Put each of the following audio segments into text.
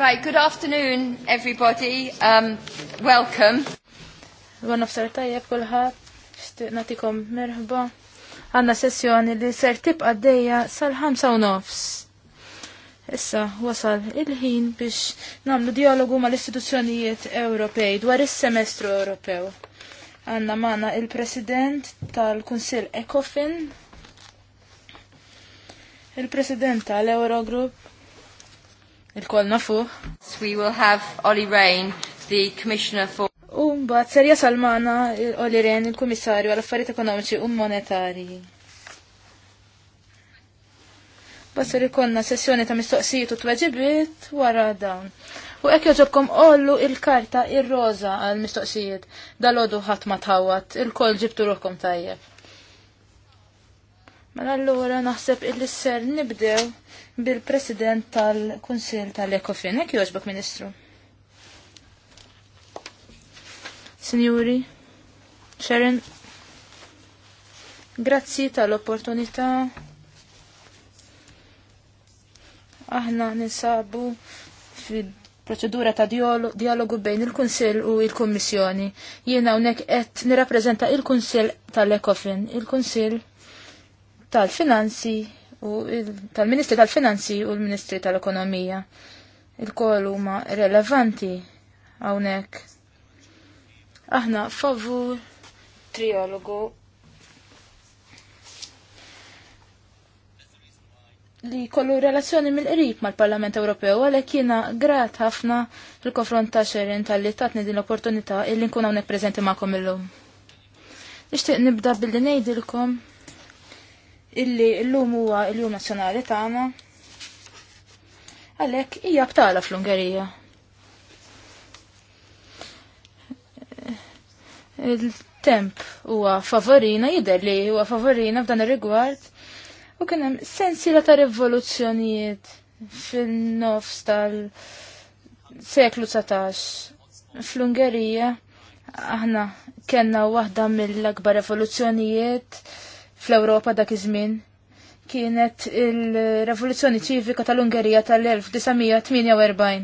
Right, good afternoon everybody, um, welcome. Għan nafsar tajjeb kullħat, natikom merħba. Għanna sessjoni li ser tibqa d-dejja sal-5 u nofs. Issa wasal il-ħin biex namlu dialogu ma l-istituzzjonijiet Ewropej dwar is-semestru Ewropew. Għanna maħna il-President tal-Kunsil ECOFIN, il-President tal eurogrupp il-kol nafu. We will have Oli Rain, the Commissioner for... U mbagħad ser jasal Rain, il-Kummissarju għall-Affarijiet Ekonomiċi u Monetari. Basser ikollna sessjoni ta' mistoqsijiet u tweġibiet wara dawn. U hekk joġobkom ollu il-karta il roża għal mistoqsijiet. Dalodu ħat ma tħawat, il-koll ġibtu ruħkom tajjeb. Mela l-għura naħseb il-lisser nibdew bil-President tal-Kunsil tal-Ekofin. Hekk jogħġbok, Ministru. Signori, Sharon, grazzi tal-opportunità. Aħna ninsabu fil-proċedura ta' dialogu bejn il-Kunsil u il-Kommissjoni. Jiena hawnhekk qed nirrapprezenta il-Kunsil tal-Ekofin, il-Kunsil tal-Finanzi u tal-Ministri tal-Finanzi u l-Ministri tal-Ekonomija. Il-kol huma relevanti hawnhekk. Aħna favur triologu li kollu relazzjoni mill-qrib mal-Parlament Ewropew għalhekk jiena grat ħafna fil-konfront ta' xerin tal-li tatni din l-opportunità illi nkun hawnhekk preżenti magħkom illum. Nixtieq nibda billi ngħidilkom illi l-lum huwa l-jum nazzjonali tagħna. Għalhekk hija btala fl-Ungerija. Il-temp huwa favorina, jidher li huwa favorina f'dan ir-rigward. U kien hemm sensiela ta' rivoluzzjonijiet fin-nofs tal-seklu 19 fl-Ungerija aħna kellna waħda mill-akbar rivoluzzjonijiet fl-Ewropa dak iż-żmien kienet il-Revoluzzjoni Ċivika tal-Ungerija tal-1948.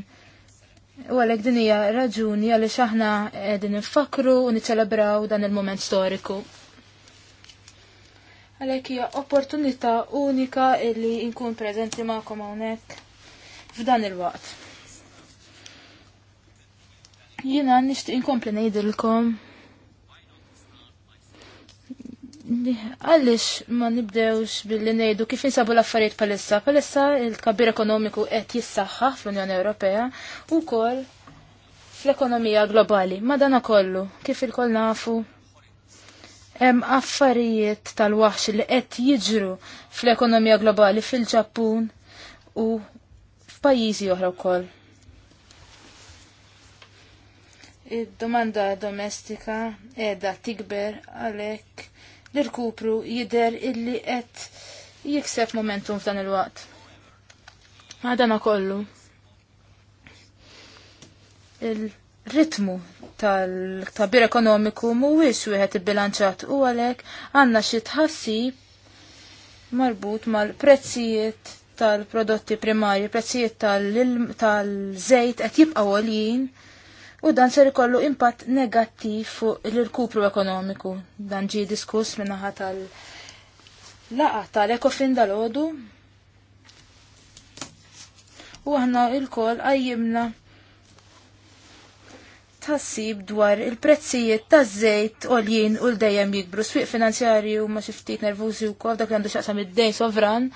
U għalhekk din hija raġuni għaliex aħna qegħdin nifakru u niċċelebraw dan il mument storiku. Għalhekk hija opportunità unika li nkun preżenti magħkom hawnhekk f'dan il-waqt. Jiena nixtieq inkompli ngħidilkom Għallix ma nibdewx billi nejdu kif insabu l-affarijiet palissa. Palissa il-kabir ekonomiku qed jissaħħa fl-Unjoni Ewropea u kol fl-ekonomija globali. dana kollu, kif il-kol nafu, hemm affarijiet tal-waħx li qed jiġru fl-ekonomija globali fil-Ġappun u f'pajjiżi oħra wkoll. Id-domanda domestika qiegħda tikber għalhekk l-irkupru jider illi qed jikseb momentum f'dan il-waqt. Għadana kollu. Il-ritmu tal-ktabir ekonomiku mhuwiex wieħed bilanċat u għalhekk għandna xi tħassib marbut mal-prezzijiet tal-prodotti primarji, prezzijiet tal-żejt qed jibqgħu għoljin u dan ser ikollu impatt negattiv fuq l-irkupru ekonomiku. Dan ġi diskuss minnaħa tal-laqa tal-ekofin dal-ħodu u għanna il-kol għajjimna tassib dwar il-prezzijiet ta' żejt jien u l dajem jikbru sfiq finanzjarji u ma xiftit nervużi wkoll dak għandu xaqsam id-dejn sovran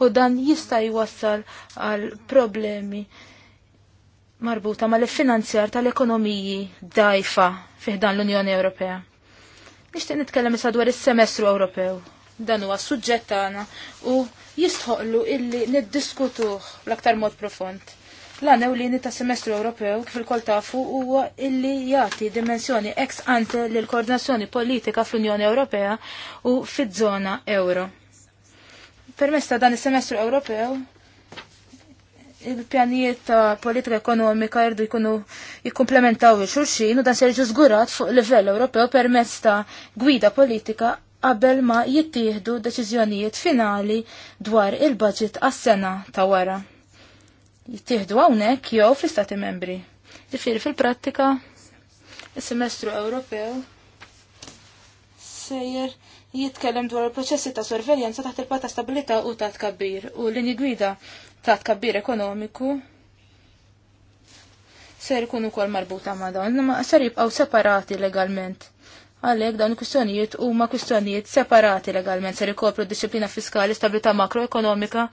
u dan jista' jwassal għal problemi marbuta mal-finanzjar tal-ekonomiji dajfa fiħdan l-Unjoni Ewropea. Nixtieq nitkellem issa dwar is-semestru Ewropew. Dan huwa suġġett tagħna u jistħoqlu illi niddiskutuh l-aktar mod profond. L-għan ewlieni ta' semestru Ewropew kif il-kol tafu huwa illi jagħti dimensjoni ex ante lil koordinazzjoni politika fl-Unjoni Ewropea u fiż-żona euro. Permess ta' dan is-semestru Ewropew il-pjanijiet ta' politika ekonomika jirdu jkunu jikkumplementaw il-xurxin u dan serġu żgurat fuq livell Ewropew permezz ta' gwida politika qabel ma jittieħdu deċiżjonijiet finali dwar il-budget għas-sena ta' wara. Jittieħdu hawnhekk jew fl-Istati Membri. Ġifieri fil-prattika is-semestru Ewropew sejjer jitkellem dwar il-proċessi ta' sorveljanza taħt il-pata stabilita u ta' tkabbir u l inigwida gwida tat kabbir ekonomiku ser ikun ukoll marbuta ma' dawn, ma ser jibqgħu separati legalment. Għalhekk dawn kwistjonijiet huma kwistjonijiet separati legalment ser ikopru disciplina fiskali, stabilita makroekonomika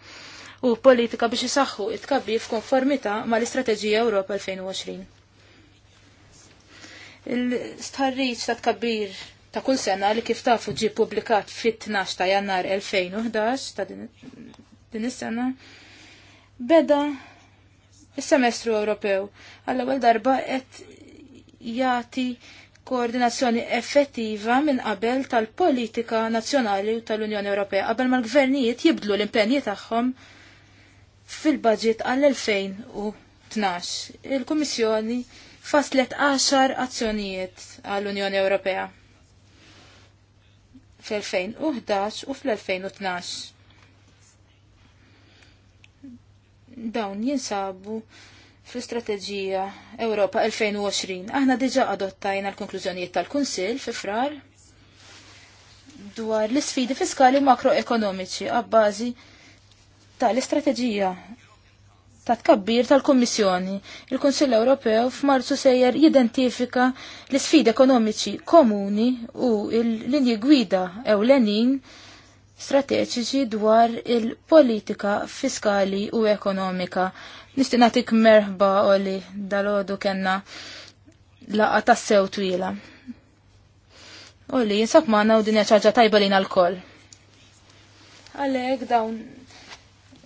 u politika biex isaħħu it-tkabbir f'konformità mal-Istrateġija Ewropa 2020. Il-starriċ ta' tkabbir ta' kull sena li kif tafu ġi publikat fit-12 ta' jannar 2011 ta' din is-sena beda il-semestru Ewropew għall-ewwel darba qed jagħti koordinazzjoni effettiva minn qabel tal-politika nazzjonali u tal-Unjoni Ewropea qabel mal-gvernijiet jibdlu l-impenji tagħhom fil-budget għall-2012. Il-Kummissjoni faslet 10 azzjonijiet għall-Unjoni Ewropea fl-2011 u fl-2012. dawn jinsabu fl-istrateġija Ewropa 2020. Aħna diġa adottajna l-konklużjonijiet tal-Kunsill fi frar dwar l-sfidi fiskali makroekonomiċi għabbażi tal-istrateġija ta' tkabbir tal-Kommissjoni. Il-Kunsill Ewropew f'Marzu sejjer jidentifika l-sfidi ekonomiċi komuni u l-linji gwida ewlenin strateġiċi dwar il-politika fiskali u ekonomika. Nishti natik merħba oli dal-ħodu kena laqa tassew twila. Oli, jinsab maħna u dinja ċaġa tajba lina nal-kol. Għalek dawn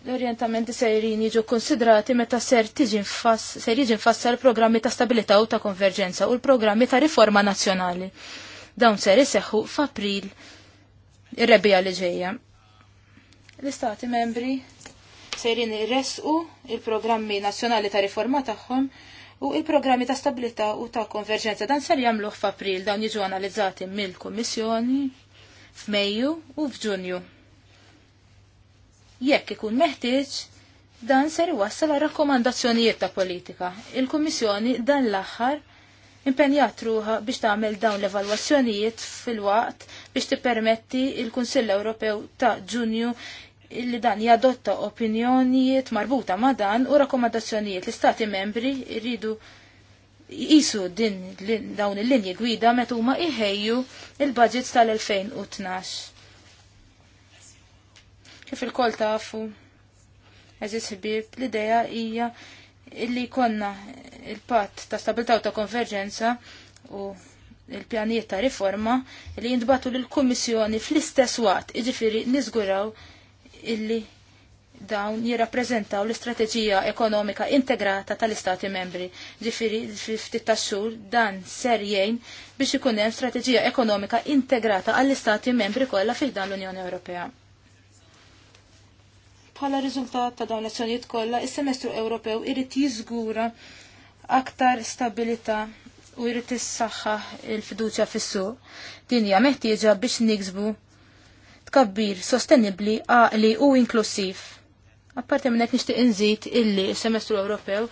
l-orientamenti sejrin jiġu konsidrati meta ser jiġi nfassar programmi ta' stabilità u ta' konverġenza u l-programmi ta' riforma nazzjonali. Dawn ser iseħħu f'April ir-rebija li ġejja. L-istati membri sejrin irresqu il-programmi nazzjonali ta' riforma tagħhom u il-programmi ta' stabilità u ta' konverġenza dan ser jagħmluh f'April dawn jiġu analizzati mill-Kummissjoni f'Mejju u f'Ġunju. Jekk ikun meħtieġ, dan ser iwassal rakkomandazzjonijiet ta' politika. Il-Kummissjoni dan l-aħħar impenjat ruħa biex tagħmel dawn l-evalwazzjonijiet fil-waqt biex tippermetti il-Kunsill Ewropew ta' Ġunju li dan jadotta opinjonijiet marbuta ma' dan u rakkomandazzjonijiet l-Istati membri rridu jisu din dawn il-linji gwida meta huma iħejju il-budgets tal-2012. Kif il-kol tafu, eżis ħbib, l-ideja hija illi konna il-patt ta' stabilità u ta' konverġenza u il-pjanijiet ta' riforma li jintbatu l-Kummissjoni fl-istess waqt, iġifiri nizguraw illi dawn jirrappreżentaw l-istrateġija ekonomika integrata tal-Istati membri. Ġifiri, ftit tax dan ser jgħin biex ikun hemm strateġija ekonomika integrata għall-Istati membri kollha fih dan l-Unjoni Ewropea. Bħala riżultat ta' dawn l-azzjonijiet kollha, is-semestru Ewropew irid jiżgura aktar stabilità u jrid issaħħa il-fiduċja fis-suq. Din hija meħtieġa biex niksbu tkabbir sostenibbli għaqli u inklusiv. Apparti minn hekk nixtieq inżid illi s-semestru Ewropew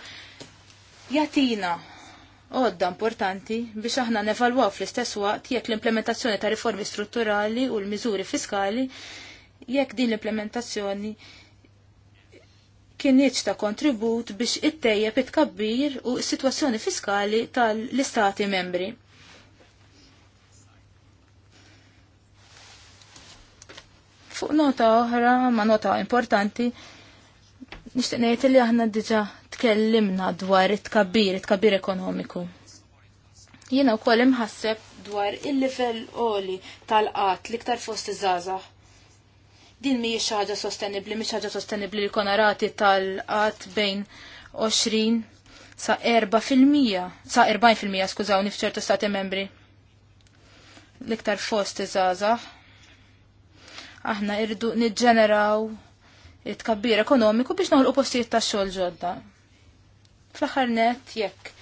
jatina għodda importanti biex aħna nevalwaw fl-istess waqt jekk l-implementazzjoni ta' riformi strutturali u l-miżuri fiskali jekk din l-implementazzjoni kien ta' kontribut biex ittejjeb it-kabbir u s-situazzjoni fiskali tal-istati membri. Fuq nota oħra, ma nota importanti, nishtiq ngħid li aħna diġà tkellimna dwar it-kabbir, it-kabbir ekonomiku. Jiena wkoll imħasseb dwar il-livell oli tal-qat l-iktar fost iż Din mi ħaġa sostenibbli, mhix ħaġa sostenibbli li jkun rati tal-qatt bejn 20 sa 4% sa 40% skużawni nifċertu stati membri. L-iktar fost iżgħażagħ. Aħna irdu niġġeneraw it-kabbir ekonomiku biex noħolqu postijiet ta' xogħol ġodda. Fl-aħħar net jekk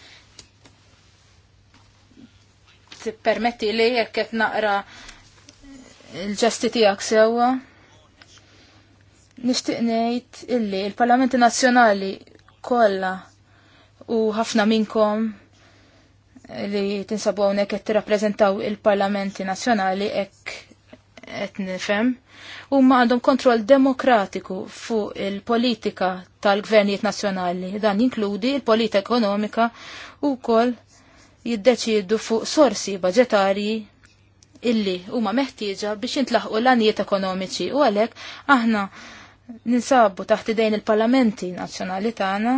tippermetti li jekk qed naqra l-ġesti tiegħek sewwa. Nixtieq ngħid illi l-Parlamenti Nazjonali Nazzjonali kollha u ħafna minnkom li tinsabu hawnhekk qed tirrappreżentaw il-Parlamenti Nazzjonali hekk nifem nifhem huma għandhom kontroll demokratiku fuq il-politika tal-gvernijiet nazzjonali. Dan jinkludi il-politika ekonomika u wkoll jiddeċiedu fuq sorsi budgetari illi huma meħtieġa biex jintlaħqu l-għanijiet ekonomiċi u għalhekk aħna ninsabu taħt idejn il-parlamenti nazzjonali tagħna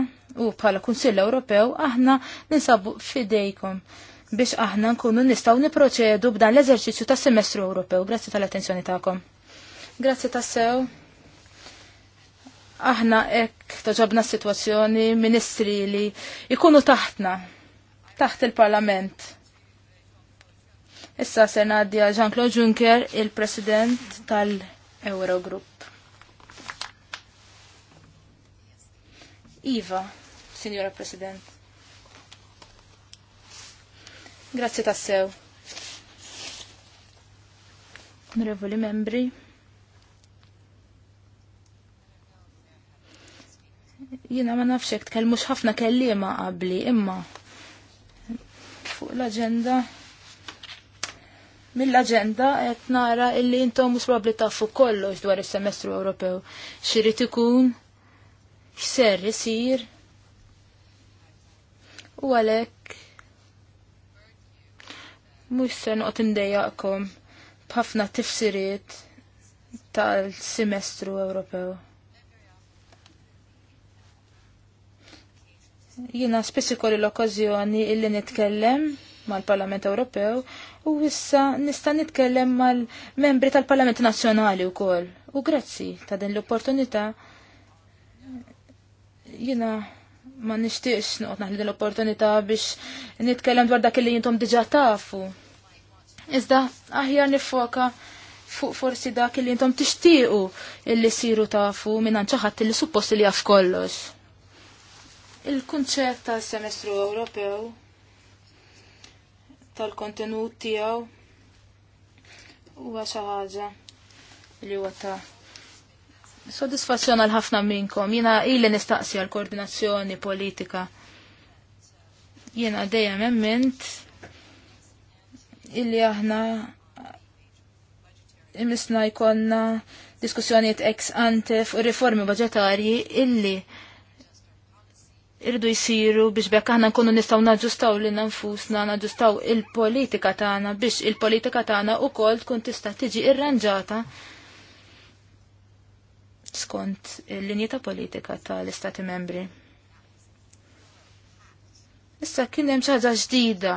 u bħala Kunsill Ewropew aħna ninsabu fidejkom biex aħna nkunu nistgħu niproċedu b'dan l-eżerċizzju tas semestru Ewropew. Grazzi tal-attenzjoni tagħkom. Grazzi tassew. Aħna hekk toġobna s-sitwazzjoni ministri li jkunu taħtna taħt il-Parlament. Issa se ngħaddi Jean-Claude Juncker, il-President tal-Eurogroup. Iva, Signora President. Grazzi tassew. Onorevoli membri. Jina ma nafxek tkellmux ħafna kellima qabli imma fuq l-agenda mill-agenda qed nara illi intom mhux probabbli tafu kollox dwar is-semestru Ewropew. Xirid ikun x'ser isir u għalhekk mhux se noqgħod indejjaqkom b'ħafna tifsiriet tal-semestru Ewropew. Jiena spiss kolli l-okkażjoni illi nitkellem mal-Parlament Ewropew u issa nista' nitkellem mal-membri tal-Parlament Nazzjonali wkoll. U grazzi ta' din l-opportunità Jina ma nishtiqx noqgħod naħli din l-opportunità biex nitkellem dwar dak li jintom diġà tafu. Iżda aħjar nifoka fuq forsi dak li jintom tixtiequ illi siru tafu minn ħadd li suppost li jaf kollox. Il-kunċett tas-semestru Ewropew tal-kontenut tiegħu huwa xi ħaġa li huwa ta' Soddisfazzjon għal ħafna minnkom. Jiena illi nistaqsi għal koordinazzjoni politika. Jiena dejjem emment illi aħna imisna jkonna diskussjoniet ex ante fuq riformi budgetarji illi irdu jisiru biex bekk aħna nkunu nistgħu naġġustaw lil nfusna, naġġustaw il-politika tagħna biex il-politika tagħna kol tkun tista' tiġi irranġata skont l-linja ta' politika ta' l istati membri. Issa kien hemm ħaġa ġdida.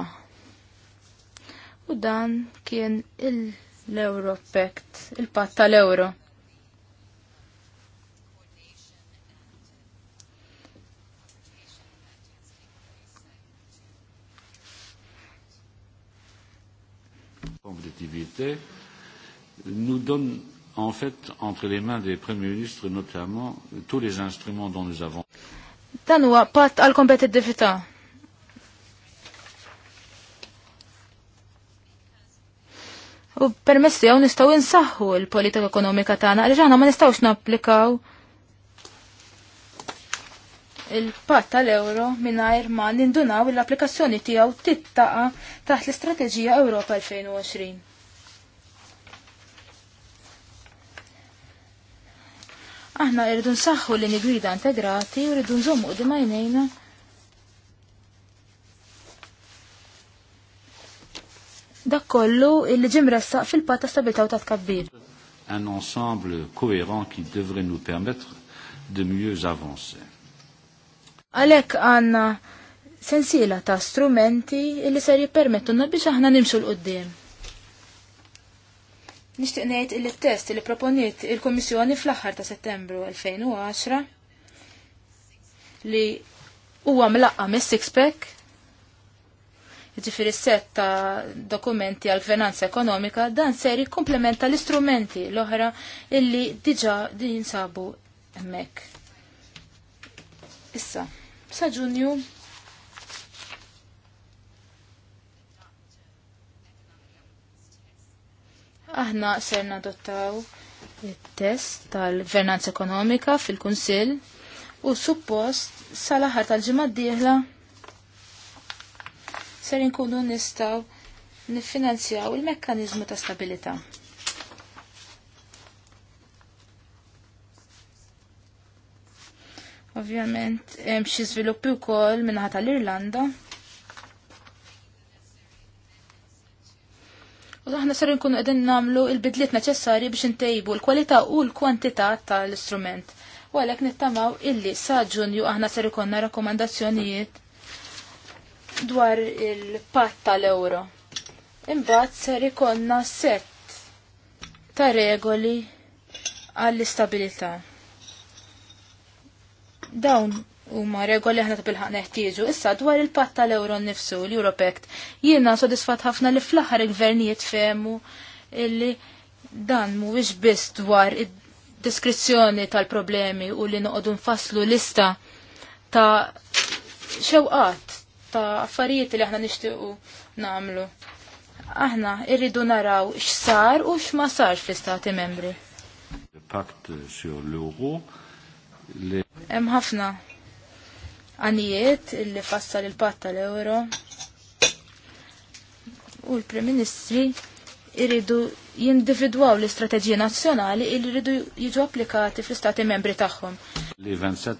U dan kien l-Euro Pact, il-patt tal-Euro. compétitivité nous donne en fait entre les mains des premiers ministres notamment tous les instruments dont nous avons. Dan huwa patt għal kompetittività. U permessi għaw nistaw insaħħu l-politika ekonomika tagħna għaliex ma nistgħux napplikaw il-patt tal-euro mingħajr ma nindunaw l-applikazzjoni tiegħu tittaqa taħt l-Istrateġija Ewropa 2020. Aħna irridu nsaħħu li nigwida integrati u rridu nżommu di majnejna dak kollu illi ġimressaq fil-pat ta' stabilta u ta' tkabbir. Un ensemble cohérent qui devrait nous permettre de mieux avancer. Alek għanna sensiela ta' strumenti illi ser jippermettu biex aħna nimxu l-qoddim. Nixtieq ngħid li test li proponiet il-Kummissjoni fl-aħħar ta' Settembru 2010 li huwa mlaqqa mis-six pack ġifiri set ta' dokumenti għal gvernanza ekonomika, dan ser jikkumplementa l-istrumenti l-oħra illi diġa din sabu emmek. Issa, sa' ġunju Aħna ser nadottaw il-test tal-gvernanza ekonomika fil-Kunsill u suppost sal-aħħar tal-ġimgħa d-dieħla ser inkunu nistgħu niffinanzjaw il-mekkaniżmu ta' stabilità. Ovvjament, hemm xi żviluppi wkoll minnaħa tal-Irlanda aħna ser nkunu qegħdin nagħmlu l-bidliet neċessarji biex intejbu l-kwalità u l-kwantità tal-istrument. U għalhekk nittamaw illi sa Ġunju aħna ser ikonna rakkomandazzjonijiet dwar il-patt tal-euro. Imbagħad ser ikonna set ta' regoli għall-istabilità. Dawn u ma regoli ħna tabilħaq ħaq neħtieġu. Issa dwar il-patt tal-euro nifsu, l europekt jiena sodisfat ħafna li fl-aħħar il-gvernijiet fehmu illi dan mhuwiex biss dwar id-diskrizzjoni tal-problemi u li noqogħdu nfasslu lista ta' xewqat ta' affarijiet li aħna nixtiequ nagħmlu. Aħna irridu naraw x'sar u x'ma sar fl-istati membri. Hemm ħafna għanijiet illi fassal il patta tal-euro u l-Prim Ministri irridu jindividwaw l istrateġija nazzjonali illi rridu jiġu applikati fl-istati membri tagħhom. Euh,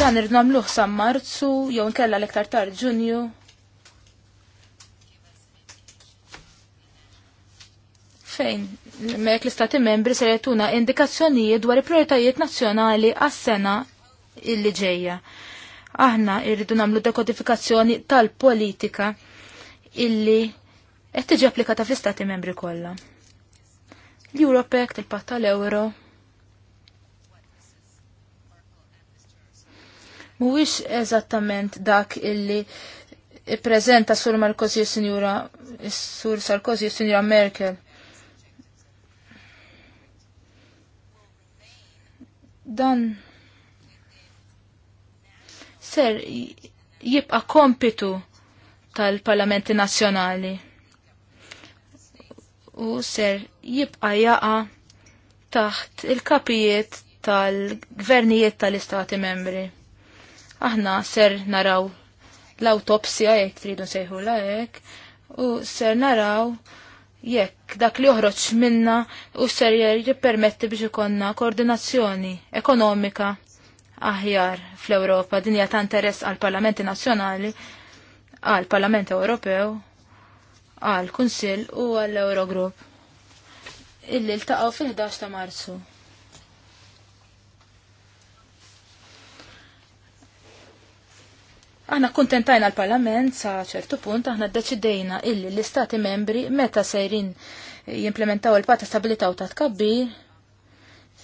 Dan irrid nagħmluh sa Marzu jew nkella l-iktar tard Ġunju. Fejn mek l-istati membri se jagħtuna indikazzjonijiet dwar il-prioritajiet nazzjonali għas-sena illi ġejja. Aħna irridu nagħmlu dekodifikazzjoni tal-politika illi qed tiġi applikata fl-istati membri kollha. L-Europec, il-Patt tal-Euro, mhuwiex eżattament dak illi ippreżenta Sur Marcosi u Sinjura Sur Sarkozy Sinjura Merkel. Dan ser jibqa kompitu tal-Parlamenti Nazzjonali u ser jibqa jaqa taħt il-kapijiet tal-gvernijiet tal-istati membri. Aħna ser naraw l-autopsija jekk tridu sejħu la jek u ser naraw jekk dak li joħroġ minna u ser jippermetti biex ikonna koordinazzjoni ekonomika aħjar fl-Ewropa, din hija ta' interess għal parlamenti nazzjonali, għal Parlament Ewropew, għal Kunsill u għall Eurogroup. Illi ltaqgħu fil-11 ta' Marzu. Aħna kuntentajna l-Parlament sa ċertu punt aħna ddeċidejna illi l-Istati membri meta sejrin jimplementaw il-pata stabilita u ta' tkabbir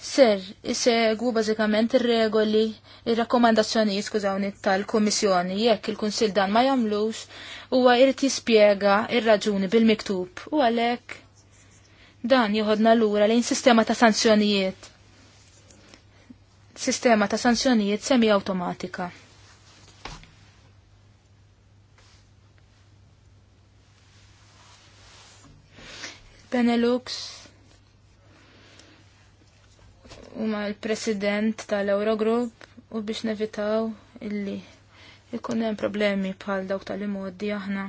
ser isegwu bażikament ir-regoli, ir-rakkomandazzjonijiet skużawni tal-Kummissjoni jekk il-Kunsill dan ma jagħmlux huwa jrid jispjega r raġuni bil-miktub u għalhekk dan joħodna lura lejn sistema ta' sanzjonijiet. Sistema ta' sanzjonijiet semi awtomatika. Benelux ma l-president tal-Eurogroup u biex nevitaw illi ikun hemm problemi bħal dawk tal-imoddi aħna.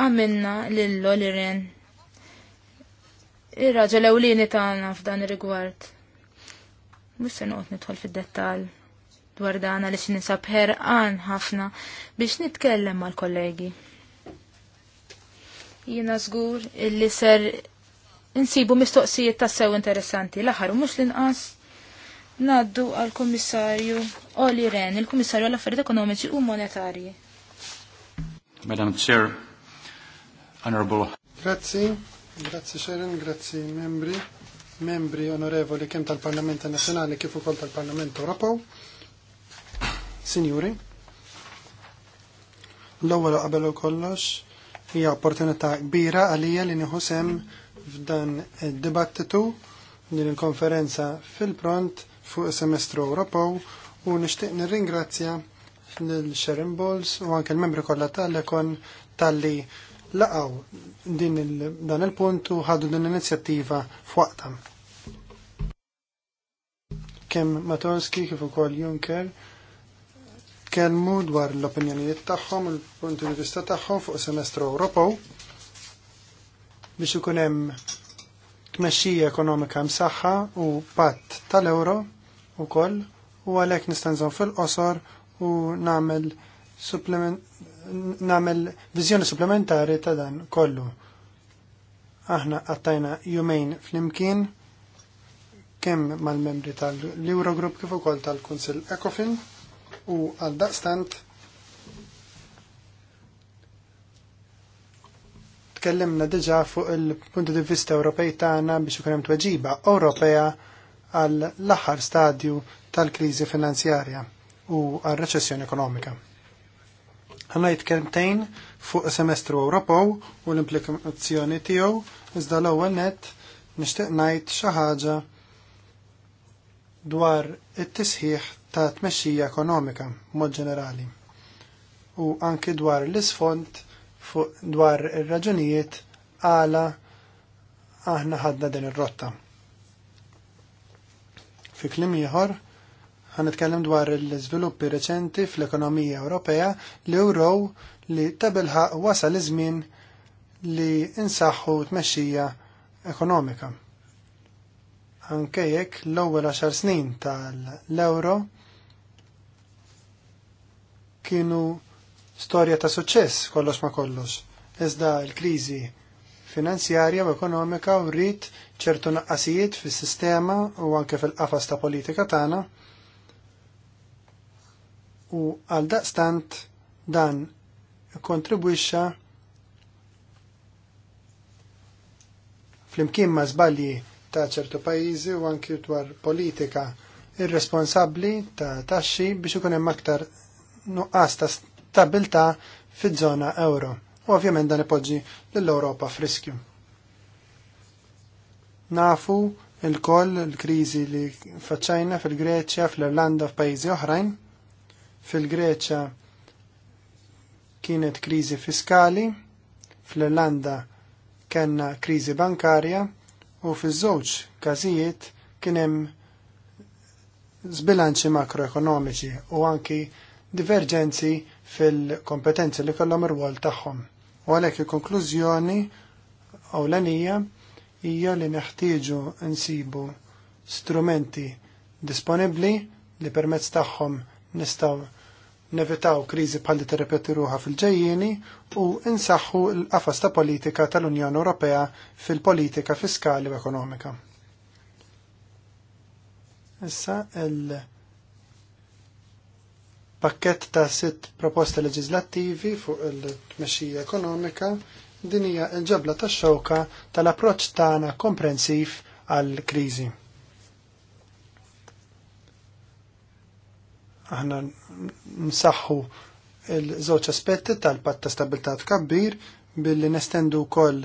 Għamilna lillo li ren. Ir-raġel ewlieni tagħna f'dan ir-rigward. Mhux se noqgħod nidħol fid-dettall dwar dan għaliex ninsab ħerqan ħafna biex nitkellem mal-kollegi. Jiena żgur illi ser insibu mistoqsijiet ta' sew interessanti. L-aħħar mhux l-inqas naddu għal kummissarju Oli Ren, il-Kummissarju għall affarijiet Ekonomiċi u Monetarji. Madam Chair, Honorable. Grazzi, grazzi Sharon, grazzi membri, membri onorevoli kemm tal-Parlament Nazzjonali kif ukoll tal-Parlament Ewropew. Sinjuri, l-ewwel qabel kollox hija opportunità kbira għalija li nieħu sem f'dan id-dibattitu din il-konferenza fil-pront fuq semestru Ewropew u nixtieq nirringrazzja lill Sharon Bowles u anke l-membri kollha tal-ekon tal-li laqaw din il dan il-punt u ħadu din l-inizjattiva f'waqtha. Kemm Matonski kif ukoll Juncker kellmu dwar l-opinjonijiet tagħhom, il-punti di vista tagħhom fuq semestru Ewropew biex ikun hemm tmexxija ekonomika msaħħa u patt tal-euro wkoll u għalhekk nista' nżomm fil-qosor u nagħmel nagħmel viżjoni supplementari ta' dan kollu. Aħna qattajna jumejn flimkien kemm mal-membri tal-Eurogroup kif ukoll tal-Kunsill Ecofin u għal daqstant tkellimna diġa fuq il-punti di vista Ewropej tagħna biex ikun hemm tweġiba Ewropea għal l-aħħar stadju tal-kriżi finanzjarja u għal reċessjoni ekonomika. Ħanajt kelmtejn fuq semestru Ewropew u l-implikazzjoni tiegħu iżda l-ewwel nett nixtieq ngħid xi ħaġa dwar it-tisħiħ ta' tmexxija ekonomika mod ġenerali u anki dwar l-isfond fuq dwar ir-raġunijiet għala aħna ħadna din ir-rotta. Fi klim ieħor, ħanitkellem dwar l-iżviluppi reċenti fl-ekonomija Ewropea li wrow li tabelħa wasal iż-żmien li insaħħu tmexxija ekonomika. Anke jekk l-ewwel għaxar snin tal-euro kienu storja ta' suċċess kollox ma kollox. Iżda l-kriżi finanzjarja u ekonomika u rrit ċertu naqqasijiet fis-sistema u anke fil-qafas ta' politika tagħna. U għal daqstant dan kontribwixxa flimkien ma' żbalji ta' ċertu pajjiżi u anke dwar politika irresponsabbli ta' taxxi biex ikun hemm aktar nuqqas ta' stabilta fiż-żona euro. U ovvjament dan ipoġġi lill-Ewropa friskju. Nafu il-koll il-kriżi li faċċajna fil-Greċja, fl-Irlanda, f'pajjiżi oħrajn. Fil-Greċja kienet kriżi fiskali, fl-Irlanda kellna kriżi bankarja u fiż-żewġ każijiet kien hemm zbilanċi makroekonomiċi u anki divergenzi fil-kompetenzi li kollom ir-rwol tagħhom. U għalhekk il-konklużjoni ewlenija hija li neħtieġu nsibu strumenti disponibbli li permezz tagħhom nistgħu nevitaw kriżi bħalli terrepeti ruħa fil-ġejjieni u insaħħu l-qafas ta' politika tal-Unjoni Ewropea fil-politika fiskali u ekonomika. Issa il- pakket ta' sitt proposti leġislattivi fuq il-tmexxija ekonomika din hija l-ġabla tax-xewka tal-approċċ tagħna komprensiv għall-kriżi. Aħna nsaħħu l-żewġ aspetti tal-patt ta' stabilità tkabbir billi nestendu wkoll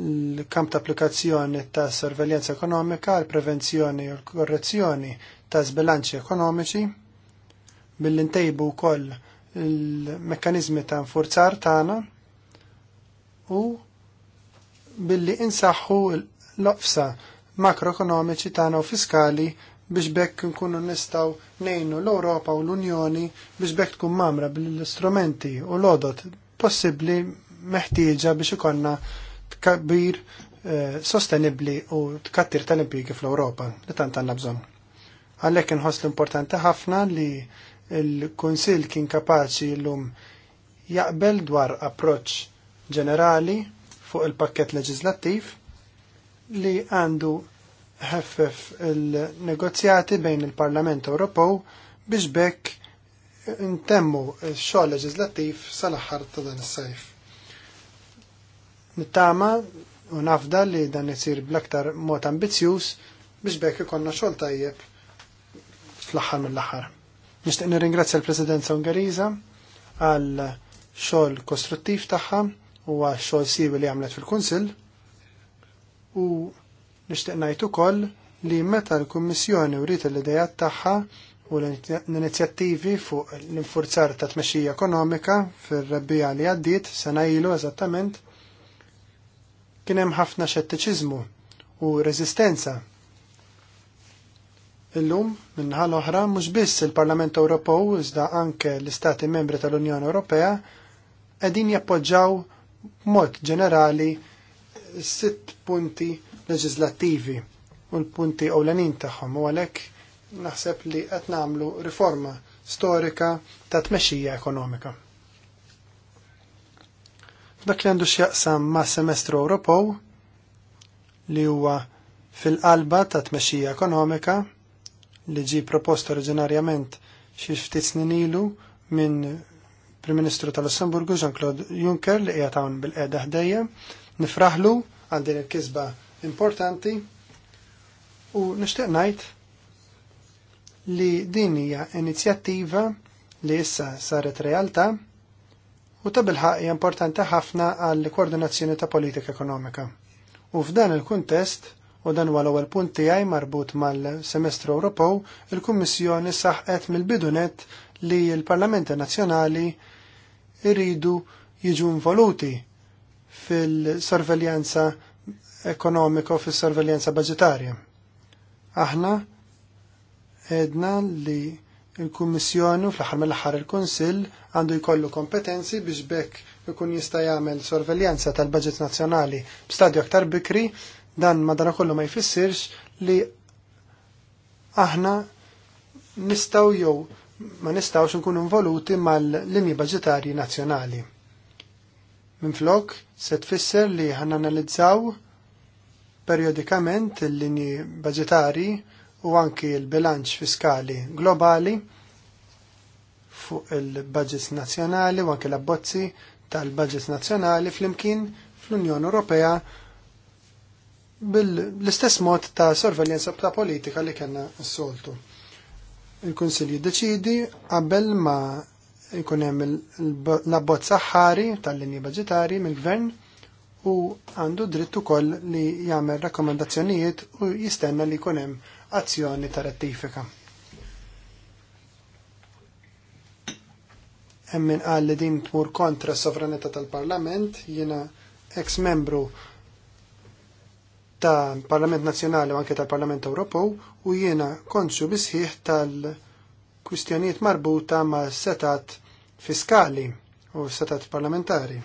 l-kamp ta' applikazzjoni ta' sorveljanza ekonomika għal prevenzjoni u l-korrezzjoni ta' sbilanċi ekonomiċi billi ntejbu wkoll il-mekkaniżmi ta' nfurzar tagħna u billi insaħħu l-oqsa makroekonomiċi tagħna u fiskali biex bekk nkunu nistaw nejnu l-Europa u l-Unjoni biex bekk tkun mamra bil-istrumenti u l-odot possibli meħtieġa biex ikonna tkabbir eh, sostenibli u tkattir tal-impjegi fl-Europa li tant għandna bżonn. Għalhekk inħoss l-importanti ħafna li il-Kunsill kien kapaċi llum jaqbel dwar approċċ ġenerali fuq il-pakket leġislattiv li għandu ħeffef il-negozjati bejn il-Parlament Ewropew biex bekk intemmu xogħol leġislattiv sal-aħħar ta' dan is-sajf. Nittama u nafda li dan isir bl-aktar mod ambizzjuż biex bekk ikonna xogħol tajjeb fl-aħħar mill-aħħar. Nixtieq nirringrazzja l-Presidenza Ungeriża għal xogħol kostruttiv tagħha u għal xogħol siwi li għamlet fil-Kunsill u nixtieq ngħid ukoll li meta l-Kummissjoni wrid l-idejat tagħha u l-inizjattivi fuq l-infurzar ta' tmexxija ekonomika fir-rebbija li għaddiet sena ilu eżattament kien hemm ħafna xettiċiżmu u reżistenza Illum, minnaħa l-oħra, mhux biss il-Parlament Ewropew iżda anke l-Istati membri tal-Unjoni Ewropea qegħdin jappoġġaw mod ġenerali sitt punti leġislattivi u l-punti ewlenin tagħhom u għalhekk naħseb li qed nagħmlu riforma storika ta' tmexxija ekonomika. Dak li għandu x'jaqsam ma' semestru Ewropew li huwa fil-qalba ta' tmexxija ekonomika li ġi proposta oriġinarjament xi ftit snin ilu minn Prim Ministru tal-Lussemburgu Jean-Claude Juncker li qiegħed hawn bil-qiegħda ħdejja. Nifraħlu għal din il-kisba importanti u nixtieq ngħid li din hija inizjattiva li issa saret realtà u ta' bilħaq hija importanti ħafna għall koordinazzjoni ta' politika ekonomika. U f'dan il-kuntest u dan huwa l-ewwel punt tiegħi marbut mal-Semestru Ewropew, il-Kummissjoni saħqet mill-bidunet li l-Parlamenti Nazzjonali iridu jiġu involuti fil-sorveljanza u fil-sorveljanza budgetarja. Aħna edna li il-Kummissjoni u fl-aħħar mill-aħħar il-Kunsill għandu jkollu kompetenzi biex bekk ikun jista' jagħmel sorveljanza tal-budget nazzjonali b'stadju aktar bikri Dan kollu ma jfissirx li aħna nistaw jew ma nistawx nkunu involuti mal-linji budgetarji nazzjonali. Minflok se tfisser li ħanna analizzaw periodikament il-linji budgetari u anki l-bilanċ fiskali globali fuq il-budgets nazzjonali u anki l-abbozzi tal-budgets nazzjonali fl-imkien fl-Unjoni Ewropea bil-istess mod ta' sorveljenza ta' politika li kena s-soltu. Il-Konsil jiddeċidi qabel ma jkun hemm l-abbozza saħħari tal-linji budgetari mill-Gvern u għandu dritt ukoll li jagħmel rakkomandazzjonijiet u jistenna li jkun hemm azzjoni ta' rettifika. Hemm min qal li din tmur kontra s-sovranità tal-Parlament, jiena ex membru ta' Parlament Nazzjonali u anke tal-Parlament Ewropew u jiena konsu bisħiħ tal-kwistjonijiet marbuta ma' setat fiskali u setat parlamentari.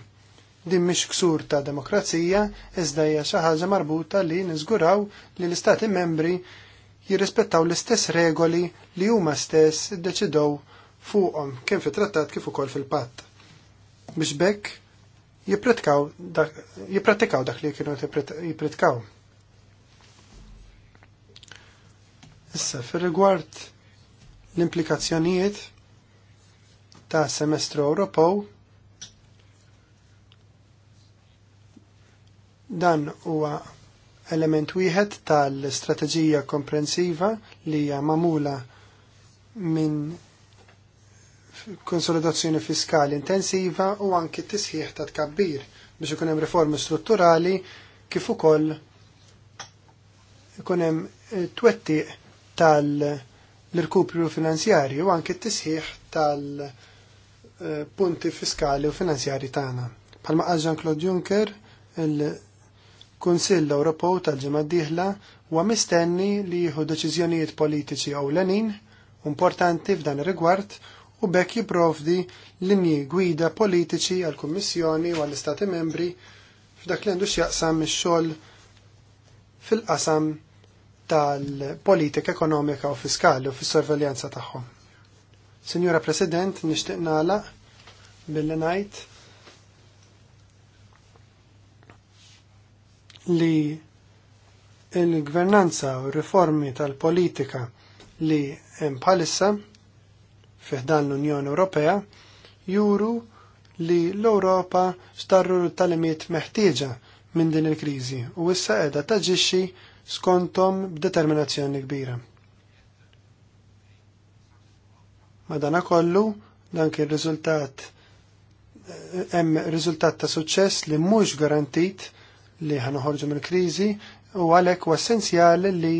Din mhix ksur ta' demokrazija iżda hija xi ħaġa marbuta li niżguraw li l-istati membri jirrispettaw l-istess regoli li huma stess iddeċidew fuqhom kien fit-trattat kif ukoll fil-patt. Biex bekk jipratikaw dak li kienu jipratikaw. Issa, fil-rigward l-implikazzjonijiet ta' semestru Ewropew dan huwa element wieħed tal-strateġija komprensiva li hija mamula minn konsolidazzjoni fiskali intensiva u anki tisħiħ ta' tkabbir biex ikun hemm riformi strutturali kif ukoll ikun hemm twettiq tal-rkupru finanzjari u anke t-tisħiħ tal-punti fiskali u finanzjari tagħna. Palma għal Jean-Claude Juncker, il-Kunsill Ewropew tal-ġimgħa d-dieħla huwa mistenni li jieħu deċiżjonijiet politiċi ewlenin importanti f'dan ir-rigward u bekk jipprovdi linji gwida politiċi għal kummissjoni u għall istati membri f'dak li għandu x'jaqsam ix-xogħol fil-qasam tal-politika ekonomika u fiskali u fis-sorveljanza tagħhom. Sinjura President, nixtieq nagħlaq billi ngħid li il-gvernanza u riformi tal-politika li hemm bħalissa fiħdan l-Unjoni Ewropea juru li l-Ewropa starru l imiet meħtieġa minn din il-kriżi u issa qiegħda taġixxi skontom b'determinazzjoni kbira. Madana kollu, dan kien riżultat hemm riżultat ta' suċċess li mhux garantit li uħorġu mill-kriżi u għalhekk huwa essenzjali li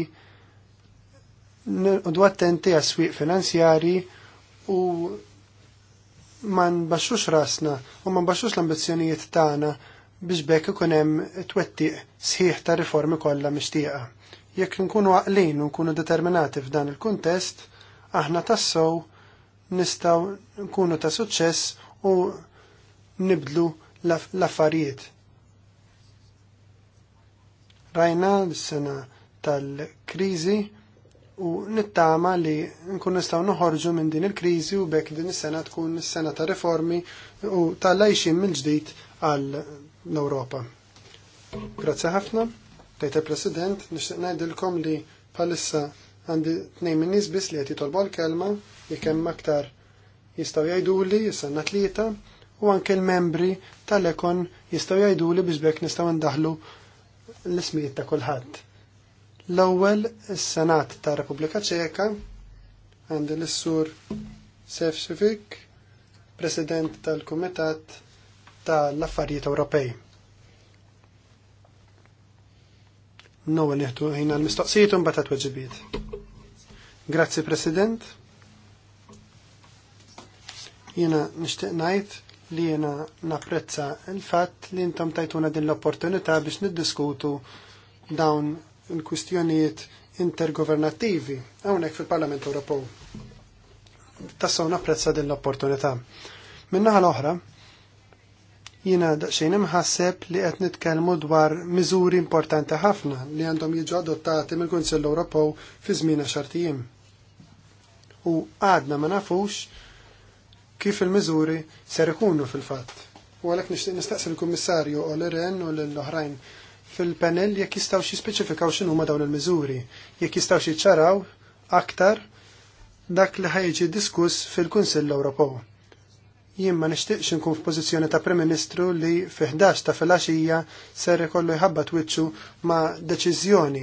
n-għadu attenti għas-swieq finanzjari u ma nbaxxux rasna u ma nbaxxux l-ambizzjonijiet tagħna biex bekk ikun hemm twettiq sħiħ ta' riformi kollha mixtieqa. Jekk nkunu għaqlin u nkunu determinati f'dan il-kuntest, aħna tassow nistgħu nkunu ta' suċċess u nibdlu l-affarijiet. Rajna l-sena tal-kriżi u nittama li nkun nistgħu noħorġu minn din il-kriżi u bekk din is-sena tkun is-sena ta' riformi u tal-lajxin mill-ġdid għal l-Ewropa. Grazzi ħafna, tajta President, nixtieq ngħidilkom li bħalissa għandi tnejn minn nies biss li qed jitolbu l-kelma jekk hemm aktar jistgħu jajduli is-sena tlieta u anke l-membri tal-ekon jistgħu jgħiduli biex bekk nistgħu ndaħlu l-ismijiet ta' kulħadd. L-ewwel is-Senat tar Repubblika Ċeka għandi l-Sur Sefcovic, President tal-Kumitat tal-Affarijiet Ewropej. Nowa nieħtu ħin għall mistoqsijiet u mbagħad tweġibiet. Grazzi President. Jiena nixtieq ngħid li jiena napprezza l fatt li intom tajtuna din l-opportunità biex niddiskutu dawn il kwistjonijiet intergovernattivi hawnhekk fil-Parlament Ewropew. Tassaw napprezza din l-opportunità. Minnaħa l-oħra, jina daqxejn imħasseb li qed nitkellmu dwar miżuri importanti ħafna li għandhom jiġu adottati mill-Kunsill Ewropew fi żmien xartijim. U għadna ma nafux kif il-miżuri ser ikunu fil-fatt. U għalhekk nixtieq nistaqsi l-Kummissarju Oleren u l-oħrajn fil-panel jekk jistgħu xie specifikaw xin huma dawn il-miżuri, jekk jistgħu xie ċaraw aktar dak li ħajġi diskuss fil-Kunsill Ewropew. Jien ma nixtieqx inkun f'pożizzjoni ta' Prim Ministru li fi 11 ta' filgħaxija ser ikollu jħabba wiċċu ma' deċiżjoni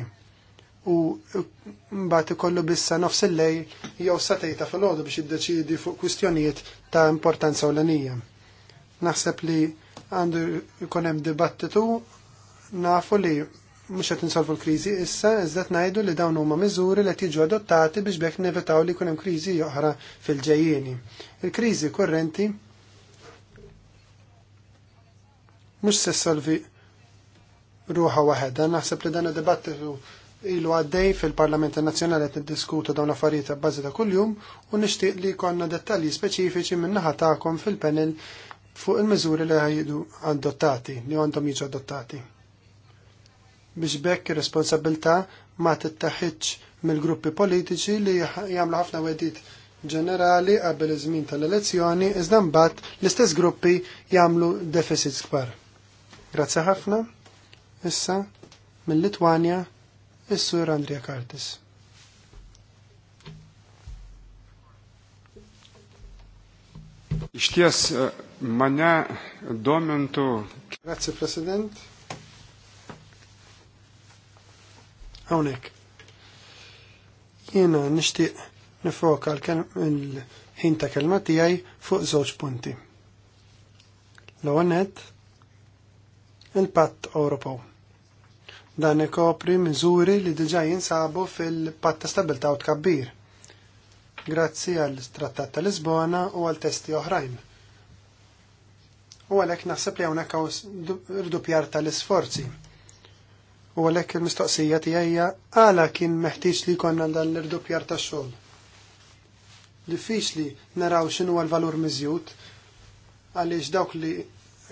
u mbagħad ikollu bissa nofs il-lejl jew satejta fil filgħodu biex iddeċidi fuq kwistjonijiet ta' importanza ewlenija. Naħseb li għandu jkun hemm dibattitu nafu li mhux qed nsolvu l-kriżi issa iżda ngħidu li dawn huma miżuri li tiġu jiġu adottati biex bekk nevetaw li jkun hemm kriżi fil-ġejjieni. Il-kriżi korrenti? mhux se solvi ruħa waħedha. Naħseb li dan id-dibattitu ilu għaddej fil-Parlament Nazzjonali qed diskutu dawn affarijiet bbażi ta' kuljum u nixtieq li jkollna dettalji speċifiċi min naħa tagħkom fil-panel fuq il-miżuri li ħajdu adottati, li għandhom jiġu adottati biex bekk responsabilta ma tittaħħitx mill-gruppi politiċi li jagħmlu ħafna wedit ġenerali qabel iż-żmien tal-elezzjoni iżda mbagħad l-istess gruppi jagħmlu deficits kbar. Grazzi ħafna. Issa mill-Litwanja is-Sur Andrija Kartis. Išties e, mane domintų. Grazie, Presidente. hawnhekk. Jiena nixtieq nifoka l-ħin ta' kelma tiegħi fuq żewġ punti. L-ewwel il-Patt Ewropew. Dan ikopri miżuri li diġà jinsabu fil-Patt ta' Stabilta' u Tkabbir grazzi għal trattat ta' Lisbona u għal testi oħrajn. U għalek naħseb li hawnhekk irdupjar tal-isforzi U għalhekk il-mistoqsija tiegħi għala kien meħtieġ li jkollna dan l-irdupjar tax-xogħol. Diffiċli naraw x'inhu għal valur miżjud għaliex dawk li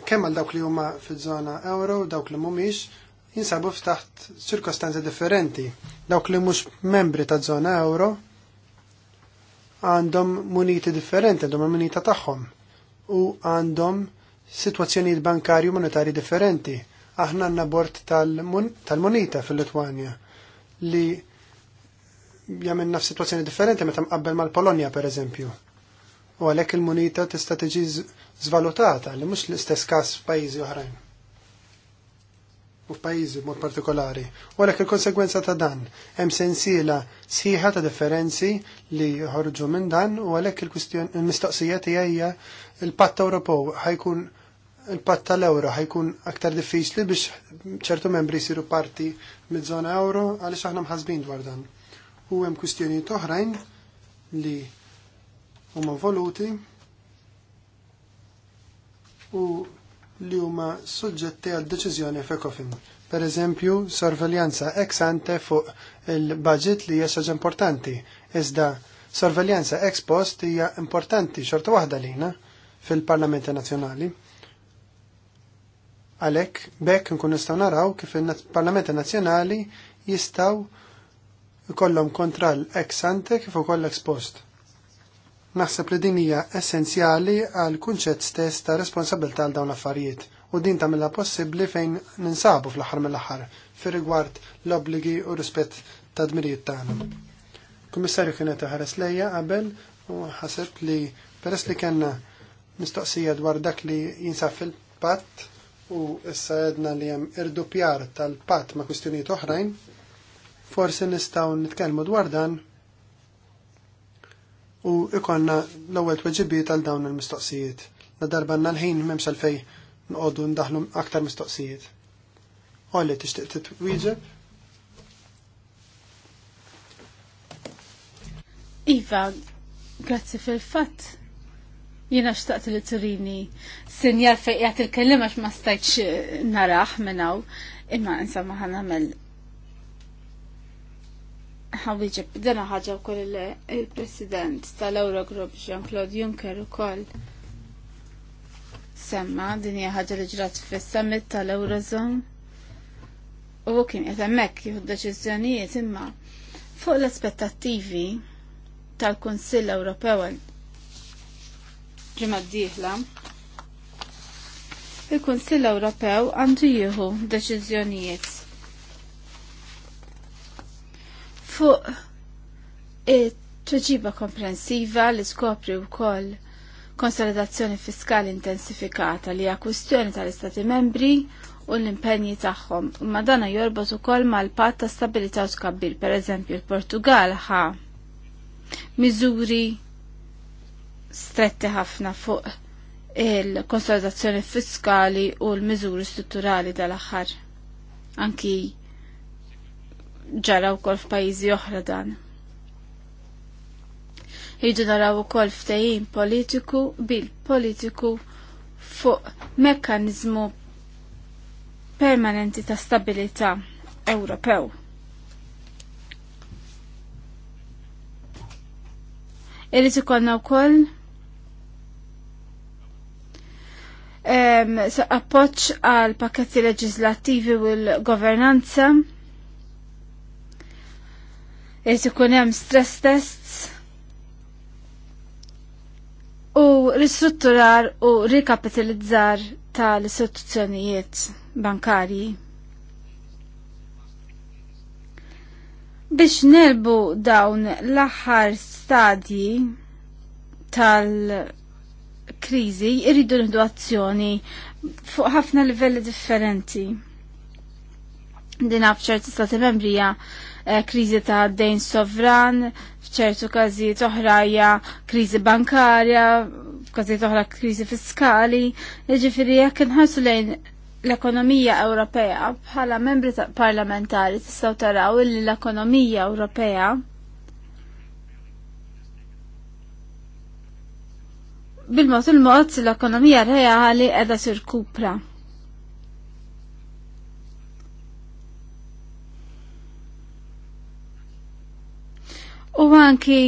kemm għal dawk li huma fiż-żona euro, dawk li mhumiex jinsabu f'taħt ċirkostanzi differenti. Dawk li mhux membri ta' żona euro għandhom muniti differenti, għandhom munita tagħhom u għandhom sitwazzjonijiet bankarju monetari differenti Aħna għanna bord tal-monita fil litwania li jagħmilna f'sitwazzjoni differenti meta mqabbel mal-Polonja pereżempju. U għalhekk il-munita tista' tiġi żvalutata li mhux l-istess każ f'pajjiżi oħrajn. U f'pajjiżi mod partikolari. U għalhekk il-konsegwenza ta' dan hemm sensiela sħiħa ta' differenzi li jħorġu minn dan u għalhekk il-mistoqsija tiegħi il l-Patt Ewropew ħajkun il-patt tal-euro ħajkun aktar diffiċli biex ċertu membri jsiru parti mid-żona euro għaliex aħna mħazbin dwar dan. U hemm kwistjonijiet oħrajn li huma voluti u li huma suġġetti għal deċiżjoni f'Ecofin. Per eżempju, sorveljanza ex ante fuq il-budget li hija importanti, iżda sorveljanza ex post hija importanti xorta waħda lina fil-Parlamenti Nazzjonali. Għalhekk bekk nkun nistgħu naraw kif il-Parlamenti Nazzjonali jistgħu jkollhom kontroll ex ante kif ukoll ex post. Naħseb li din hija essenzjali għal kunċett stess ta' responsabilità għal dawn l-affarijiet u din tagħmilha possibbli fejn ninsabu fl-aħħar mill-aħħar fir rigward l-obbligi u rispett ta' dmirijiet tagħna. Kummissarju kienet ħares lejja qabel u ħaseb li peress li kellna mistoqsija dwar dak li jinsab fil-patt u issa għedna li jem irdupjar tal-pat ma' kustjoniet oħrajn, forsi nistaw nitkelmu dwar dan u ikonna l-ewwel tweġibiet għal dawn il-mistoqsijiet. Na darba għandna l-ħin m'hemmx għalfej nqogħdu ndaħlu aktar mistoqsijiet. Olli tixtieq titwieġeb? Iva, grazzi fil-fatt Jena xtaqt li turini sinjal fejqjat il-kellima ma stajċ naraħ minnaw imma insama ħan għamil ħawiġib dana ħagġa u koll il-president tal-Euro Jean-Claude Juncker u koll semma dinja ħagġa li ġrat fis-summit tal-Eurozone u kien qed hemmhekk jieħu deċiżjonijiet imma fuq l-aspettattivi tal-Kunsill Ewropew ġimgħa d-dieħla. Il-Kunsill Ewropew għandu jieħu deċiżjonijiet fuq it-tweġiba komprensiva li skopri wkoll konsolidazzjoni fiskali intensifikata li hija kwistjoni tal-Istati membri u l-impenji tagħhom. Imma dana jorbot ukoll mal-patt ta' stabilità u tkabbir. Pereżempju, il-Portugal ħa miżuri stretti ħafna fuq il-konsolidazzjoni fiskali u l-miżuri strutturali dal-aħħar. Anki ġara wkoll f'pajjiżi oħra dan. Jiġu naraw ukoll ftehim politiku bil-politiku fuq mekkaniżmu permanenti ta' stabilità Ewropew. Irrid ikollna wkoll appoċ għal pakketti leġislattivi u l-governanza. Irrid ikun hemm stress tests u ristrutturar u rikapitalizzar tal-istituzzjonijiet bankarji. Biex nelbu dawn l-aħħar stadji tal- kriżi irridu nieħdu azzjoni fuq ħafna livelli differenti. Din f'ċerti stati membri hija eh, kriżi ta' dejn sovran, f'ċertu kazi oħra hija kriżi bankarja, kazi oħra kriżi fiskali, jiġifieri jekk inħarsu lejn l-ekonomija Ewropea bħala membri parlamentari tistaw taraw li l-ekonomija Ewropea bil-mod il-mod l-ekonomija reali edha sirkupra. U anki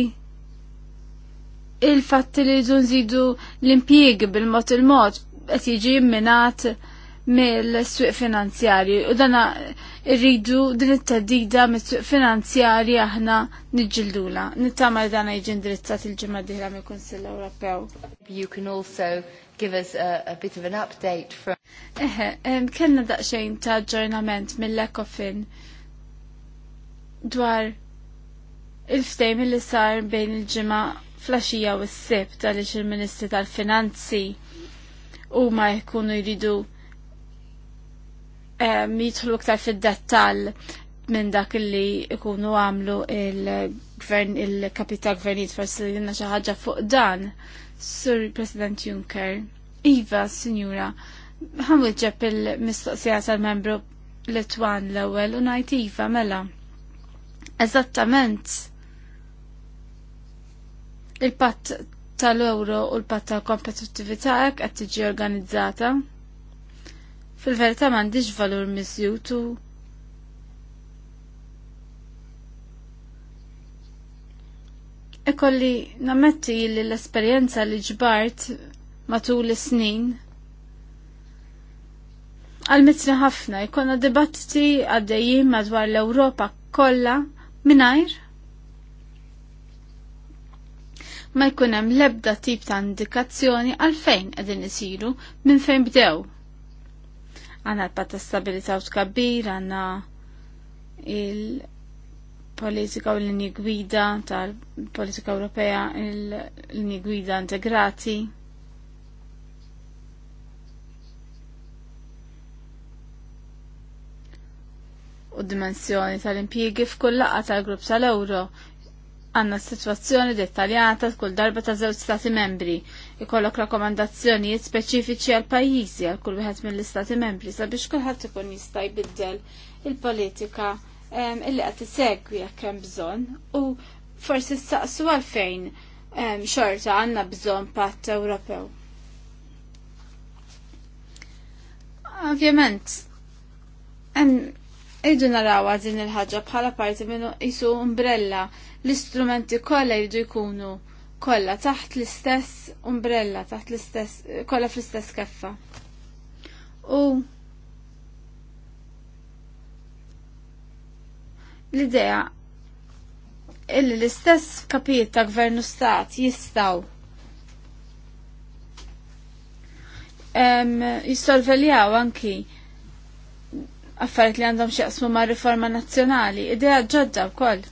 il-fatt li jdu zidu l-impjieg bil-mod il-mod qed jiġi minnat mill-suq finanzjarji u dana rridu din it-tadida mis-suq finanzjarji aħna niġġildula. Nittama dana jiġi indirizzat il-ġimgħa diħla mill-Kunsill Ewropew. You can also give us a, a bit of an update from Eħe, kellna daqsxejn ta' ġornament mill-Ecofin dwar il-ftejm li sar bejn il-ġimgħa flasġija u s-sibt għaliex il-Ministri tal-Finanzi huma jkunu jridu jitħlu iktar fid-dettall minn dak li ikunu għamlu il-gvern il-kapital gvernijiet forsi li jenna xaħġa fuq dan, Sur President Juncker. Iva, Signora, ħamilġeb il-mistoqsija tal-membru Litwan l-ewel u Iva, mela. Eżattament, il-patt tal-euro u l-patt tal-kompetittivita għek għed tiġi organizzata fil-verità m'għandix valur miżjutu. Ekolli nammetti li l-esperjenza li ġbart matul is-snin għalmitni ħafna jkollna dibattiti għaddejjin madwar l-Ewropa kollha mingħajr ma jkun hemm l-ebda tip ta' indikazzjoni għalfejn qegħdin isiru minn fejn bdew għanna l-patta stabilita u tkabbir, għanna il-politika u l-linji gwida tal-politika Ewropea, l linji gwida integrati. U dimensjoni tal-impjiegi f'kull laqgħa tal-grupp tal-Ewro għanna situazzjoni dettaljata kull darba ta' żewġ stati membri ikollok rakkomandazzjonijiet speċifiċi għal pajjiżi għal kull wieħed mill-istati membri sabiex kulħadd ikun jista' jbiddel il-politika illi qed isegwi jekk hemm bżonn u forsi staqsu fejn xorta għandna bżonn patt Ewropew. Ovvjament, Idu narawa din il-ħagġa bħala parti minnu jisu umbrella l-istrumenti kollha jridu jkunu kollha taħt l-istess umbrella, taħt l-istess kollha fl-istess keffa. U l-idea illi l-istess kapijiet ta' gvernu stat jistaw um, anki affarijiet li għandhom xieqsmu ma' riforma nazzjonali, idea ġodda wkoll.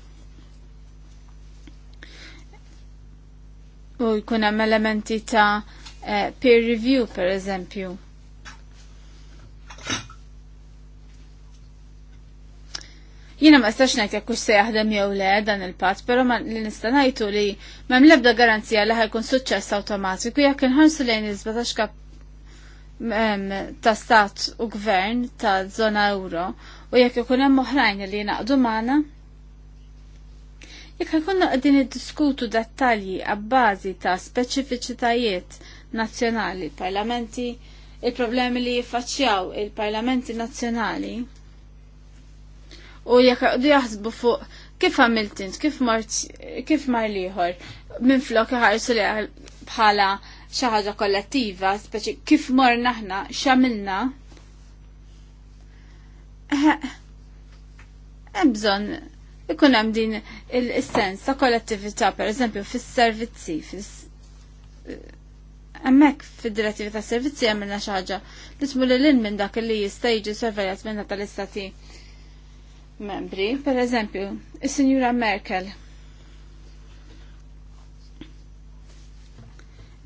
u jkun hemm elementi ta' eh, peer review per eżempju. Jina ma stax ngħid jekk se jaħdem jew le dan il-patt, però li nista' ngħidu li m'hemm l-ebda garanzija li ħajkun suċċess awtomatiku jekk inħarsu lejn iż-17 kap ta' stat u gvern ta' zona euro u jekk ikun hemm oħrajn li jnaqdu magħna Jekk ħajkunna qegħdin iddiskutu dettalji għabbażi ta' speċifiċitajiet nazzjonali, parlamenti, il-problemi li jiffaċċjaw il-parlamenti nazzjonali. U jekk għadu jaħsbu fuq kif għamilt kif mart, kif mar liħor, minn flok ħarsu li bħala xi ħaġa kollettiva, speċi kif mor naħna, x'għamilna. Hemm bżonn ikun hemm din il-sens ta' kollettività, pereżempju fis-servizzi, fis Hemmhekk fid-direttivi ta' servizzi għamilna xi ħaġa li tmur lil minn dak li jista' jiġi sorvejat minnha tal-istati membri. Pereżempju, is-Sinjura Merkel.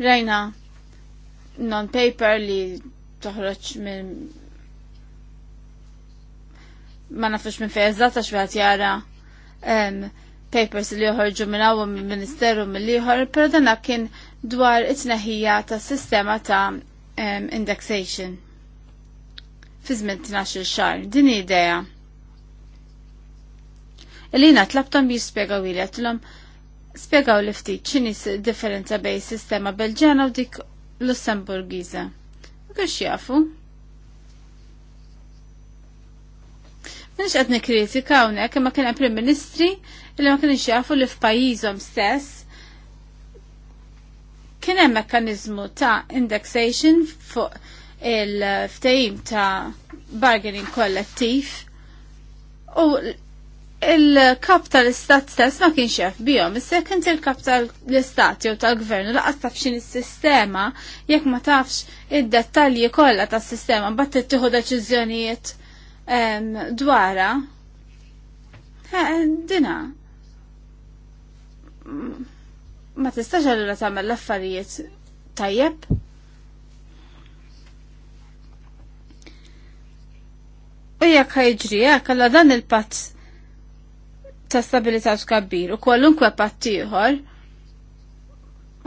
Rejna non-paper li toħroġ minn ma nafux minn fejn eżatt għax jara papers li joħorġu minn hawn minn ministeru mill-ieħor, però danna kien dwar it neħija tas sistema ta' um, indexation. Fi żmien 12 xahar, din idea. Elina tlabtom jispjegaw ili għatilhom spjegaw li ftit x'inhi differenza bejn sistema Belġana u dik lussemburgiza. Ma jafu. Nix għad nikritika unek, ma kena prim ministri li ma kena xiafu li f'pajizom stess kien hemm mekkaniżmu ta' indexation fuq il-ftehim ta' bargaining kollettiv u il-kap tal-istat stess ma kienx xef bihom, issa kien il kap tal-istat jew tal-gvern u taf x'in is-sistema jekk ma tafx id-dettalji kollha tas-sistema mbagħad tittieħu deċiżjonijiet dwara dina ma tistax allura tagħmel l-affarijiet tajjeb. U jekk ħajġri hekk alla dan il-patt ta' stabilità tkabbir u kwalunkwe patt ieħor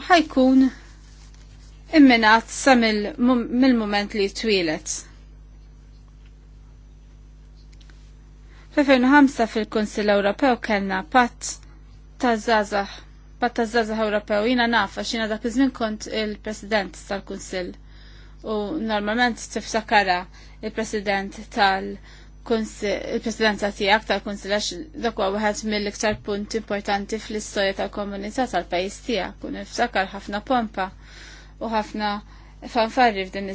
ħajkun imminat sa mill-moment li twilet. Fil-2005 fil-Konsil Ewropew kellna patt ta' zazax, patt ta' Ewropew. Jina nafa xina dak iż-żmien kont il-President tal-Kunsill. U normalment tifsakara il-President tal-Kunsill il-presidenza tijak tal-Kunsil għax dak huwa wieħed mill-iktar punt importanti fl-istorja tal-komunità tal-pajjiż tiegħek u nifsakar ħafna pompa u ħafna fanfarri f'din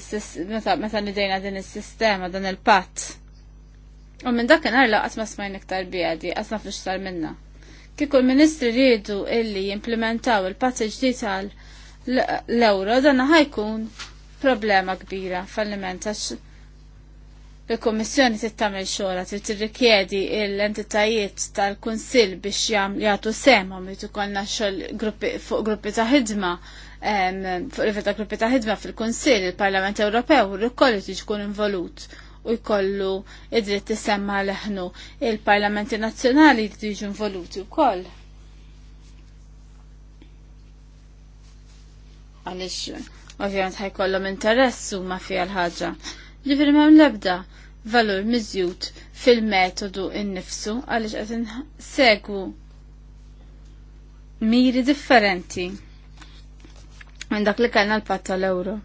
meta nidejna din is-sistema dan il-patt. U minn dak inħar laqas ma smajn iktar biedi, naf flux xtar minna. Kieku l-ministri rridu illi jimplementaw il-pazzi ġdid tal l-euro, dan ħajkun problema kbira, falliment, għax il-Kommissjoni tagħmel xogħla trid tirrikjedi l-entitajiet tal-Kunsill biex jagħtu semhom li tkollna xogħol fuq gruppi ta' ħidma fuq livell ta' gruppi ta' ħidma fil-Kunsill il-Parlament Ewropew ukoll tiġi tkun involut u jkollu id-dritt isemma leħnu il-parlamenti nazzjonali jiġu involuti wkoll. Għaliex ovvjament ħajkollhom interess ma' fiha l-ħaġa. Ġifieri m'hemm l-ebda valur miżjud fil-metodu in-nifsu għaliex qed insegwu miri differenti minn dak li kellna l-patta l-euro.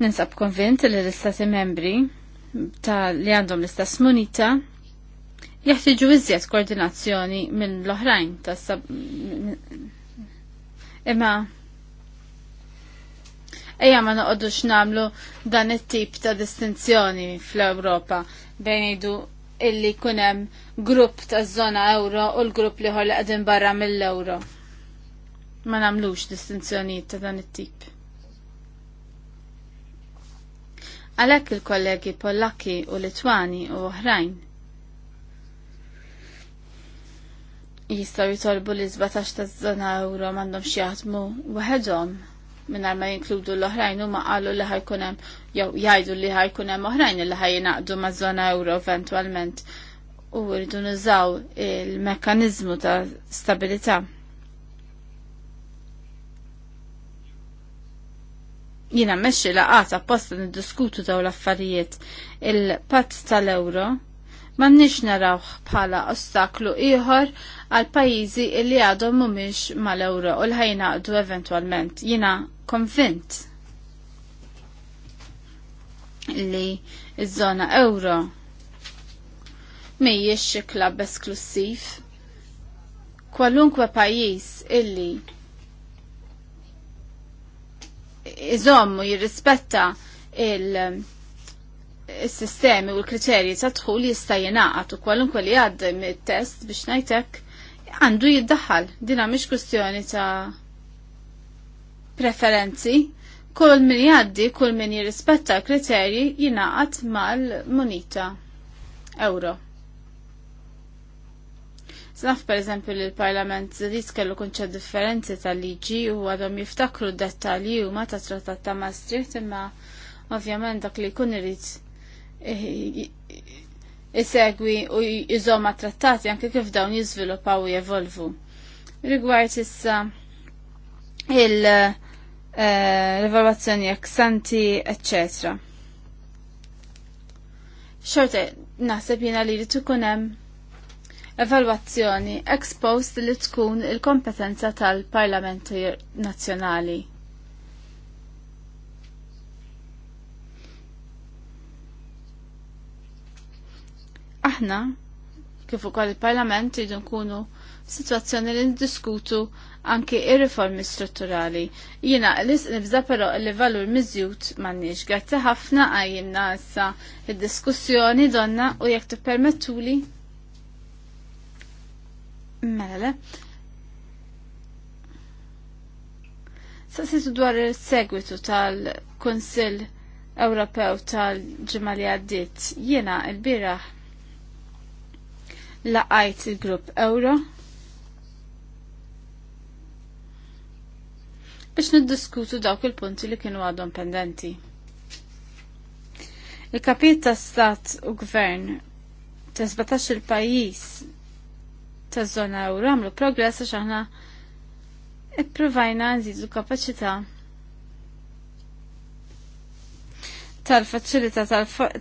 Ninsab konvint li l-istati membri ta' li għandhom l-istess munita jeħtiġu iżjed koordinazzjoni minn l-oħrajn ta' sab... Imma Ejja ma noqodux namlu dan it-tip ta' distinzjoni fl-Ewropa bejn idu illi kunem grupp ta' zona euro u l-grupp liħor li għadin barra mill-euro. Ma namlux distinzjoni ta' dan it-tip. Għalhekk il-kollegi Pollakki u Litwani u oħrajn jistgħu jitolbu li 17 ta' żona euro mandom xi jaħdmu waħedhom mingħajr ma jinkludu l-oħrajn huma qalu li ħajkunem jew jgħidu li ħajkunem hemm oħrajn li ħajjinaqdu maż-żona euro eventwalment u rridu nużaw il-mekkaniżmu ta' stabilità. jina meċi laqat apposta niddiskutu daw l-affarijiet il-pat tal-euro ma nix narawħ bħala ostaklu iħor għal pajizi li għadhom mumiex mal-euro u l għadu eventualment. Jina konvint li iż-żona euro mejjiex xi klabb esklusiv. Kwalunkwe pajjiż illi iżommu jirrispetta il- sistemi u l-kriterji ta' dħul jista' jingħaqad u kwalunkwe li għaddi mit-test biex ngħidlek għandu jiddaħħal. Dina mhix kwestjoni ta' preferenzi. Kull min jgħaddi, kull min jirrispetta l kriterji jingħaqad mal-munita euro. Znaf per eżempju li l-Parlament Zedis kellu kunċa differenzi tal-liġi u għadhom jiftakru d-dettalji u ma ta' trattat ta' Maastricht imma ovvjament dak li kun irid isegwi u jizoma trattati anke kif dawn jizvilupaw u jevolvu. Rigward issa il- l eksanti, ecc. Xorta, naħseb jena li li tukunem evalwazzjoni ex post li tkun il-kompetenza tal-Parlamenti Nazzjonali. Aħna, kif ukoll il-Parlament jridu nkunu situazzjoni li ndiskutu anke ir-riformi strutturali. Jiena nibża però li valur miżjud m'għandniex. Grazzi ħafna għajjimna issa id-diskussjoni donna u jekk tippermettuli Mela le. Saqsitu dwar il-segwitu tal-Konsil Ewropew tal-ġimma li għaddit. Jena il-biraħ laqajt il-grupp Euro biex niddiskutu dawk il-punti li kienu għadhom pendenti. Il-kapit ta' stat u gvern ta' 17 il-pajis taż-żona u ramlu progress għax aħna ipprovajna nżidu kapaċità tal-faċilità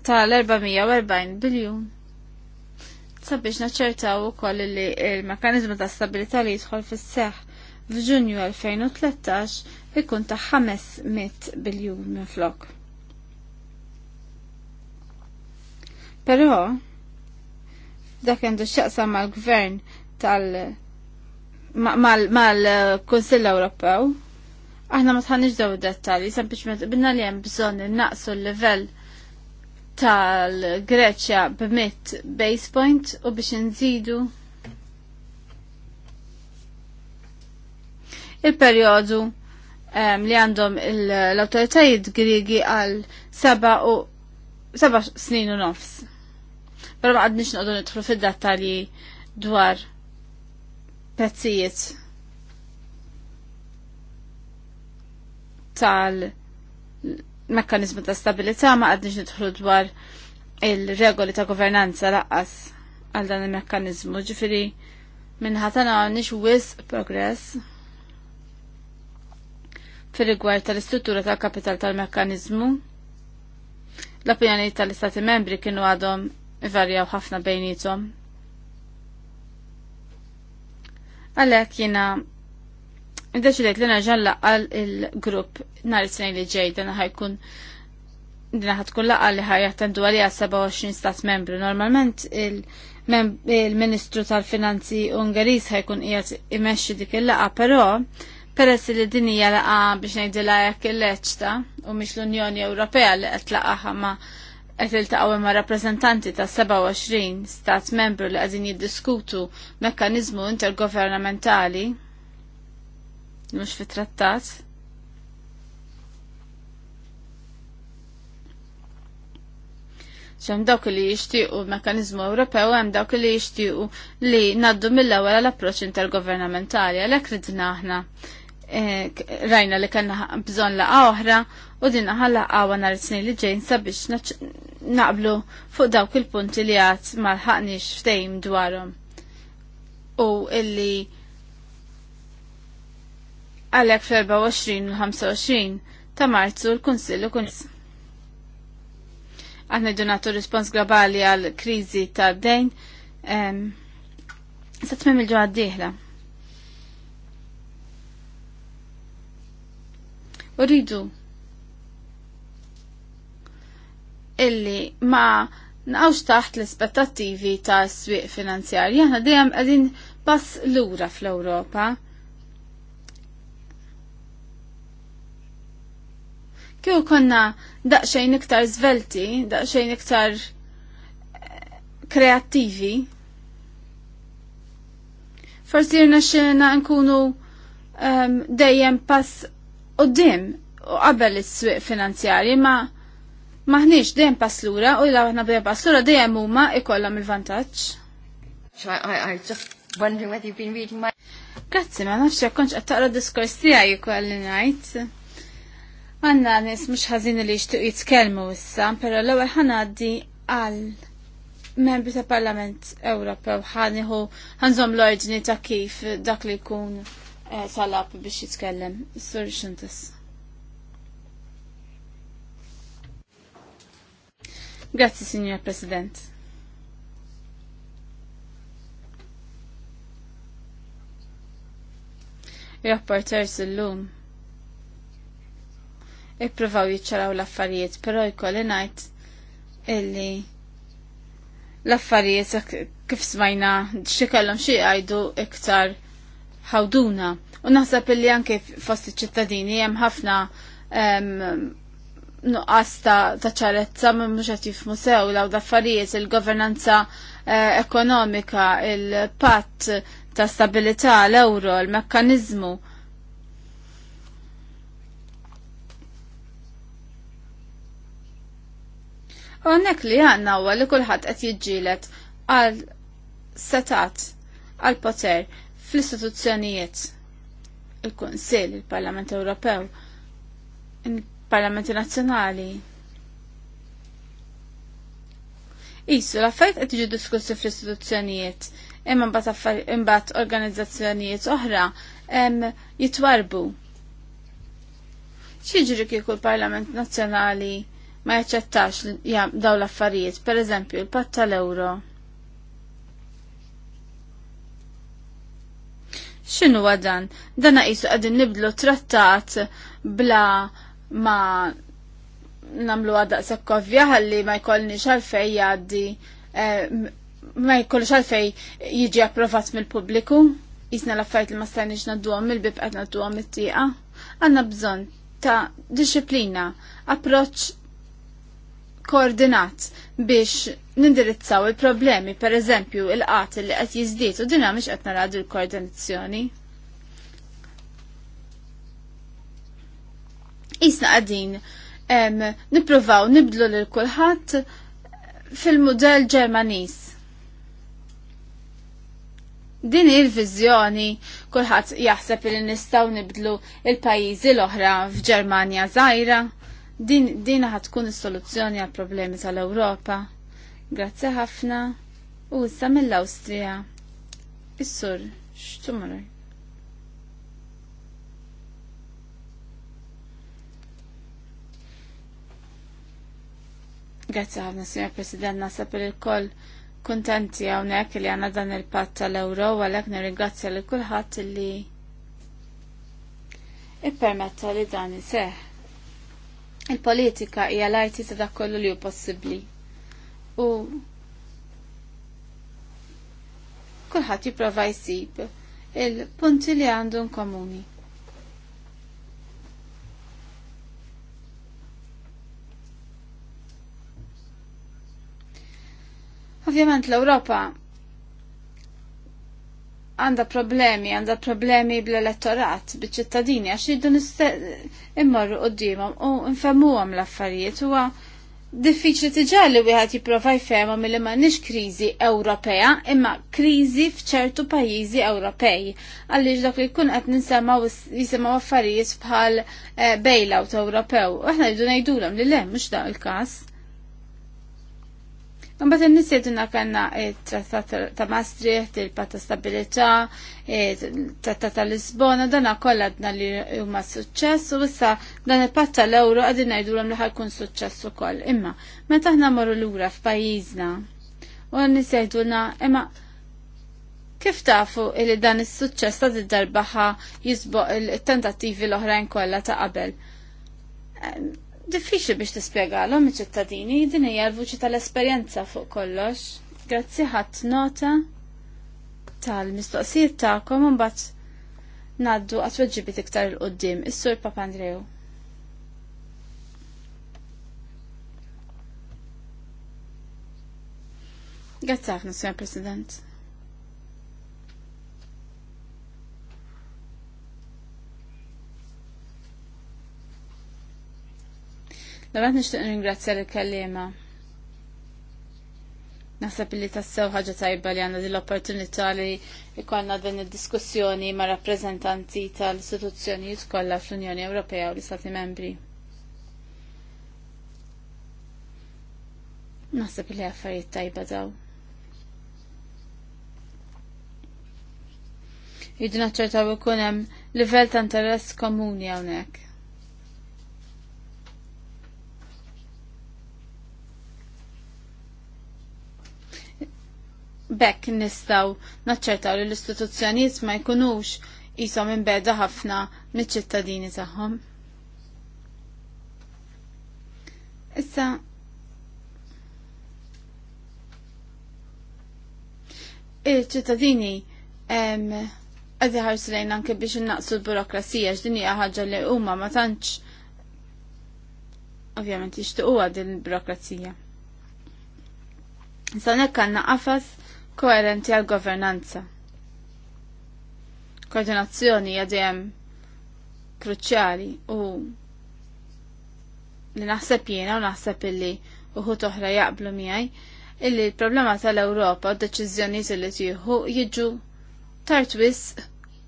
tal-440 biljun. Sabiex naċċertaw ukoll li l-mekkaniżmu ta' stabilità li jidħol fis-seħħ f'Ġunju 2013 ikun ta' 500 biljun minn flok. Però, dak għandu xaqsa mal-gvern tal- mal-Konsill Ewropew. Aħna ma tħanix daw dettali, sempliċement binna li hemm bżonn innaqsu l-livell tal-Greċja b'mitt base point u biex nżidu il-perjodu ehm, li għandhom l-autoritajiet Griegi għal seba u seba snin u nofs. Pero ma għadnix noqdu nidħlu fid-dettalji dwar pezzijiet tal-mekkanizmu ta' stabilità ma għadniġ nidħlu dwar il-regoli ta' governanza laqqas għal dan il-mekkanizmu ġifiri minnħatana għandix wisq progress fil-rigward tal-istruttura tal-kapital tal-mekkanizmu. L-opinjoni tal-istati membri kienu għadhom ivarjaw ħafna bejnietom. Għalek jina Id-deċidejt li nerġa' laqal il-grupp nhar it-tnejn li ġej dan ħajkun din ħatkun laqal li ħajattendu għalija 27 stat membru. Normalment il-Ministru tal-Finanzi Ungaris ħajkun qiegħed imexxi dik il laqgħa però peress li din hija laqgħa biex ngħidilha jekk il-leċta u mhix l-Unjoni Ewropea li qed laqaħa ma' qed iltaqgħu ma' rappreżentanti ta' 27 stat membru li qegħdin jiddiskutu mekkaniżmu intergovernamentali mhux fit-trattat. ċem dawk li jixtiequ mekkaniżmu Ewropew hemm dawk li jixtiequ li naddu mill-ewwel l-approċċ intergovernamentali għalhekk ridna aħna Eh, rajna li kanna bżon la oħra u dinna ħalla għawa nar snin li ġejn sabiex naqblu fuq dawk il-punti li għat malħaqnix ftejm dwarom u illi għalek fl-24 u 25 ta' marzu l-Kunsillu kun Għanna donatu rispons globali għal krizi tal dejn sa' tmim il-ġuħad diħla. rridu illi ma naqawx taħt l-ispettattivi ta' s-swiq finanzjarji. Aħna dejjem qegħdin pass lura fl-Ewropa. Kieku konna daqsxejn iktar zvelti, daqsxejn iktar eh, kreattivi, forsi rna xena nkunu um, dejjem pass qoddim u qabel is-swieq finanzjarji ma maħniex dejjem paslura u illa aħna dejjem paslura dejjem huma ikollhom il-vantaġġ. Grazzi, ma nafx jekk kontx qed taqra diskors tiegħi jkolli ngħid. Għanna nies mhux ħażin li jixtieq jitkellmu issa, però l-ewwel ħanaddi għal membri ta' Parlament Ewropew ħaniħu ħanżom l-ordni ta' kif dak li jkun Eh, talab biex jitkellem. Sur xintis. Grazzi, Signor President. Rapporters sull lum Ipprovaw jiċċaraw l-affarijiet, pero jkolli najt illi l-affarijiet kif smajna xikallom xie għajdu iktar ħawduna. U naħseb illi anke fost ċittadini hemm ħafna nuqqas ta' ċarezza ma mhux qed jifmusew sew law daffarijiet il-governanza eh, ekonomika, il-patt ta' stabilità, l-euro, l-mekkaniżmu. U għannek li għanna li kullħat għet jiġġielet għal setat għal poter fl-istituzzjonijiet il-Konsil, il-Parlament Ewropew, il-Parlamenti Nazzjonali. Isu, l-affarijiet qed jiġu diskussi fl-istituzzjonijiet imma mbagħad organizzazzjonijiet oħra jitwarbu. X'jiġri kieku l-Parlament Nazzjonali ma jaċċettax dawn l-affarijiet, pereżempju il patta tal-Ewro. xinu dan? Dana jisu qegħdin nibdlu trattat bla ma namlu għadda sekkovja ħalli ma jkollni xalfej jgħaddi eh, ma jkollux xalfej jiġi approvat mill-pubbliku. Jisna laffajt li ma stajniex nadduhom mill-bib qed nadduhom it-tieqa. Għandna bżonn ta' disciplina, approċċ koordinat biex nindirizzaw il-problemi, per eżempju, il-qatil li qed jiżdied u dinha mhix qed naradu l-koordinazzjoni. Isna qegħdin nippruvaw nibdlu lil kulħadd fil-mudell Ġermaniż. Din il viżjoni kulħadd jaħseb li nistgħu nibdlu il-pajjiżi l-oħra f'Ġermanja żgħira Din dina ħatkun is-soluzzjoni għal problemi tal-Ewropa. Grazzi ħafna u issa mill-Awstrija. Is-sur x'tumru. Grazzi ħafna, Signor President, per il-koll kontenti għawnek li għanna dan il-pat tal-euro għalek nirringrazzja li kullħat li i-permetta li dan i-seħ. Il-politika hija l-arti ta' dak kollu li hu possibbli. U kulħadd jipprova jsib il-punti li għandu komuni. Ovvjament l-Ewropa għanda problemi, għanda problemi bl-elettorat, bil ċittadini għax jiddu immorru dimom u nfemmuhom l-affarijiet huwa diffiċli u li wieħed jipprova mill li m'għandniex kriżi Ewropea imma kriżi f'ċertu pajjiżi Ewropej. Għaliex dak li jkun qed nisemgħu jisimgħu affarijiet bħal eh, bailout Ewropew. Aħna jridu ngħidulhom li le mhux da il-każ. Mbagħad innisidna kellna it-Trattat ta' Maastricht, il pat ta' Stabilità, trattat ta' Lisbona, dana kollha dna li huma suċċess u issa dan il-Patt tal-Ewro qegħdin ngħidulhom li ħajkun suċċess ukoll. Imma meta aħna morru lura f'pajjiżna u nisgħidulna imma Kif tafu li dan is-suċċess ta' darbaħa jizbo il-tentattivi l-oħrajn kollha ta' qabel? diffiċli biex tispjegalhom iċ-ċittadini din hija l-vuċi tal-esperjenza fuq kollox. Grazzi ħadd nota tal-mistoqsijiet tagħkom u mbagħad ngħaddu għat-weġġibiet iktar il-qoddim. Is-Sur Papandrew. Grazzi ħafna, Sr. President. Damet nishtiq ringrazzja l-kellima. Naħseb li tassew ħaġa tajba li għanna l opportunità li ikonna din id-diskussjoni ma' rappreżentanti tal-istituzzjonijiet kollha fl-Unjoni Ewropea u l-Istati Membri. Naħseb li affarijiet tajba daw. Jidu naċċertaw ikun hemm livell ta' interess komuni hawnhekk. bekk nistaw naċċertaw li l-istituzzjonijiet ma jkunux jisom imbeda ħafna miċ-ċittadini tagħhom. Issa il-ċittadini għaddi ħarsu lejn anke biex innaqsu l-burokrazija x'din hija ħaġa li huma ma tantx ovvjament jixtiequha din il-burokrazija. Sanek għandna qafas koerenti għal governanza. Koordinazzjoni għadjem kruċjali u li naħseb jiena u naħseb illi uħu oħra jaqblu miegħi illi l-problema tal-Ewropa u d-deċiżjonijiet li tieħu jiġu tartwis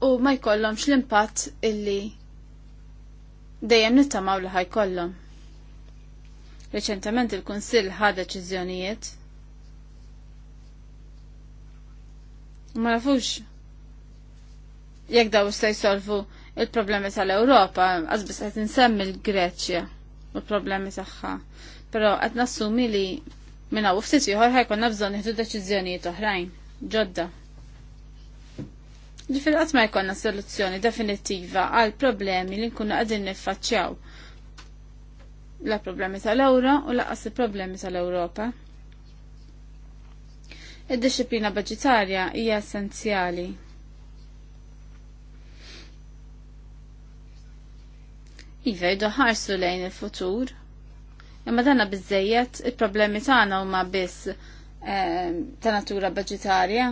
u ma jkollhomx l-impatt illi dejjem nittamaw li kollom. Reċentement il-Kunsill ħad deċiżjonijiet Ma nafux jekk daw se jsolvu il-problemi tal-Ewropa, għazbis qed insemmi l-Greċja u l-problemi tagħha. Però qed nassumi li minna u ftit ieħor ħajkun bżonn nieħdu deċiżjonijiet oħrajn ġodda. Ġifir qatt ma jkollna soluzzjoni definittiva għal problemi li nkunu qegħdin niffaċċjaw la problemi tal-Ewro u laqas il-problemi tal-Ewropa. tal ewro u laqqas il problemi tal il problemi tal ewropa Id-disciplina budgetarja hija essenzjali. Iva, jdu ħarsu lejn il-futur. Imma danna bizzejiet il-problemi tagħna huma biss eh, ta' natura budgetarja.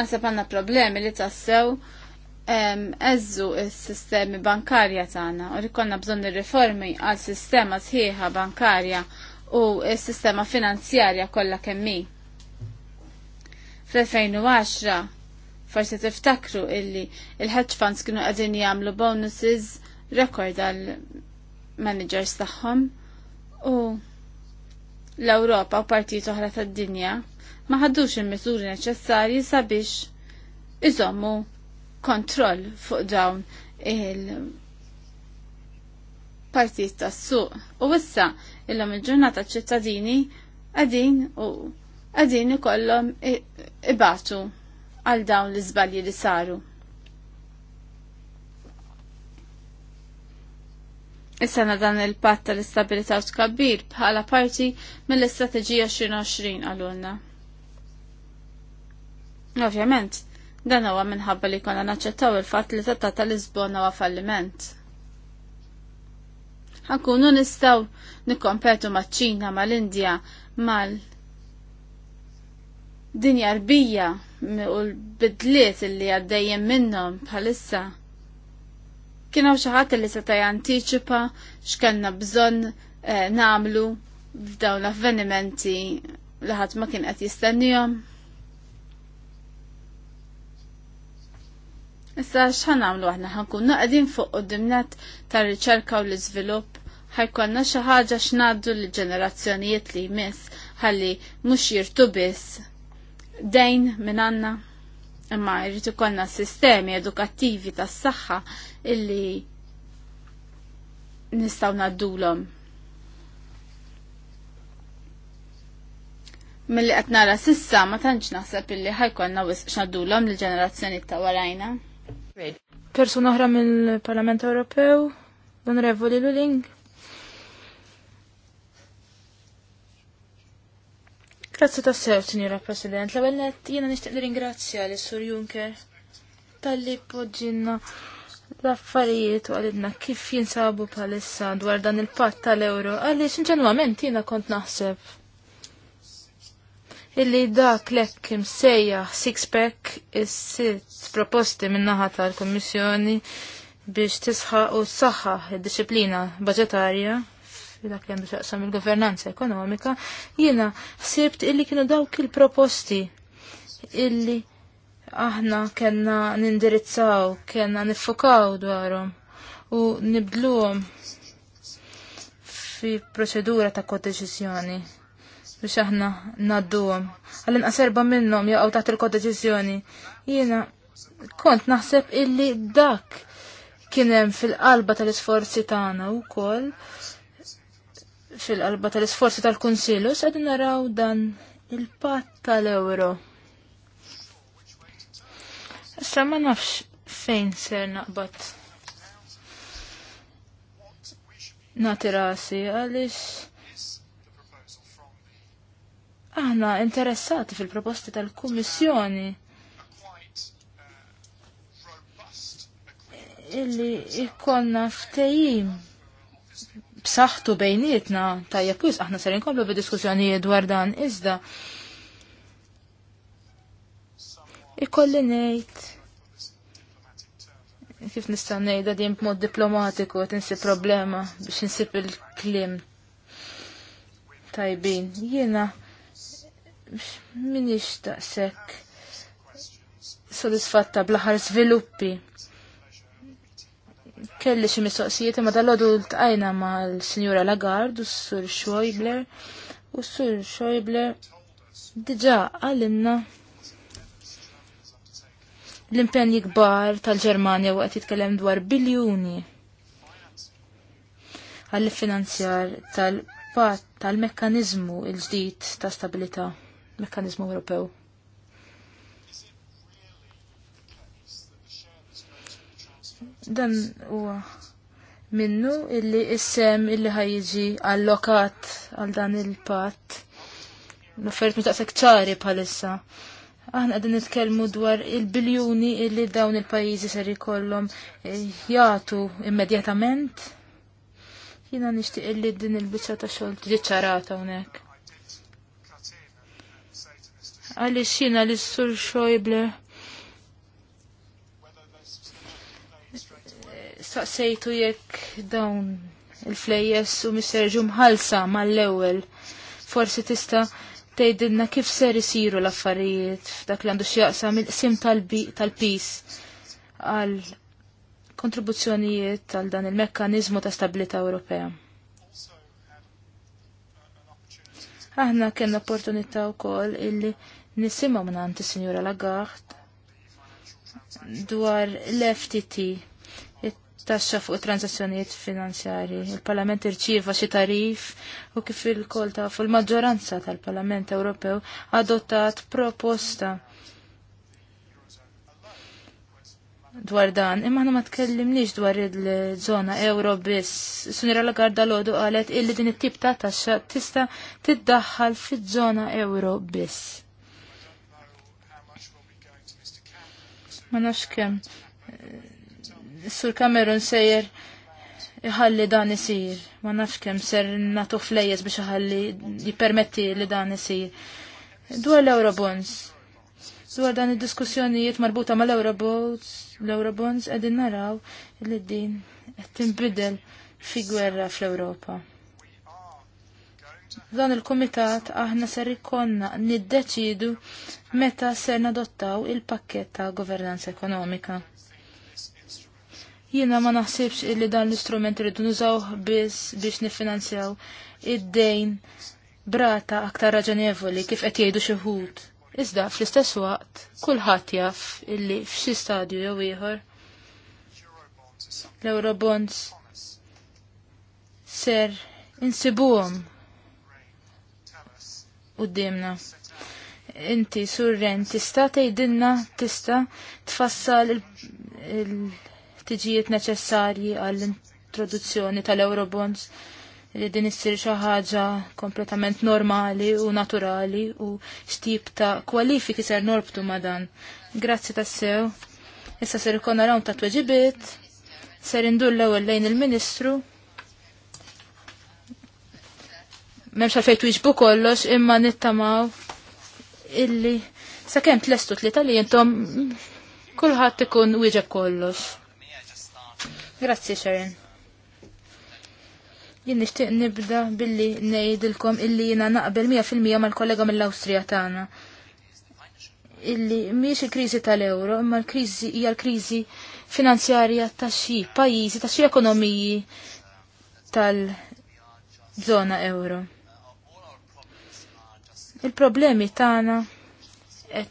Nasab għanna problemi li tassew eżżu s-sistemi bankarja tagħna u li konna bżonn ir-riformi għal sistema sħiħa bankarja u s-sistema finanzjarja kollha kemm hi. Fl-2010 forsi tiftakru illi il-hedge funds kienu qegħdin jagħmlu bonuses rekord għal managers tagħhom u l-Ewropa u partijiet oħra tad-dinja ma ħaddux il-miżuri neċessarji sabiex iżommu kontroll fuq dawn il- partijiet tas suq u issa illum il-ġurnata ċittadini għadin u għadin ikollhom ibatu għal dawn l-iżbalji li saru. Issa dan il-patt tal-istabilità u tkabbir bħala parti mill-istrateġija 2020 għalulna. Ovvjament, Dan huwa minħabba li konna naċċettaw il-fatt li tatta tal-Lisbona huwa falliment. Ħankunu nistgħu nikkompetu maċ-Ċina, mal-Indja, mal-dinja rbija u l-bidliet li għaddejjem minnhom bħalissa. Kienu xi ħadd li seta' jantiċipa x'kellna bżonn eh, namlu f'dawn l-avvenimenti li ħadd ma kien qed jistennihom. Issa x'ħan għamlu aħna ħankun naqdin fuq dimnet ta' riċerka u l-iżvilupp ħajkonna xi ħaġa x'ngħaddu l-ġenerazzjonijiet li jmiss ħalli mhux jirtu biss dejn minn għanna imma jrid ikollna sistemi edukattivi tas-saħħa illi nistgħu ngħaddulhom. Milli qed nara sissa ma tantx naħseb illi ħajkonna wisq x'għaddulhom lill-ġenerazzjoni ta' warajna. Persuna oħra mill-Parlament Ewropew, l-Onorevoli Luling. Grazzi ta' sew, Sinjora President. L-ewwel nett jiena nixtieq ringrazzja lis sur Juncker talli poġġinna l-affarijiet u għalidna kif jinsabu bħalissa dwar dan il-patt tal-euro. Għaliex inġenwament jiena kont naħseb illi dak lekk imsejja six-pack is-sitt proposti minnaħa tal-Kommissjoni biex tisħa u s-saħħa id-disciplina budgetarja dak li għandu xaqsam il-governanza ekonomika, jiena sibt illi kienu dawk il-proposti illi aħna kena nindirizzaw, kena nifukaw dwarom u nibdluhom fi proċedura ta' kodeċizjoni biex aħna nadduhom. Għallin qaserba minnhom jaqgħu taħt il-kodeċiżjoni. Jiena kont naħseb illi dak kien hemm fil-qalba tal-isforzi tagħna wkoll fil-qalba tal-isforzi tal s-għadin naraw dan il-patt tal-Ewro. Issa ma nafx fejn ser naqbad. Nati rasi għaliex Aħna interessati fil-proposti tal-Kummissjoni illi ikkonna ftejim b'saħħtu bejnietna tajja kwis aħna ser inkomplu b'diskussjoni dwar dan iżda ikolli ngħid kif nista' ngħidha din b'mod diplomatiku qed insib problema biex insib il-klim tajbin. Jiena minix taqsek sodisfatta blaħar sviluppi. Kelli xi mistoqsijiet ma dal għadu l-tqajna mal-Sinjura Lagard u s-Sur Schäubler u s-Sur Schäubler diġa għalimna l impenni kbar tal-Ġermanja waqt jitkellem dwar biljuni għall-finanzjar tal-pat tal-mekkanizmu il-ġdid ta' stabilita' mekkanizmu Ewropew. Dan huwa minnu illi issem illi ħajġi allokat għal dan il pat L-offert taqsek ċari bħalissa. Aħna għadin nitkellmu dwar il-biljuni illi dawn il-pajizi ser jkollhom eh, jagħtu immedjatament. Jina nixtieq illi din il-biċċa ta' xogħol tiġi ċarata hawnhekk għaliex jiena li sur Schäuble staqsejtu jekk dawn il-flejjes u miserġu mħalsa mal-ewwel. Forsi tista' tgħidilna kif ser isiru l-affarijiet f'dak li għandu x'jaqsam il-qsim tal-pis għal kontribuzzjonijiet għal dan il-mekkaniżmu ta' stabilità Ewropea. Aħna kellna opportunità wkoll illi nisimaw minn is-Sinjura Lagarde dwar l-FTT, it-taxxa fuq transazzjonijiet finanzjari. Il-Parlament irċieva xi tarif u kif il-kol ta' fuq il-maġġoranza tal-Parlament Ewropew adottat proposta dwar dan, imma ma tkellimniex dwar il-żona euro biss. Sunira Lagarda Lodu qalet illi din it-tip ta' taxxa tista' tiddaħħal fiż-żona euro biss. ma nafx kemm. Sur Cameron sejjer iħalli dan isir, ma nafx kemm ser natu flejjes biex iħalli jippermetti li dan isir. Dwar l-Eurobonds, dwar dan id-diskussjonijiet marbuta mal l-Eurobonds, l-Eurobonds qegħdin naraw li din qed tinbidel fi gwerra fl-Ewropa. Dan il-Kumitat aħna ser ikonna niddeċidu meta ser nadottaw il-pakket ta' governanza ekonomika. Jiena ma naħsibx illi dan l-istrument irridu nużaw biss biex nifinanzjaw id-dejn brata aktar raġonevoli kif qed jgħidu xi ħud. Iżda fl-istess waqt kulħadd jaf illi f'xi stadju jew ieħor l-Eurobonds ser insibuhom qudiemna. Inti surren tista' tgħidilna tista' tfassal il-tiġijiet neċessarji għall-introduzzjoni tal-Eurobonds li din issir xi ħaġa kompletament normali u naturali u xtip ta' kwalifiki ser norbtu ma' dan. Grazzi tassew. Issa ser ikkonna rawn ta' tweġibiet, ser indur l-ewwel lejn il-Ministru memx għalfejn twiġbu kollox imma nittamaw illi sakemm tlestu tlieta li jintom kulħadd ikun wieġeb kollox. Grazzi Sharon. Jien nixtieq nibda billi ngħidilkom illi jiena naqbel 100% mal-kollega mill-Awstrija tagħna. Illi miex il-kriżi tal-euro, imma l-kriżi hija l-kriżi finanzjarja ta' xi pajjiżi, ta' xi ekonomiji tal-żona euro il-problemi tagħna qed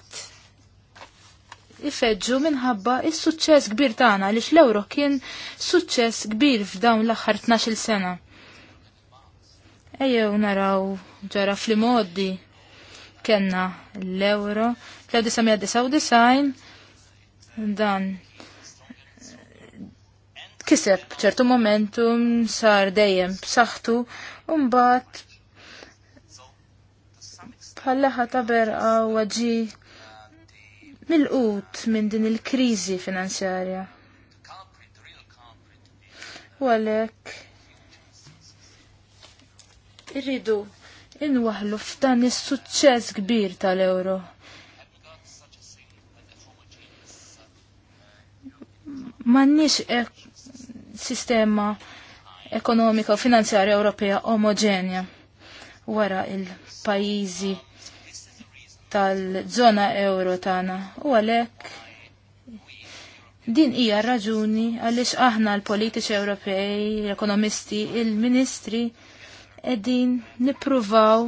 ifeġġu minħabba s suċċess kbir tagħna għaliex l-ewro kien suċċess kbir f'dawn l-aħħar 12-il sena. Ejjew naraw ġara fl-modi kenna l-euro fl-1999 dan kiseb ċertu momentum sar dejjem b'saħħtu u mbagħad bħal taber ta' berqa u qut minn din il-krizi finanzjarja. U għalek irridu inwaħlu f'dan is-suċċess kbir tal-euro. Mannix sistema ekonomika u finanzjarja Ewropea omogenja wara il-pajizi tal-zona euro tagħna u għalhekk Din hija raġuni għaliex aħna l-politiċi Ewropej, l-ekonomisti, il-ministri qegħdin nippruvaw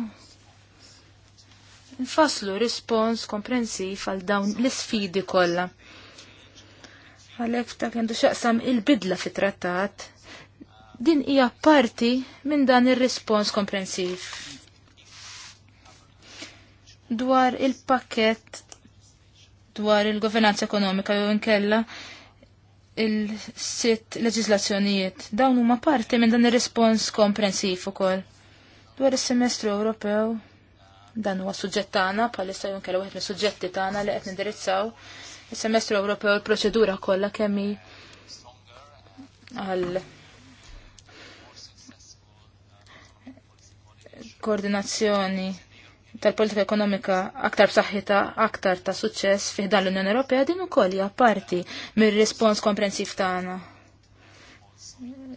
nfasslu rispons komprensif għal dawn l-isfidi kollha. Għalhekk ta' kendu xaqsam il-bidla fit-trattat Din hija parti minn dan ir-rispons komprensiv. Dwar il-pakket dwar il-governanza ekonomika jew inkella il-sitt leġislazzjonijiet. Dawn huma parti minn dan ir-rispons komprensiv ukoll. Dwar is-semestru Ewropew dan huwa suġġett tagħna bħalissa jew inkella wieħed mis-suġġetti tagħna li qed nindirizzaw. Is-semestru Ewropew il-proċedura kollha kemm għal koordinazzjoni tal-politika ekonomika aktar b'saħħita aktar ta' suċċess fih dan l-Unjoni Ewropea din ukoll hija parti mir-rispons komprensiv tagħna.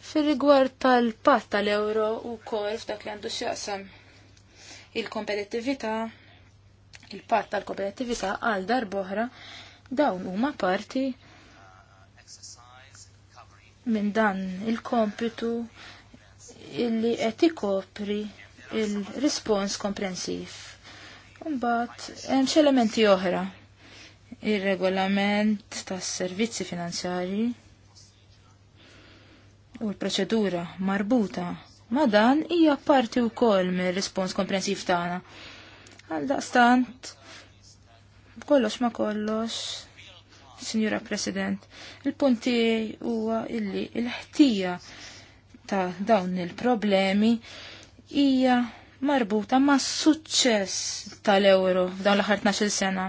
Fir-rigward tal-patt tal-euro wkoll f'dak li għandu x'jaqsam il-kompetittività, il-patt tal-kompetittività għal darb'oħra dawn huma parti minn dan il-kompitu illi qed ikopri il-rispons komprensiv. Mbagħad hemm elementi oħra. Ir-regolament tas-servizzi finanzjarji u l-proċedura marbuta ma dan hija parti wkoll mir-rispons komprensiv tagħna. Għal daqstant, kollox ma kollox, Signora President, il-punti huwa illi il-ħtija ta' dawn il-problemi hija marbuta ma' suċċess tal-euro f'dawn l-aħħar 12 sena.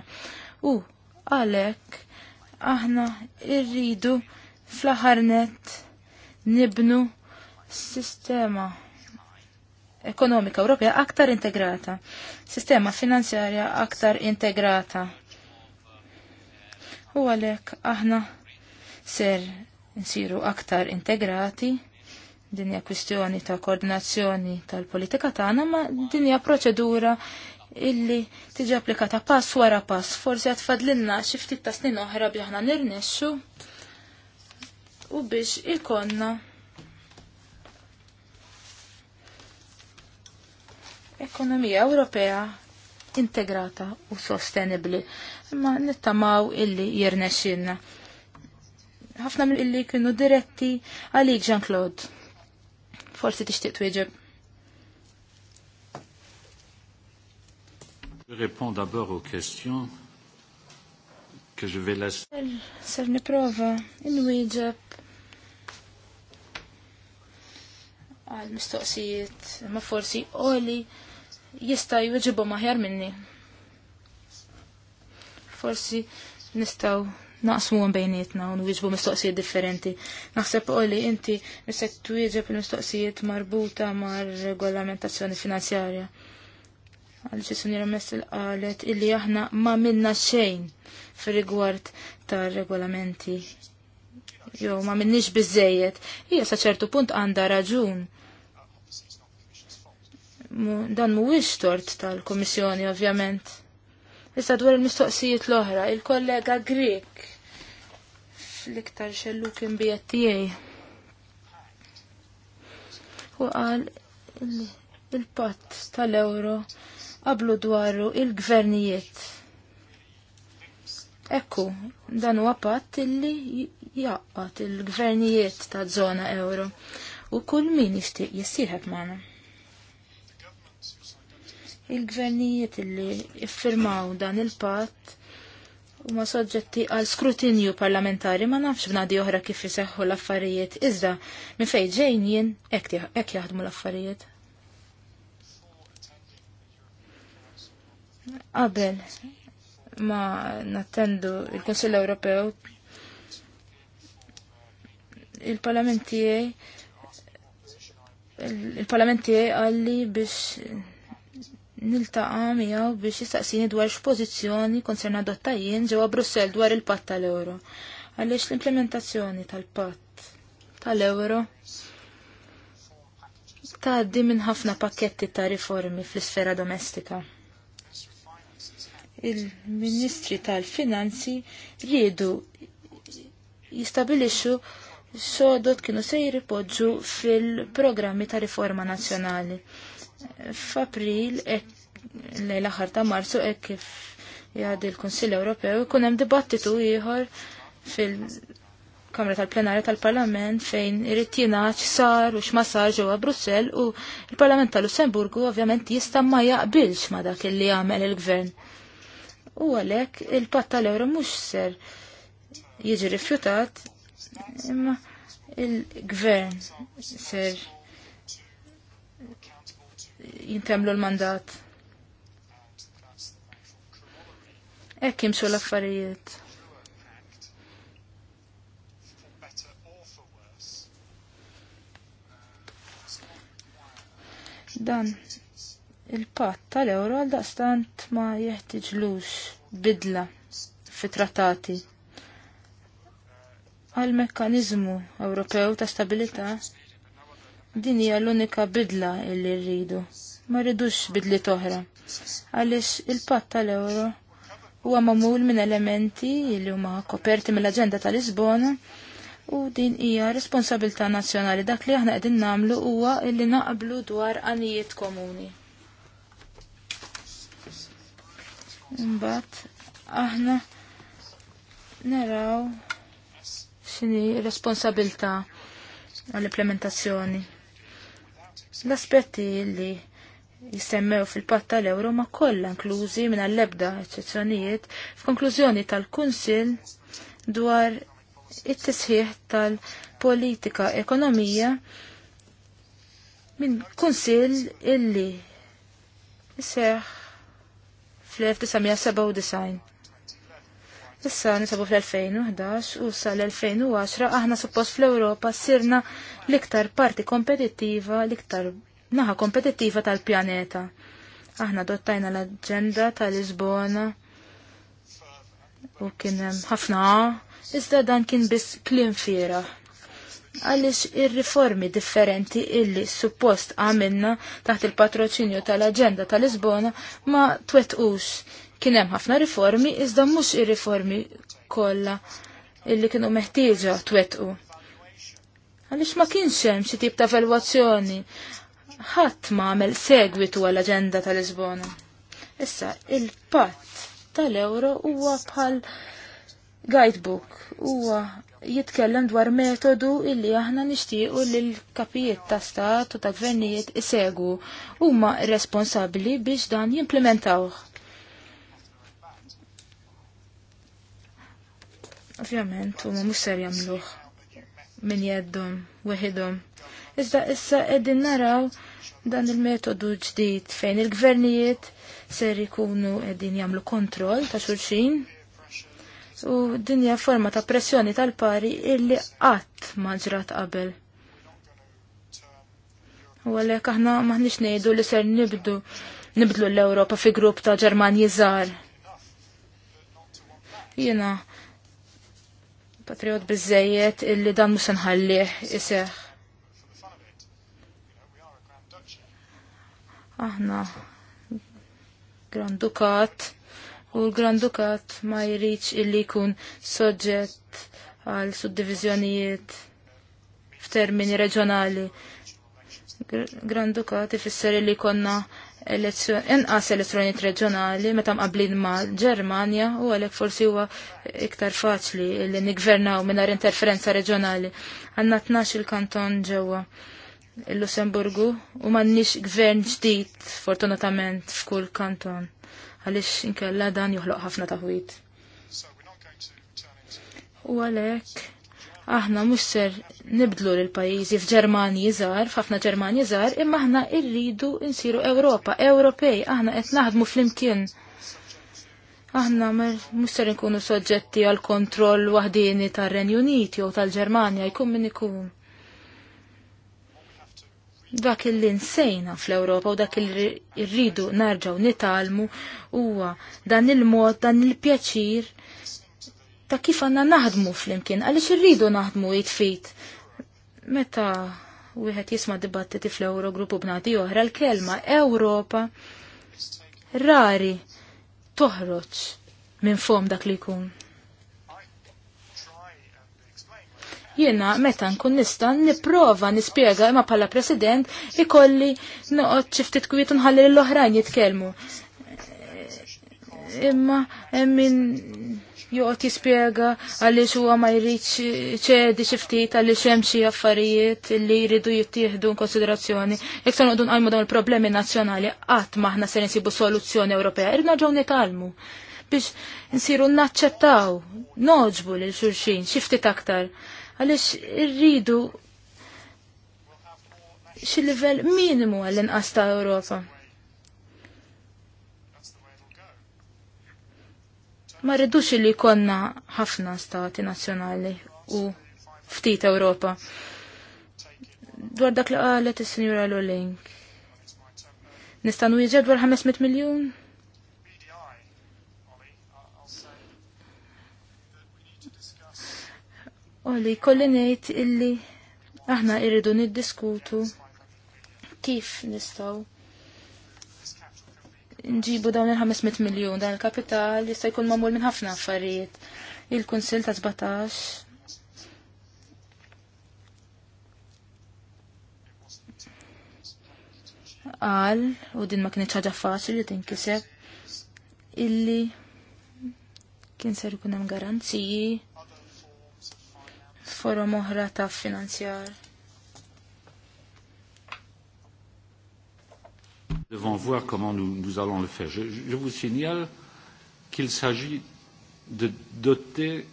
U għalhekk aħna rridu fl-aħħar net nibnu sistema ekonomika Ewropea aktar integrata, sistema finanzjarja aktar integrata. U għalhekk aħna ser nsiru aktar integrati dinja kwistjoni ta' koordinazzjoni tal-politika tagħna, ma din hija proċedura illi tiġi applikata pass wara pass, forsi għad fadlilna xi ftit ta' snin oħra biex aħna nirnexxu u biex ikonna ekonomija Ewropea integrata u sostenibli. Imma nittamaw illi jirnexxilna. Ħafna mill-illi kienu diretti għalik Jean-Claude forsi tixtieq twieġeb. Je réponds d'abord aux questions que je vais laisser. Ser niprofa inwieġeb għal mistoqsijiet ma forsi oli jista' jweġibhom aħjar minni. Forsi nistgħu naqsmu għan bejnietna un wieġbu mistoqsijiet differenti. Naħseb u li inti nisek twieġeb il-mistoqsijiet marbuta mar regolamentazzjoni finanzjarja. Għalix sunira messil qalet illi aħna ma minna xejn fil-rigward ta' regolamenti. Jo, ma minnix bizzejiet. Ija sa ċertu punt għanda raġun. Dan mu tort tal-Komissjoni, ovvjament Issa dwar il-mistoqsijiet l-oħra, il-kollega Grek fl-iktar xellu kien bijet tiegħi. U għal il-patt tal-euro qablu dwaru il-gvernijiet. Ekku, dan huwa patt illi jaqqat il-gvernijiet ta' żona euro u kull min jixtieq jissieħeb magħna. Il-gvernijiet illi iffirmaw dan il-patt huma soġġetti għal skrutinju parlamentari ma nafx b'nadi oħra kif iseħħu l-affarijiet, iżda minn fejn ġejn jien hekk jaħdmu l-affarijiet. Qabel ma nattendu il-Kunsill Ewropew il-parlament tiegħi il-parlament tiegħi għalli biex niltaqa' miegħu biex jistaqsini dwar x'pożizzjoni konserna adotta jien ġewwa Brussell dwar il-patt tal-euro. Għaliex l-implementazzjoni tal-patt tal-euro tgħaddi minn ħafna pakketti ta' riformi fl-isfera domestika. Il-Ministri tal-Finanzi riedu jistabilixxu sodot kienu se jiripoġġu fil-programmi ta' riforma nazzjonali. F'April hekk l-aħħar ta' Marzu hekk kif jgħaddi l-Kunsill Ewropew ikun hemm dibattitu ieħor fil-Kamra tal-Plenarja tal-Parlament fejn irid jingħad sar u x'ma sar ġewwa Brussell u l-Parlament tal-Lussemburgu ovvjament jista' ma jaqbilx ma dak li jagħmel il-Gvern. U għalhekk il-patt tal-Ewro mhux ser jiġi rifjutat imma il-Gvern ser jintemlu l-mandat Hekk jimxu l-affarijiet. Dan il-patt tal-euro għal daqstant ma jeħtiġlux bidla fi trattati għal mekkanizmu Ewropew ta' stabilità din hija l-unika bidla illi rridu. Ma rridux bidli toħra. Għaliex il-patt tal-euro huwa mamul minn elementi li huma koperti mill-aġenda tal-Lisbona u din hija responsabilità nazzjonali dak li aħna qegħdin nagħmlu huwa li naqblu dwar għanijiet komuni. Mbagħad aħna naraw x'inhi responsabilità għall-implementazzjoni. L-aspetti li jissemmew fil-patta l-euro ma kollha inklużi minn l-ebda eċċezzjonijiet f'konklużjoni tal-Kunsil dwar it-tisħiħ tal-politika ekonomija minn Kunsil illi seħ fl-1997. Issa nisabu fl-2011 u sa l-2010 aħna suppost fl-Europa sirna l-iktar parti kompetittiva, l-iktar naħa kompetittiva tal-pjaneta. Aħna dottajna l-agenda tal-Lisbona u kien ħafna, iżda dan kien biss klim fira. Għalix ir-riformi differenti illi suppost għamilna taħt il-patroċinju tal-agenda tal-Lisbona ma twetqux. Kien hemm ħafna riformi iżda mhux ir-riformi kollha illi kienu meħtieġa twettqu. Għalix ma kienx hemm xi tip ta' evalwazzjoni ħadd ma għamel segwitu għall-aġenda tal-Lisbona. Issa, il-patt tal-euro huwa bħal guidebook, huwa jitkellem dwar metodu illi aħna nixtiequ li l-kapijiet ta' stat u ta' gvernijiet isegu huma responsabbli biex dan jimplementawh. Ovvjament, huma mhux ser jagħmluh min jeddhom, weħidhom. Iżda issa qegħdin naraw dan il-metodu ġdid fejn il-gvernijiet ser ikunu qegħdin jagħmlu kontroll ta' xulxin u dinja forma ta' pressjoni tal-pari illi qatt ma ġrat qabel. U għalek aħna maħniex ngħidu li ser nibdu nibdlu l-Ewropa fi grupp ta' Ġermani żgħar. Jiena patriot biżejjed illi dan mhux nħallih iseħħ. Aħna Grandukat u l-Grandukat ma jirriċ illi jkun soġġett għal suddivizjonijiet f'termini reġjonali. Grandukat ifisser illi konna inqas elezzjonijiet reġjonali meta mqablin ma' Ġermanja u għalhekk forsi huwa iktar faċli li nigvernaw mingħajr interferenza reġjonali. Għandna tnax il-kanton ġewwa il-Lussemburgu u mannix gvern ġdid fortunatament f'kull kanton għalix inkella dan joħloq ħafna taħwit. U għalek, aħna mux ser nibdlu l-pajizi f'Germani jizar, f'ħafna Germani jizar, imma aħna irridu insiru Ewropa, Ewropej, aħna qed naħdmu fl-imkien. Aħna mux ser nkunu soġġetti għal kontroll wahdini tar-Renju Uniti jew tal-Ġermanja jkun min ikun. Dak li nsejna fl-Ewropa u dak li rridu narġaw nitalmu huwa dan il-mod, dan il-pjaċir ta' kif għanna naħdmu fl-imkien, għalix rridu naħdmu jitfit. Meta wieħed jisma' dibattiti fl-Eurogrupp u bnadi oħra l-kelma Ewropa rari toħroġ minn fom dak li jkun. Jiena meta nkun nista nipprova nispjega imma bħala president ikolli noqgħod xi ftit kwiet nħalli l-oħrajn jitkellmu. Imma min joqgħod jispjega għaliex huwa ma jridx ċedi xi ftit għaliex hemm xi affarijiet li jridu jittieħdu konsiderazzjoni. Jekk se noqogħdu nqajmu dawn il-problemi nazzjonali qatt ma aħna se nsibu soluzzjoni Ewropea, irid ġew nitalmu biex nsiru naċċettaw, noġbu lil xulxin, ftit aktar għaliex irridu xi livell minimu għall-inqas ta' Ewropa. Ma rridux li konna ħafna stati nazzjonali u ftit Ewropa. Dwar dak li qalet is-Sinjura Lulink. Nistanu jġed dwar 500 miljun? u li kolli ngħid illi aħna irridu niddiskutu kif nistgħu nġibu dawn il-500 miljon dan il-kapital jista' jkun mamul minn ħafna affarijiet. Il-Kunsill ta' 17 qal u din ma kienx ħaġa faċli li tinkiseb illi kien ser ikun hemm garanziji forum oħra ta' finanzjar. Devons voir comment nous, nous allons le faire. Je, je vous signale qu'il s'agit de doter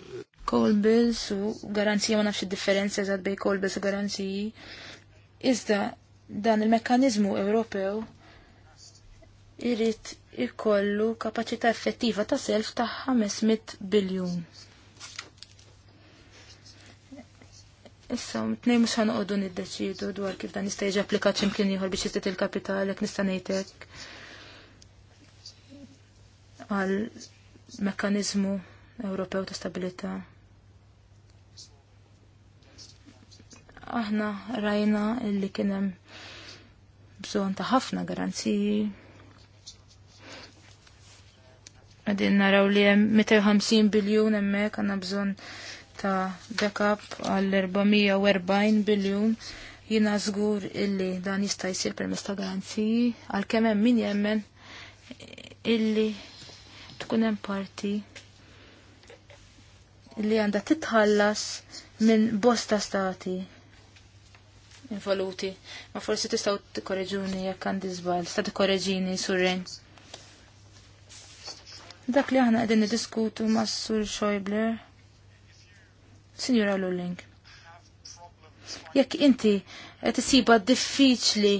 euh, call bills u garanzija ma nafx differenza eżatt bej call bills u garanziji. Iżda dan il-mekkanizmu Ewropew irrid ikollu kapaċità effettiva ta' self ta' 500 biljun. Issa, t-nej mux ħanqodu niddeċidu dwar kif dan jista' jiġi applikat x'imkien ieħor biex jistit il-kapital jekk nista' ngħidlek għal mekkaniżmu Ewropew ta' stabilità. Aħna rajna illi kien hemm bżonn ta' ħafna garanziji. Għadin naraw li hemm 250 biljun hemmhekk għandna bżonn ta' backup għall-440 biljun jina żgur illi dan jista' jsir permezz ta' garanziji għalkemm hemm min jemmen illi tkun hemm parti illi għandha titħallas minn bosta stati involuti. Ma forsi tistgħu tikkoreġuni jekk għandi żball, sta tikkoreġini surren. Dak li aħna qegħdin ma mas Sur Schäuble Signora Lulling. Jekk inti qed isiba diffiċli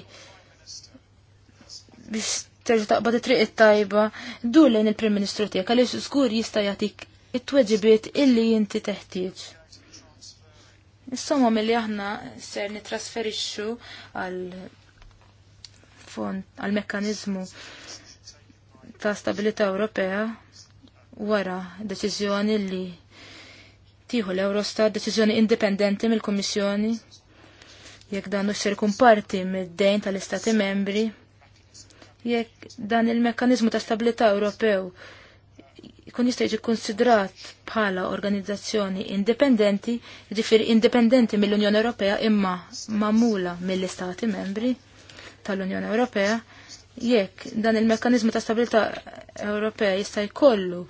biex terġa' taqbad it-triq it-tajba, dur lejn il-Prim Ministru tiegħek għaliex żgur jista' jagħtik it-tweġibiet illi inti teħtieġ. Is-somma milli aħna ser nitrasferixxu għal fond għal mekkaniżmu ta' stabilità Ewropea wara deċiżjoni li tieħu l-Eurostat deċiżjoni indipendenti mill-Kummissjoni jekk dan ser ikun parti mid-dejn tal-Istati membri jekk dan il-mekkaniżmu ta' stabilità Ewropew jkun jista' jiġi konsidrat bħala organizzazzjoni indipendenti, jiġifieri indipendenti mill-Unjoni Ewropea imma mamula mill-Istati membri tal-Unjoni Ewropea jekk dan il-mekkaniżmu ta' stabilità Ewropea jista' jkollu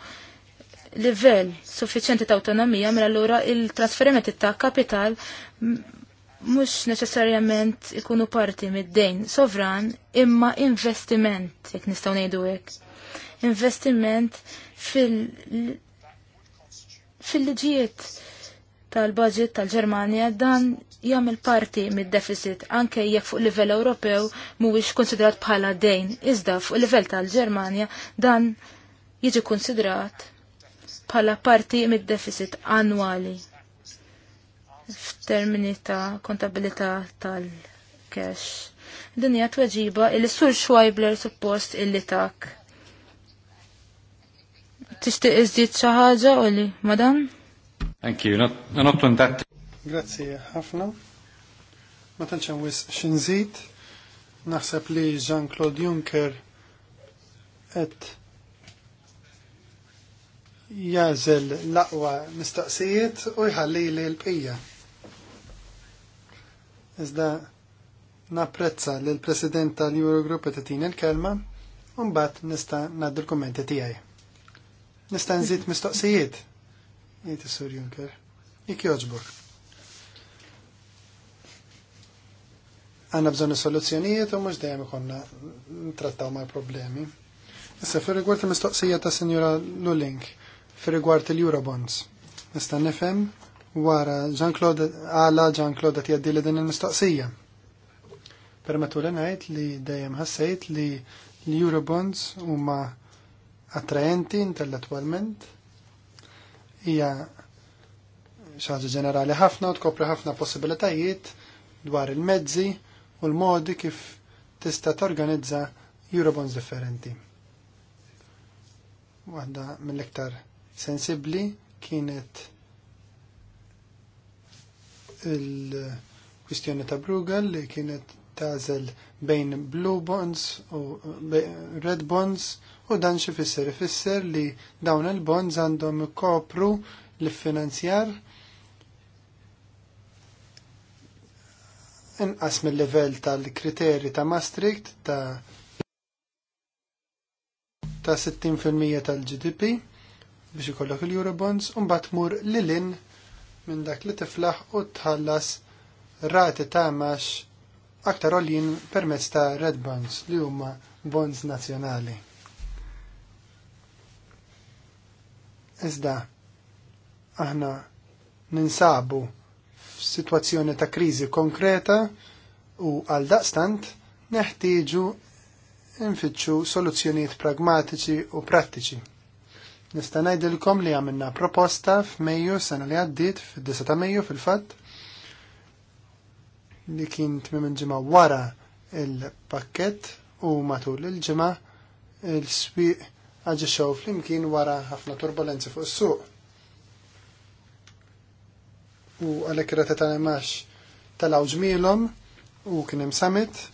livell suffiċjenti ta' autonomija mela allura il-trasferimenti ta' kapital mhux neċessarjament ikunu parti mid-dejn sovran imma investiment jekk nistgħu ngħidu hekk. Investiment fil fil-liġijiet tal-budget tal-Ġermanja dan jagħmel parti mid-deficit anke jekk fuq livell Ewropew mhuwiex konsidrat bħala dejn, iżda fuq livell tal-Ġermanja dan jiġi konsidrat bħala parti mid-deficit annwali f'termini ta' kontabilità tal-cash. Din hija tweġiba il sur Schweibler suppost illi tak. Tixtieq iżdied xi ħaġa li madam? Thank you. Not, not on that. Grazie ħafna. Ma tantx hemm wis xinżid. Naħseb li Jean-Claude Juncker qed jażel l-aqwa mistaqsijiet u jħalli li l pija Iżda napprezza li l-President tal-Eurogroup tatin il-kelma u mbagħad nista' ngħaddi l-kummenti tiegħi. Nista' nżid mistoqsijiet. Jiet is-Sur Juncker. Jik jogħġbok. Għandna bżonn is-soluzzjonijiet u mhux dejjem ikonna trattaw mal-problemi. Issa fir rigward il-mistoqsija ta' Signora Lulink fir-rigward il-Eurobonds. Nista' nifhem wara Jean-Claude għala Jean-Claude qed li din il-mistoqsija. Permetu li ngħid li dejjem ħassejt li l-Eurobonds huma attraenti intellettwalment hija xaġa ġenerali ħafna u tkopri ħafna possibilitajiet dwar il-mezzi u l-modi kif tista' torganizza Eurobonds differenti. Għadda mill-iktar sensibli kienet il-kwistjoni ta' Bruegel li kienet tażel bejn blue bonds u red bonds u dan xi fisser ifisser li dawn il-bonds għandhom ikopru l-finanzjar inqas mill-livell tal-kriteri ta' Maastricht ta' ta' 60% tal-GDP biex ikollok il-Eurobonds u mbagħad tmur lilin minn dak li tiflaħ u tħallas rati ta' max aktar olin permezz ta' red bonds li huma bonds nazzjonali. Iżda aħna ninsabu f'sitwazzjoni ta' kriżi konkreta u għal daqstant neħtieġu infittxu soluzzjonijiet pragmatiċi u prattiċi Nista' ngħidilkom li għamilna proposta f'Mejju sena li għaddiet fid-9 ta' Mejju fil-fatt li kien tmiem il-ġimgħa wara il-pakket u matul il-ġimgħa il-swieq aġixxew flimkien wara ħafna turbulenzi fuq is-suq. U għalhekk irata tal-imax tal-għaw ġmielhom u kien hemm summit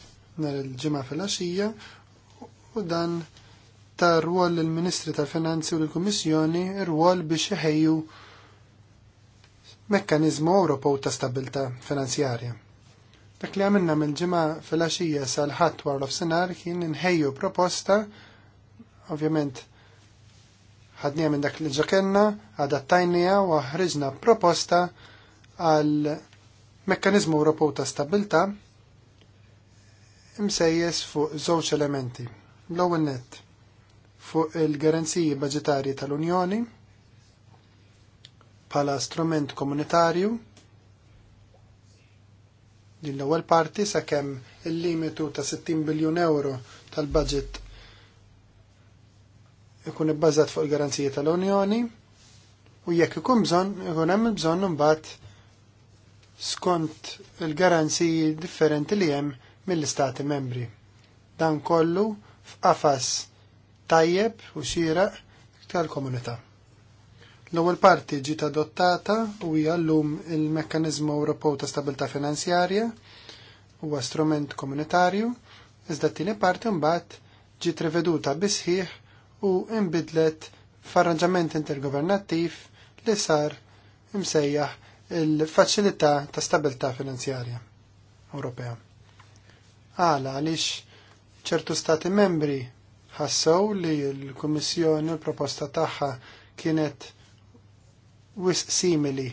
nhar il-ġimgħa fil-għaxija u dan ta' rwol l-Ministri tal-Finanzi u l-Kummissjoni rwol biex iħejju mekkanizmu Ewropew ta' stabilta finanzjarja. Dak li għamilna mill-ġimgħa fil axija sal-ħadd war l ofsenar kien inħejju proposta, ovvjament ħadnija minn dak li ġakenna, adattajnija u ħriġna proposta għal mekkanizmu Ewropew ta' stabilta' imsejjes fuq żewġ elementi. L-ewwel nett fuq il-garanziji budgetarji tal-Unjoni bħala strument komunitarju din l-ewwel parti sakemm il-limitu ta' 60 biljun euro tal-budget ikun ibbażat fuq il-garanziji tal-Unjoni u jekk ikun bżonn ikun hemm bżonn imbagħad skont il-garanziji differenti li hemm mill-istati membri. Dan kollu f'qafas tajjeb u xieraq tal-komunità. L-ewwel parti ġiet adottata u hija llum il-Mekkaniżmu Ewropew ta' Stabilità Finanzjarja huwa strument komunitarju, iżda t-tieni parti mbagħad ġiet riveduta bisħiħ u imbidlet f'arranġament intergovernattiv li sar imsejjaħ il-faċilità ta' stabilità finanzjarja Ewropea. Għala għaliex ċertu stati membri ħassew li l-Kummissjoni l-proposta tagħha kienet wis simili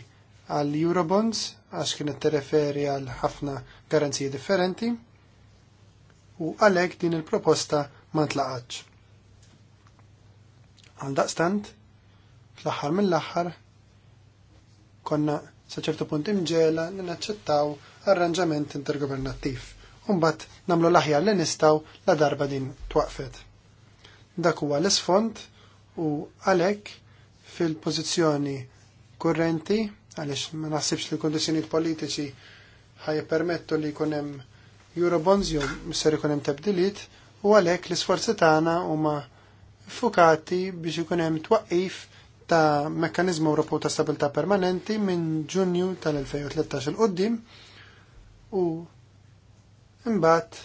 għal Eurobonds għax kienet tereferi għal ħafna garanziji differenti u għalhekk din il-proposta ma ntlaqatx. Għal daqstant, fl-aħħar mill-aħħar konna sa ċertu punt imġela li naċċettaw arranġament intergovernattiv. Umbat namlu l-aħjar li nistaw la darba din twaqfet. Dak huwa l-isfond u għalhekk fil-pożizzjoni kurrenti għaliex ma naħsibx li kondizzjonijiet politiċi permettu li jkun hemm Eurobonds jew misser ikun hemm tebdiliet u għalhekk l-isforzi tagħna huma fukati biex ikun hemm twaqqif ta' mekkanizmu Ewropew ta' stabilità permanenti minn Ġunju tal-2013 il qoddim u imbagħad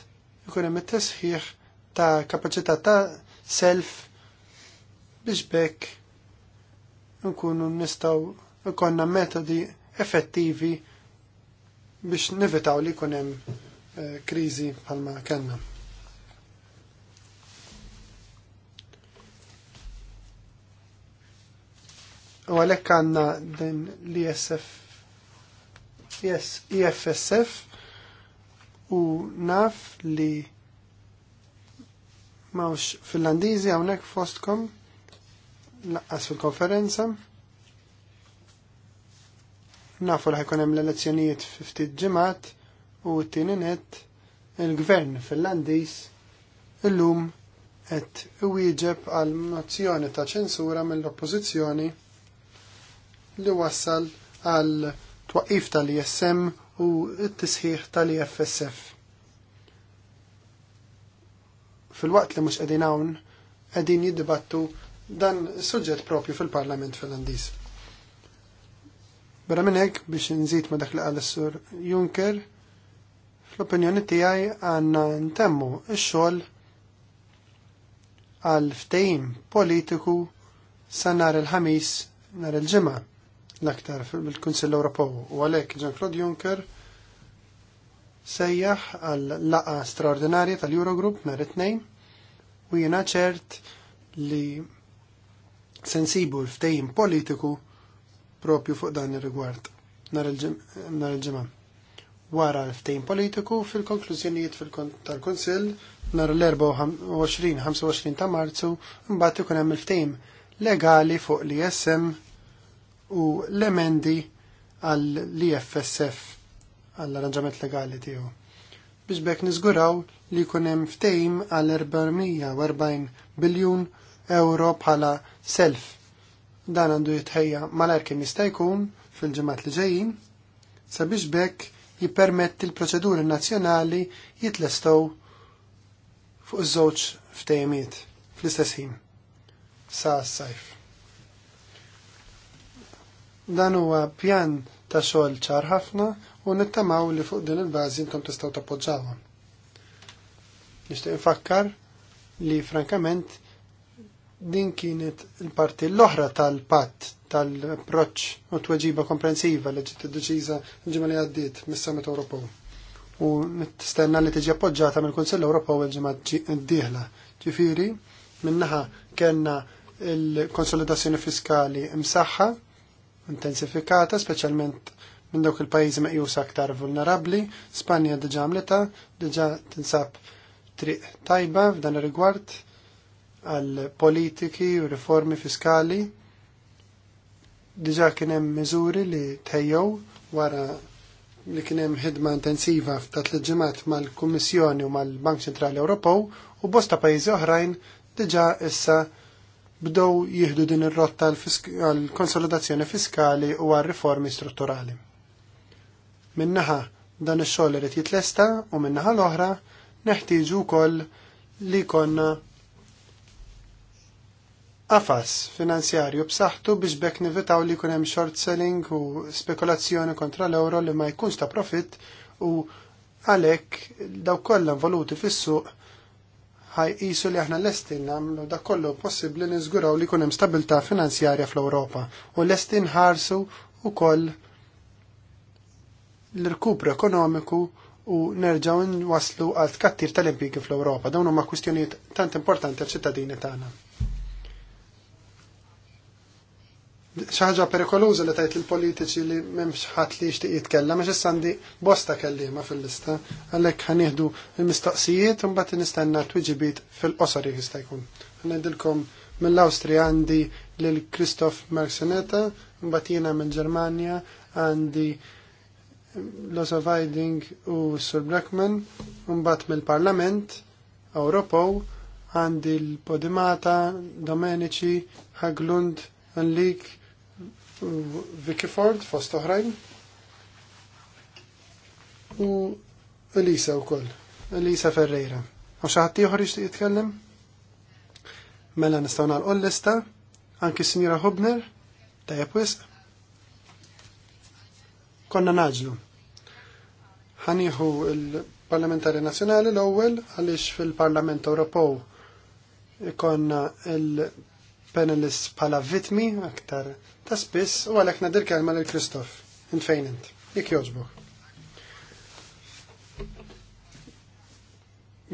ikun hemm it-tesħiħ ta' kapaċità ta' self biex bekk nkunu nistaw ikonna metodi effettivi biex nivitaw li kunem eh, krizi bħalma kellna. U għalek għanna din l-ISF, yes, IFSF, u naf li Mawx Finlandiżi hawnhekk fostkom laqqas fil-konferenza. Nafu li ħajkun hemm l-elezzjonijiet fi ftit ġimgħat u t-tieni il-gvern Finlandiż illum qed iwieġeb għal mozzjoni ta' ċensura mill-oppożizzjoni li wassal għal twaqif tal-ISM u t-tisħiħ tal-IFSF fil-waqt li mhux qegħdin hawn qegħdin jiddibattu dan suġġett propju fil-Parlament Finlandiż. Barra Bera minnek biex nżid ma' dak li qal sur Juncker, fl-opinjoni tiegħi għandna ntemmu x-xogħol għal ftehim politiku sa nhar il-ħamis nhar il-ġimgħa l-aktar fil-Kunsill Ewropew u għalhekk Jean-Claude Juncker sejjaħ għal laqa straordinarja tal-Eurogroup nar it-tnejn u jiena ċert li sensibu l-ftejn politiku propju fuq dan ir-rigward nhar il-ġimgħa. Wara l-ftejn politiku fil-konklużjonijiet tal-Kunsill nhar l-24-25 ta' Marzu mbagħad ikun hemm il-ftejn legali fuq l-ISM u l-emendi għall-IFSF għall-arranġament legali tiegħu. Biex bekk niżguraw li jkun hemm ftejm għal 440 biljun euro bħala self. Dan għandu jitħejja malajr kien jista' jkun fil-ġimgħat li ġejjin sabiex bekk jippermetti l-proċeduri nazzjonali jitlestgħu fuq iż-żewġ ftehimiet fl-istess ħin sa s-sajf. Dan huwa pjan ta' xogħol ċar ħafna u nittamaw li fuq din il-bażi intom tistgħu tappoġġawhom. Nixtieq infakkar li frankament din kienet il-parti l-oħra tal-patt tal-approċċ u tweġiba komprensiva li ġiet iddeċiża l-ġimgħa li għaddiet mis-Summit Ewropew. U nistenna li tiġi appoġġjata mill-Kunsill Ewropew il-ġimgħa d-dieħla. Ġifieri, minnaħa kellna l konsolidazzjoni fiskali msaħħa intensifikata, speċjalment minn dawk il-pajjiżi meqjusa aktar vulnerabbli, Spanja diġà mleta, diġà tinsab triq tajba f'dan ir-rigward għal politiki u riformi fiskali. Diġà kien hemm miżuri li tejjew wara li kien hemm ħidma intensiva ta' tliġimat mal-Kummissjoni u mal-Bank Ċentrali Ewropew u bosta pajjiżi oħrajn diġà issa bdew jieħdu din ir-rotta għall konsolidazzjoni fiskali u għal riformi strutturali. Minnaħa dan ix-xogħol irid jitlesta u minnaħa l-oħra neħtieġu wkoll li konna Qafas finanzjarju b'saħħtu biex bekk nivitaw li jkun hemm short selling u spekulazzjoni kontra l-euro li ma jkunx ta' profit u għalhekk daw kollha voluti fis-suq ħajqisu li aħna l-estin nagħmlu dak kollu possibbli niżguraw li jkun hemm stabilità finanzjarja fl-Ewropa u lesti ħarsu wkoll l-rkupru ekonomiku u nerġaw waslu għal tkattir tal-impjegi fl-Ewropa. Dawn huma kwistjonijiet tant importanti għal ċittadini tagħna. ħaġa perikoluża li tajt il-politiċi li memx ħadd li jixtieq jitkellem għax sandi bosta kellima fil-lista għalhekk ħanieħdu l-mistoqsijiet u mbagħad nistenna twiġibiet fil-qosor jista' jkun. mill-Awstrija għandi lil Kristof Marxineta, mbagħad jiena mill-Ġermanja għandi Losa Viding u Sir Blackman, unbat mill-Parlament Ewropew għandi l-Podimata, Domenici, Haglund, Enlik, Vicky Ford, fost oħrajn. U Elisa u koll, Elisa Ferreira. U xaħat tiħor ixtiq jitkellem? Mela nistaw l lista, anki Signora Hubner, tajab wisq. Konna naġlu ħaniħu il-Parlamentari Nazzjonali l-ewwel għaliex fil-Parlament Ewropew ikonna il panelist bħala vitmi aktar ta' spiss u għalhekk nadir kelma lil Kristof. Intfejn int. Jekk jogħġbok.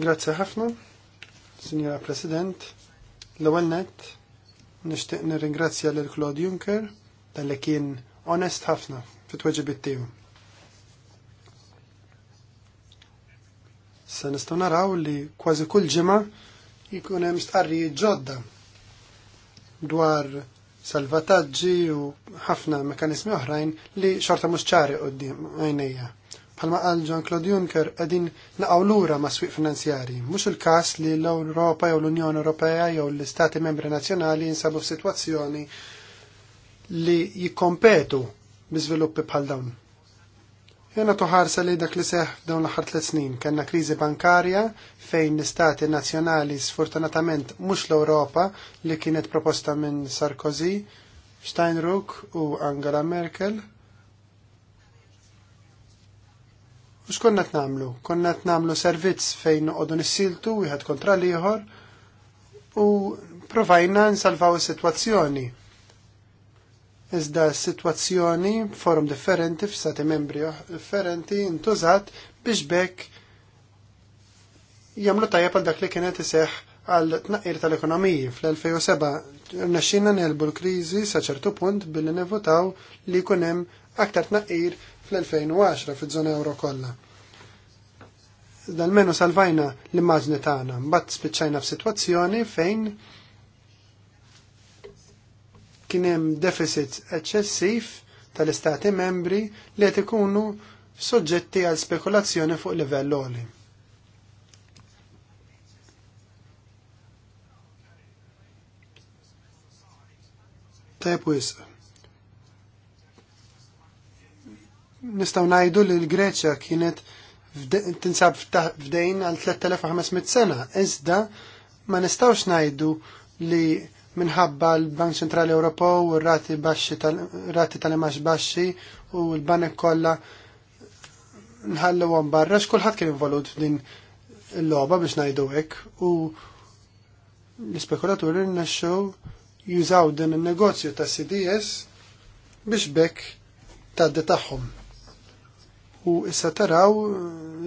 Grazzi ħafna, Signora President. L-ewwel nett nixtieq nirringrazzja lil Claude Juncker tal-li kien onest ħafna fit-tweġibiet tiegħu. Se nistgħu naraw li kważi kull ġimgħa jkun hemm stqarrijiet ġodda dwar salvataġġi u ħafna mekanizmi oħrajn li xorta mhux ċari qudiem għajnejja. Bħalma qal John Claude Juncker qegħdin naqgħu lura ma' swieq finanzjarji. Mhux il-każ li l-Ewropa jew l-Unjoni Ewropea jew l-Istati Membri Nazzjonali jinsabu f'sitwazzjoni li jikkompetu bi żviluppi bħal dawn. Jena tuħarsa li dak li seħ dawn l-ħar tliet snin kanna kriżi bankarja fejn l-istati nazzjonali sfortunatament mhux l-Ewropa li kienet proposta minn Sarkozy, Steinruck u Angela Merkel. U x'konna qed nagħmlu? Konna qed nagħmlu servizz fejn noqogħdu nissiltu wieħed kontra liħor, ieħor u provajna nsalvaw is-sitwazzjoni iżda s-sitwazzjoni forum differenti f'sati membri differenti intużat biex bekk jagħmlu tajjeb għal dak li kienet iseħħ għal tnaqqir tal-ekonomiji fl-2007 rnexxina nelbu l-kriżi sa ċertu punt billi nevotaw li jkun hemm aktar tnaqqir fl-2010 fiż-żona euro kollha. Dal-menu salvajna l-immaġni tagħna, mbagħad spiċċajna f'sitwazzjoni fejn kien hemm deficit eċċessiv tal-istati membri li qed ikunu soġġetti għal spekulazzjoni fuq livell oli. Tajb wisq. Nistgħu ngħidu li l-Greċja kienet tinsab f'dejn għal 3500 sena, iżda ma nistgħux ngħidu li minħabba l-Bank Centrali Ewropew u r-rati baxxi rati tal-imax baxxi u l-banek kollha nħallu għan barra, xkulħat kien involut din l-loba biex najdu hekk u l-spekulaturi nnexxew jużaw din il-negozju ta' CDS biex bekk tgħaddi tagħhom. U issa taraw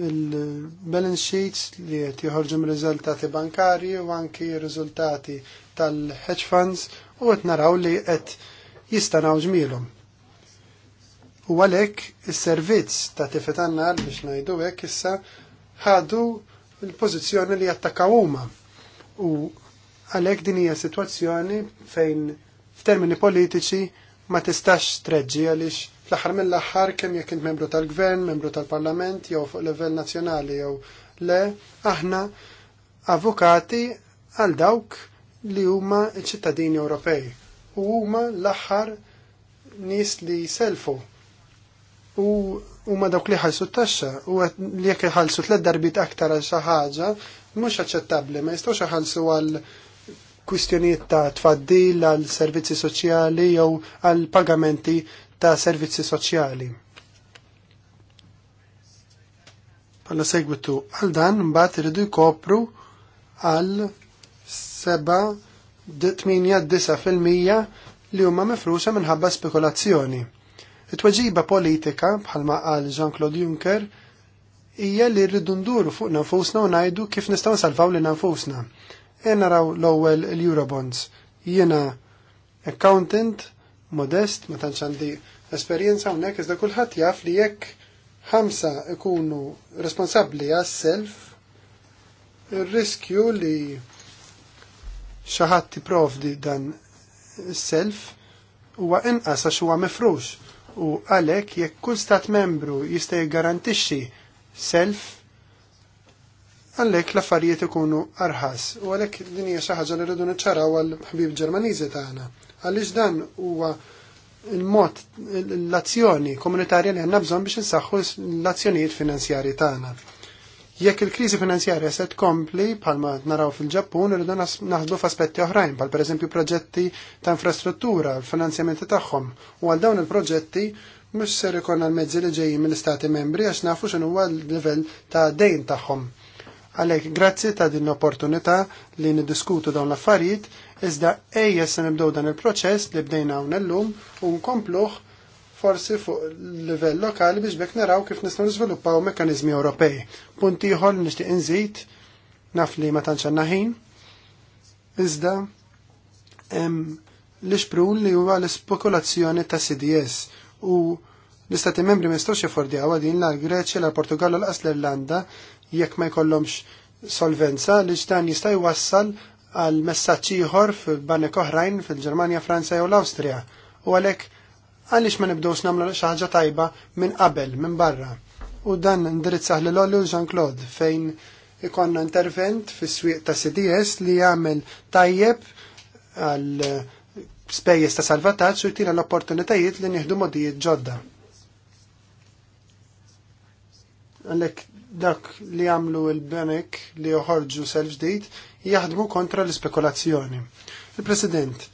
il-balance sheets li qed joħorġu mir-riżultati bankari u anki riżultati tal-hedge funds u qed naraw li qed jistanaw ġmielhom. U għalhekk is-servizz ta' tifet annar biex ngħidu hekk issa ħadu l-pożizzjoni li jattakaw huma. U għalhekk din hija sitwazzjoni fejn f'termini politiċi ma tistax treġġi għaliex Fl-aħħar mill-aħħar kemm jekk int membru tal-gvern, membru tal-parlament jew fuq livell nazzjonali jew le, aħna avukati għal dawk li huma ċittadini Ewropej u huma l-aħħar nies li selfu u huma dawk li ħalsu t-taxxa u li jekk iħallsu tliet darbit aktar għal xi ħaġa mhux aċċettabbli ma jistgħux iħallsu għal kwistjonijiet ta' tfaddil għal servizzi soċjali jew għal pagamenti ta' servizzi soċjali. Palla segwitu għal dan mbagħad iridu jkopru għal 7-8-9% li huma mifruxa minħabba spekulazzjoni. It-tweġiba politika bħalma qal Jean-Claude Juncker hija li rridu nduru fuq nafusna u ngħidu kif nistgħu nsalvaw lil nafusna. Ejn naraw l-ewwel l-Eurobonds. Jiena accountant modest, ma tantx għandi esperjenza hawnhekk iżda kulħadd jaf li jekk ħamsa ikunu responsabbli għas-self ir-riskju li xi ħadd jipprovdi dan is-self huwa inqas għax huwa mifrux u għalhekk jekk kull stat membru jista' jiggarantixxi self għalek l-affarijiet ikunu arħas u għalek din hija xi ħaġa li rridu niċċaraw għall ħbib Ġermaniżi tagħna għaliex dan huwa il-mod l-azzjoni komunitarja li għanna bżonn biex insaħħu l-azzjonijiet finanzjarji tagħna. Jekk il-kriżi finanzjarja se tkompli bħalma naraw fil-Ġappun rridu naħdu f'aspetti oħrajn bħal pereżempju proġetti ta' infrastruttura, l-finanzjamenti tagħhom u għal dawn il-proġetti mhux ser ikun għal-mezzi li ġejjin mill-Istati membri għax nafu x'inhu huwa l-livell ta' dejn tagħhom. Għalhekk grazzi ta' din l-opportunità li niddiskutu dawn l-affarijiet Iżda ejja se nibdew dan il-proċess li bdejna hawn illum u nkompluh forsi fuq livell lokali biex bekk naraw kif nistgħu niżviluppaw mekkaniżmi Ewropej. Punt ieħor nixtieq inżid naf li ma tantx għandna ħin. Iżda l-ixprun li huwa l ispekulazzjoni ta' CDS u l-istati membri mistawx jifordjaw għadin la l-Greċja, la Portugallu, l-Qas l-Irlanda jekk ma jkollhomx solvenza li ġdan jista' jwassal għal messaġġ ieħor f'banek oħrajn fil-Ġermanja, Franza jew l-Awstrija. U għalhekk għaliex ma nibdewx nagħmlu xi ħaġa tajba minn qabel, minn barra. U dan ndirizzaħ lil Ollu Jean-Claude fejn ikonna intervent fis-swieq ta' CDS li jagħmel tajjeb għal spejjeż ta' salvataġġ u jtina l-opportunitajiet li nieħdu modijiet ġodda. Għalhekk dak li għamlu il-benek li joħorġu self ġdid jaħdmu kontra l-spekulazzjoni. Il-President,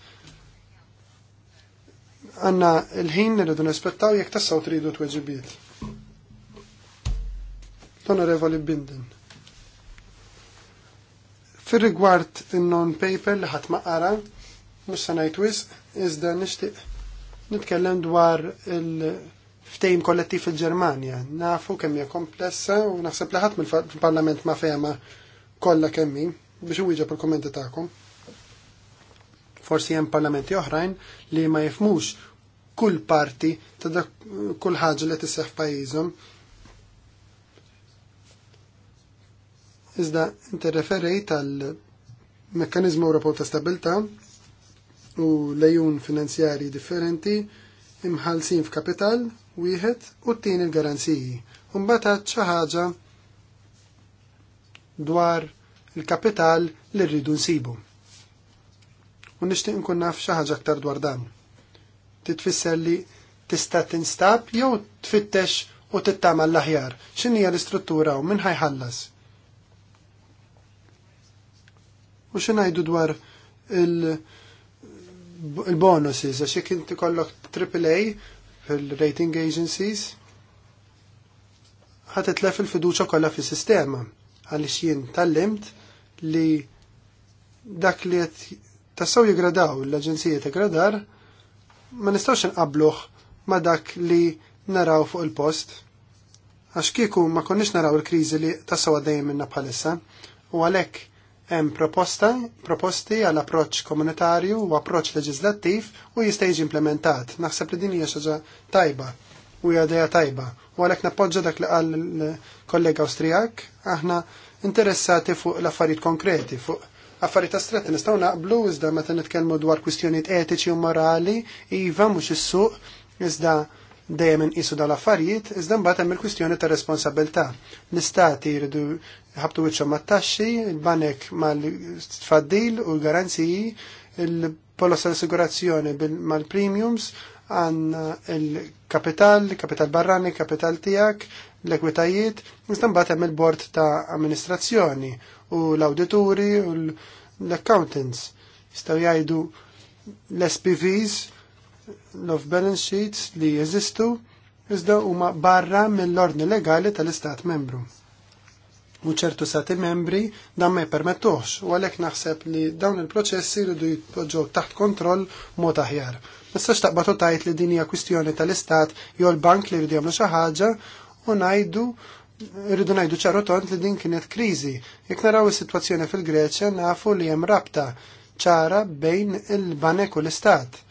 għanna il-ħin li rridu nispettaw jek tassaw tridu t-weġibiet. L-Onorevoli Binden. Fir-rigward il-non-paper li ħat maqara, mus sanajt wisq, iżda nishtiq nitkellem dwar il- ftejm kollettiv fil-Ġermanja. Nafu kemm hija komplessa u naħseb li ħadd mill-Parlament ma fehma kollha kemm hi biex uwieġeb il-kommenti tagħkom. Forsi hemm parlamenti oħrajn li ma jifmux kull parti ta' dak kull ħaġa li tisseħ f'pajjiżhom. Iżda inti referejt għal mekkanizmu Ewropew ta' stabilità u lejun finanzjari differenti imħalsin f'kapital wieħed u t tien il garanziji Mbagħad xi ħaġa dwar il-kapital li rridu nsibu. U nixtieq nkun naf xi ħaġa aktar dwar dan. Titfisser li tista' tinstab jew tfittex u tittama l-aħjar. X'inhi l-istruttura u min ħajħallas? U x'inajdu dwar il- il-bonuses, għax jek inti kollok AAA fil-rating agencies ħat lef il-fiduċa kollha fis-sistema għaliex jien tal-limt li dak li jett tassew jigradaw l agenzija ta' gradar ma nistgħux inqabluh ma dak li naraw fuq il-post għax kieku ma konniex naraw il-kriżi li tassaw għaddejjem minna bħalissa u għalhekk Hemm proposta, proposti għal approċċ komunitarju u approċċ leġislattiv u jista' jiġi implementat. Naħseb li din hija ħaġa tajba u hija idea tajba. U għalhekk nappoġġa dak li qal kollega Awstrijak, aħna interessati fuq l-affarijiet konkreti, fuq affarijiet astretti nistgħu naqblu iżda meta nitkellmu dwar kwistjonijiet etiċi u morali, iva mhux is-suq iżda dejjem inqisu dal affarijiet iżda mbagħad hemm il-kwistjoni ta' responsabilità. L-istati jridu ħabtu wiċċhom mat-taxxi, il-banek mal-tfaddil u l-garanziji, il-polos assigurazzjoni mal-premiums, għanna il-kapital, kapital barrani, kapital tijak, l-ekwitajiet, mbagħad hemm il-bord ta' amministrazzjoni u l-auditori u l-accountants. Jistaw jgħidu l-SPVs l-off-balance sheets li jeżistu iżda huma barra mill-ordni legali tal-Istat membru. U ċertu stati membri dan ma jpermettuhx u għalhekk naħseb li dawn il-proċessi rridu jitpoġġew taħt kontroll mod aħjar. Nistax taqbatu tajt li din hija kwistjoni tal-Istat jew l-bank li jridu jagħmlu xi ħaġa u ngħidu rridu ngħidu ċaru tont li din kienet kriżi. Jekk naraw is-sitwazzjoni fil-Greċja nafu li hemm rabta ċara bejn il-banek u l-Istat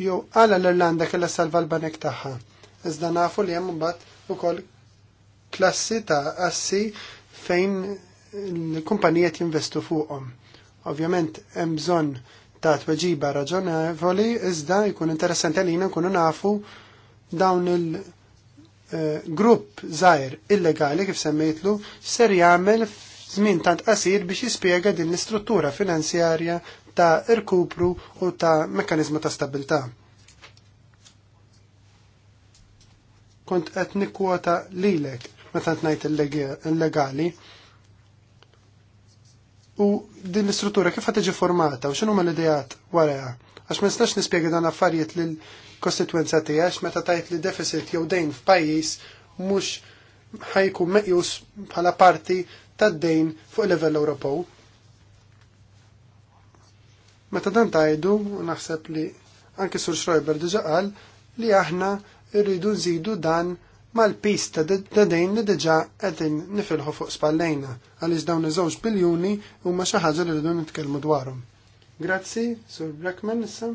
jew għala l-Irlanda kella salva l-banek tagħha. Iżda nafu li hemm mbagħad ukoll klassi ta' assi fejn l-kumpanijiet jinvestu fuqhom. Ovvjament hemm bżonn ta' tweġiba raġonevoli iżda jkun interessanti għalina nkunu nafu dawn il- eh, grupp żgħir illegali kif semmejtlu ser jagħmel żmien tant qasir biex jispjega din l-istruttura finanzjarja ta' irkupru u ta' mekkanizmu ta' stabilità. Kont qed nikkwota lilek meta ngħid illegali u din l-istruttura kif għat tiġi formata u x'inhuma l-idejat waraha għax ma nistax nispjega dan affarijiet l kostituenza tiegħek meta tajt li deficit jew dejn f'pajjiż mhux ħajkun meqjus bħala parti tad-dejn fuq il-livell Ewropew Meta dan tajdu, naħseb li anke Sur Schreiber diġa qal li aħna rridu nżidu dan mal-pis ta' dejn li diġa qegħdin nifilħu fuq spallejna għaliex dawn iż-żewġ biljuni huma xi ħaġa li rridu nitkellmu dwarhom. Grazzi, Sur Blackman issa.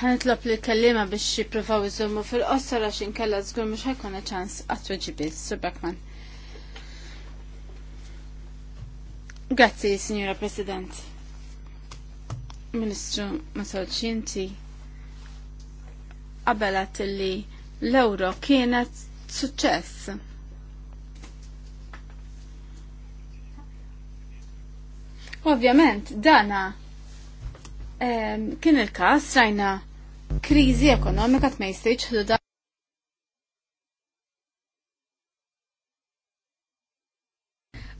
Ħanitlob li kellima biex jippruvaw iżommu fil-qosor għax inkella żgur mhux ħajkun ċans għat biss, Sur Blackman. Grazzi, Signora President. Ministru Masoċinti qabelat li l-euro kienet suċċess. Ovvjament, dana kien il-kas rajna kriżi ekonomika t-ma jistejċ ħduda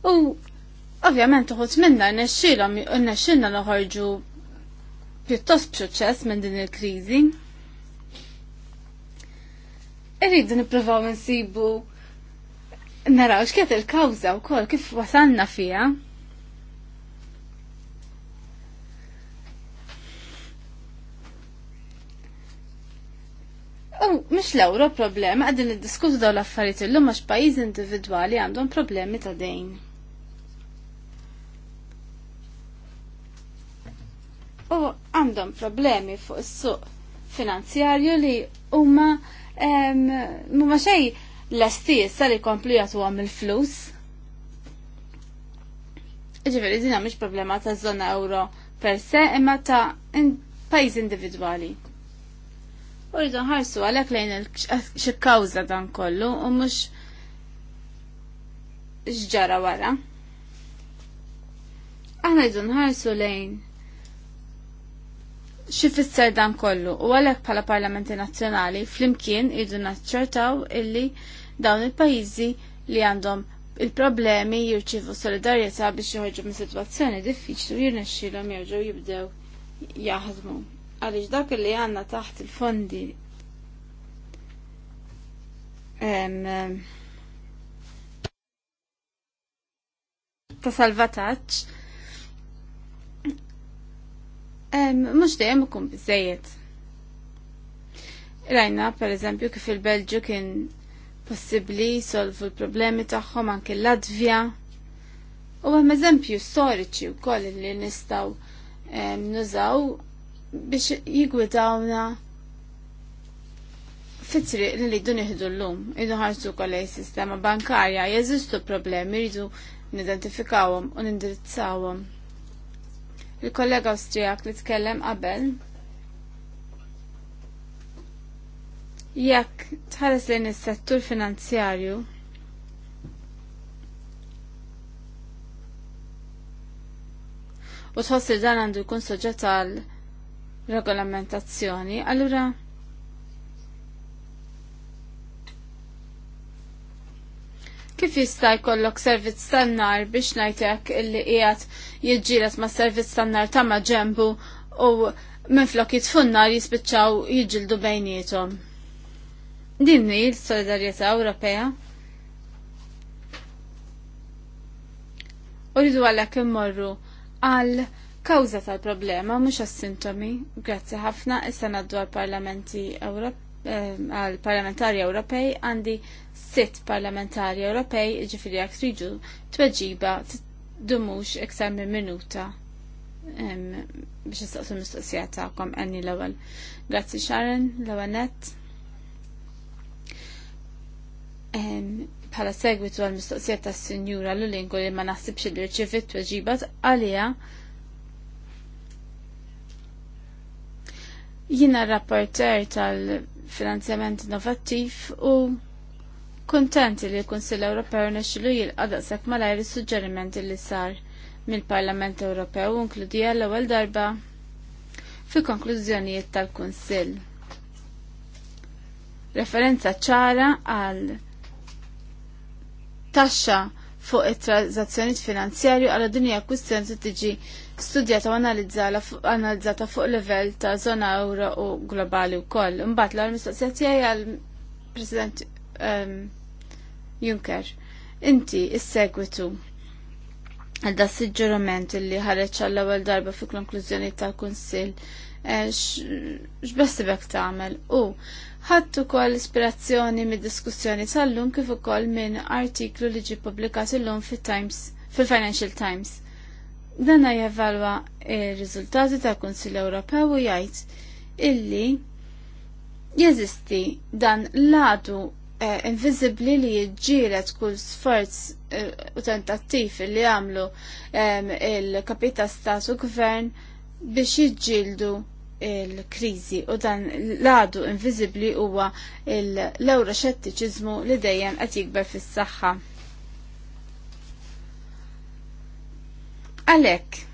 U ovvjament uħut minna n nexxilna noħorġu pjuttost b'suċċess minn din il-kriżi. Irridu nippruvaw insibu naraw x'kienet il-kawża wkoll kif wasalna fiha. U mhux l-ewro problema qegħdin niddiskutu dawn l-affarijiet illum għax pajjiż individwali għandhom problemi ta' dejn. u għandhom problemi fuq is-suq finanzjarju li huma huma xej l-estis li ikomplu jagħtu il-flus. Ġifieri din mhix problema ta' żona euro per se imma ta' pajjiż individwali. U rridu nħarsu għalhekk lejn xi kawża dan kollu u mhux x'ġara wara. Aħna rridu nħarsu lejn xifisser dan kollu u għalek pala parlamenti nazjonali flimkien idu naċċertaw illi dawn il-pajizi li għandhom il-problemi jirċivu solidarjetà biex joħorġu minn situazzjoni diffiċli u jirnexxilhom jerġgħu jibdew jaħdmu. Għaliex dak li għandna taħt il-fondi ta' salvataġġ Mux dejjem ikun bizzejiet. Rajna, per eżempju, kif il-Belġu kien possibli solvu l-problemi tagħhom anke l-Latvja. U għem eżempju storiċi u koll li nistaw nużaw biex jigwidawna fitri li li dun iħdu l-lum, idu ħarsu kolej sistema bankarja, jeżistu problemi, jidu nidentifikawhom u nindirizzawhom. Il-kollega Austriak li tkellem qabel. Jekk tħares lejn is-settur finanzjarju, u tħossi dan għandu jkun soġġett għal regolamentazzjoni, allura kif jista' jkollok servizz tan-nar biex ngħidlek illi qiegħed jidġiles ma' servizz tan-nar ta' ma' ġembu u minflok jitfunnar jispiċċaw jiġildu bejnietom. Dinni l-Solidarjetà Ewropea. Uridu għalhekk immorru għal kawża tal-problema mhux għas-sintomi. Grazzi ħafna issa ngħaddu għall-Parlamenti Ewropea ehm, għal parlamentari Ewropej għandi sitt parlamentari Ewropej ġifiri għak triġu tweġiba dumux iktar minn minuta biex nistaqsu mistoqsija tagħkom għanni l-ewwel. Grazzi Sharon, l-ewwel nett. Bħala segwitu għal mistoqsija tas-Sinjura Lulingu li ma naħsibx li rċivit tweġiba għalija jina rapporter tal-finanzjament innovattiv u Kuntenti li l-Kunsill Ewropew nexxilu jilqada sekk malajr is-suġġerimenti li sar mill-Parlament Ewropew u inkludija l-ewwel darba fi konklużjonijiet tal-Kunsill. Referenza ċara għal taxxa fuq it-transazzjonijiet finanzjarju għal dinja kwistjoni li tiġi studjata u analizzata fuq livell ta' zona euro u globali wkoll. Imbagħad l-għal mistoqsija tiegħi għal President Um, Juncker, inti is-segwitu għalda s-sġurament li ħareċ għall ewwel darba fi konklużjoni tal eh, bek ta' tagħmel u ħadd ukoll ispirazzjoni mid-diskussjoni tal-lum kif ukoll minn artiklu li ġi publikat il-lum times fil-Financial Times. Danna jevalwa il riżultati tal-Kunsill Ewropew u jgħid illi jeżisti dan l-għadu Eh, invisibli li jġilet kull sforz eh, u tentattiv li għamlu il-kapita Stat u gvern biex jġildu il-krizi u dan l-għadu invisibli huwa l-ewra xettiċizmu li dejjem qed jikber fis-saħħa. Għalhekk,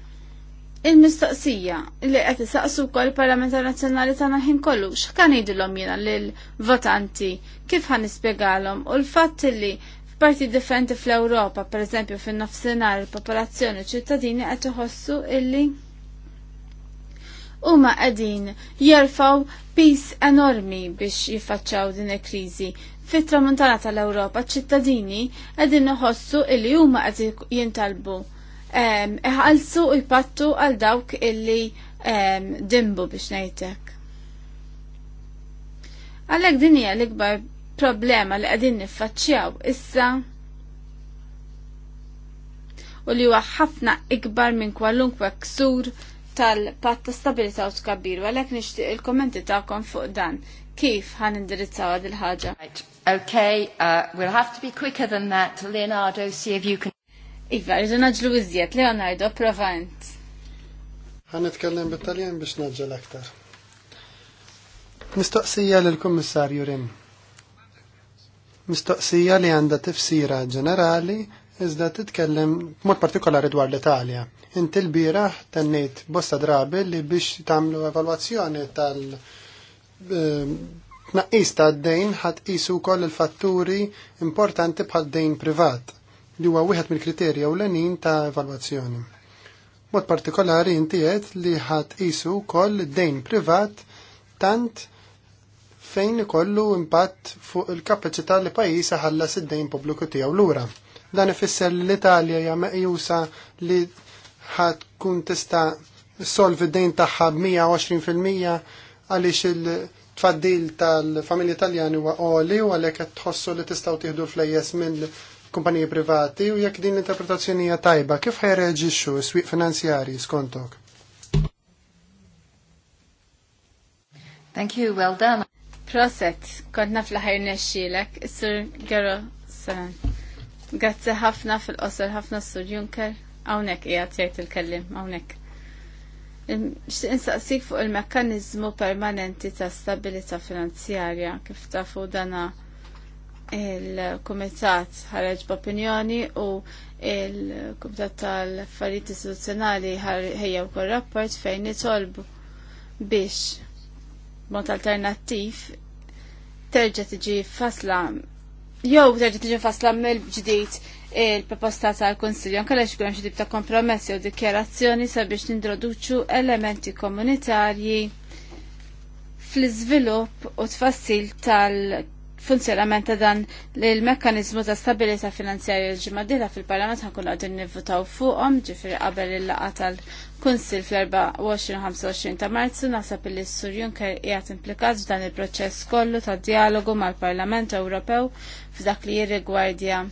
Il-mistoqsija li qed isaqsu wkoll il-Parlamentar Nazzjonali tagħna ħin kollu x'kan jgħidulhom jiena lill-votanti kif ħan nispjegalhom u l-fatt li f'parti differenti fl-Ewropa, pereżempju fin-nofsinhar il-popolazzjoni ċittadini qed iħossu illi huma qegħdin jerfgħu pis enormi biex jiffaċċaw din il-kriżi fit-tramuntana tal-Ewropa ċittadini qegħdin iħossu illi huma qed jintalbu iħalsu u jpattu għal dawk illi dimbu biex nejtek. Għalhekk din hija l-ikbar problema li qegħdin niffaċċjaw issa u li huwa ħafna ikbar minn kwalunkwe ksur tal-patt ta' u tkabbir, u għalhekk nixtieq il-kommenti tagħkom fuq dan. Kif ħan indirizzaw għad il-ħaġa? Okay, uh, we'll have to be quicker than that. Leonardo, see if you can... Iva, rridu naġlu iżjed, Leonardo, provant. Għan nitkellem bit-Taljan biex naġġel aktar. Mistoqsija lill-Kummissarju Rim. Mistoqsija li għandha tifsira ġenerali iżda titkellem mod partikolari dwar l-Italja. Inti l-bieraħ tennejt bosta drabi li biex tagħmlu evalwazzjoni tal- eh, tnaqqis ta' d-dejn ħat isu wkoll il-fatturi importanti bħal dejn privat li huwa wieħed mill-kriterja ewlenin ta' evalwazzjoni. Mod partikolari inti li ħadd isu wkoll dejn privat tant fejn ikollu impatt fuq il-kapaċità li pajjiż ħallas id-dejn pubbliku tiegħu lura. Dan ifisser li l-Italja hija meqjusa li ħad tkun tista' solvi d-dejn tagħha b'120 għaliex il-tfaddil tal-familji Italjani huwa qoli u għalhekk qed tħossu li tistgħu tieħdu fl flejjes minn kumpaniji privati u jekk din l-interpretazzjoni hija tajba, kif ħajreġixxu s-swieq finanzjarji skontok? Thank you, well done. Proset, kont naf l-ħajr Sur Sir Gero san. Grazzi ħafna fil-qosor ħafna Sur Juncker, hawnhekk t-jajt il-kellim hawnhekk. Nsaqsik fuq il mekanizmu permanenti ta' stabilità finanzjarja kif tafu dana il-Kumitat ħareġ b'opinjoni u il-Kumitat tal-Affarijiet Istituzzjonali ħejja wkoll rapport fejn nitolbu biex mod alternattiv terġa' tiġi fasla jew terġa' tiġi fasla mill-ġdid il-proposta tal-Konsilju anke xkun hemm xi tip ta' kompromessi u dikjarazzjoni sabiex nintroduċu elementi komunitarji fl-iżvilupp u tfassil tal funzjonament ta' dan l-mekkanizmu ta' stabilita' finanzjarja l-ġimma dila fil-parlament ħankun għadin nivvutaw fuqom ġifiri qabel il-laqa tal-Kunsil fl-24-25 ta' marzu nasab il sur Juncker jgħat implikat f'dan il-proċess kollu ta' dialogu mal-Parlament Ewropew f'dak li jirrigwardja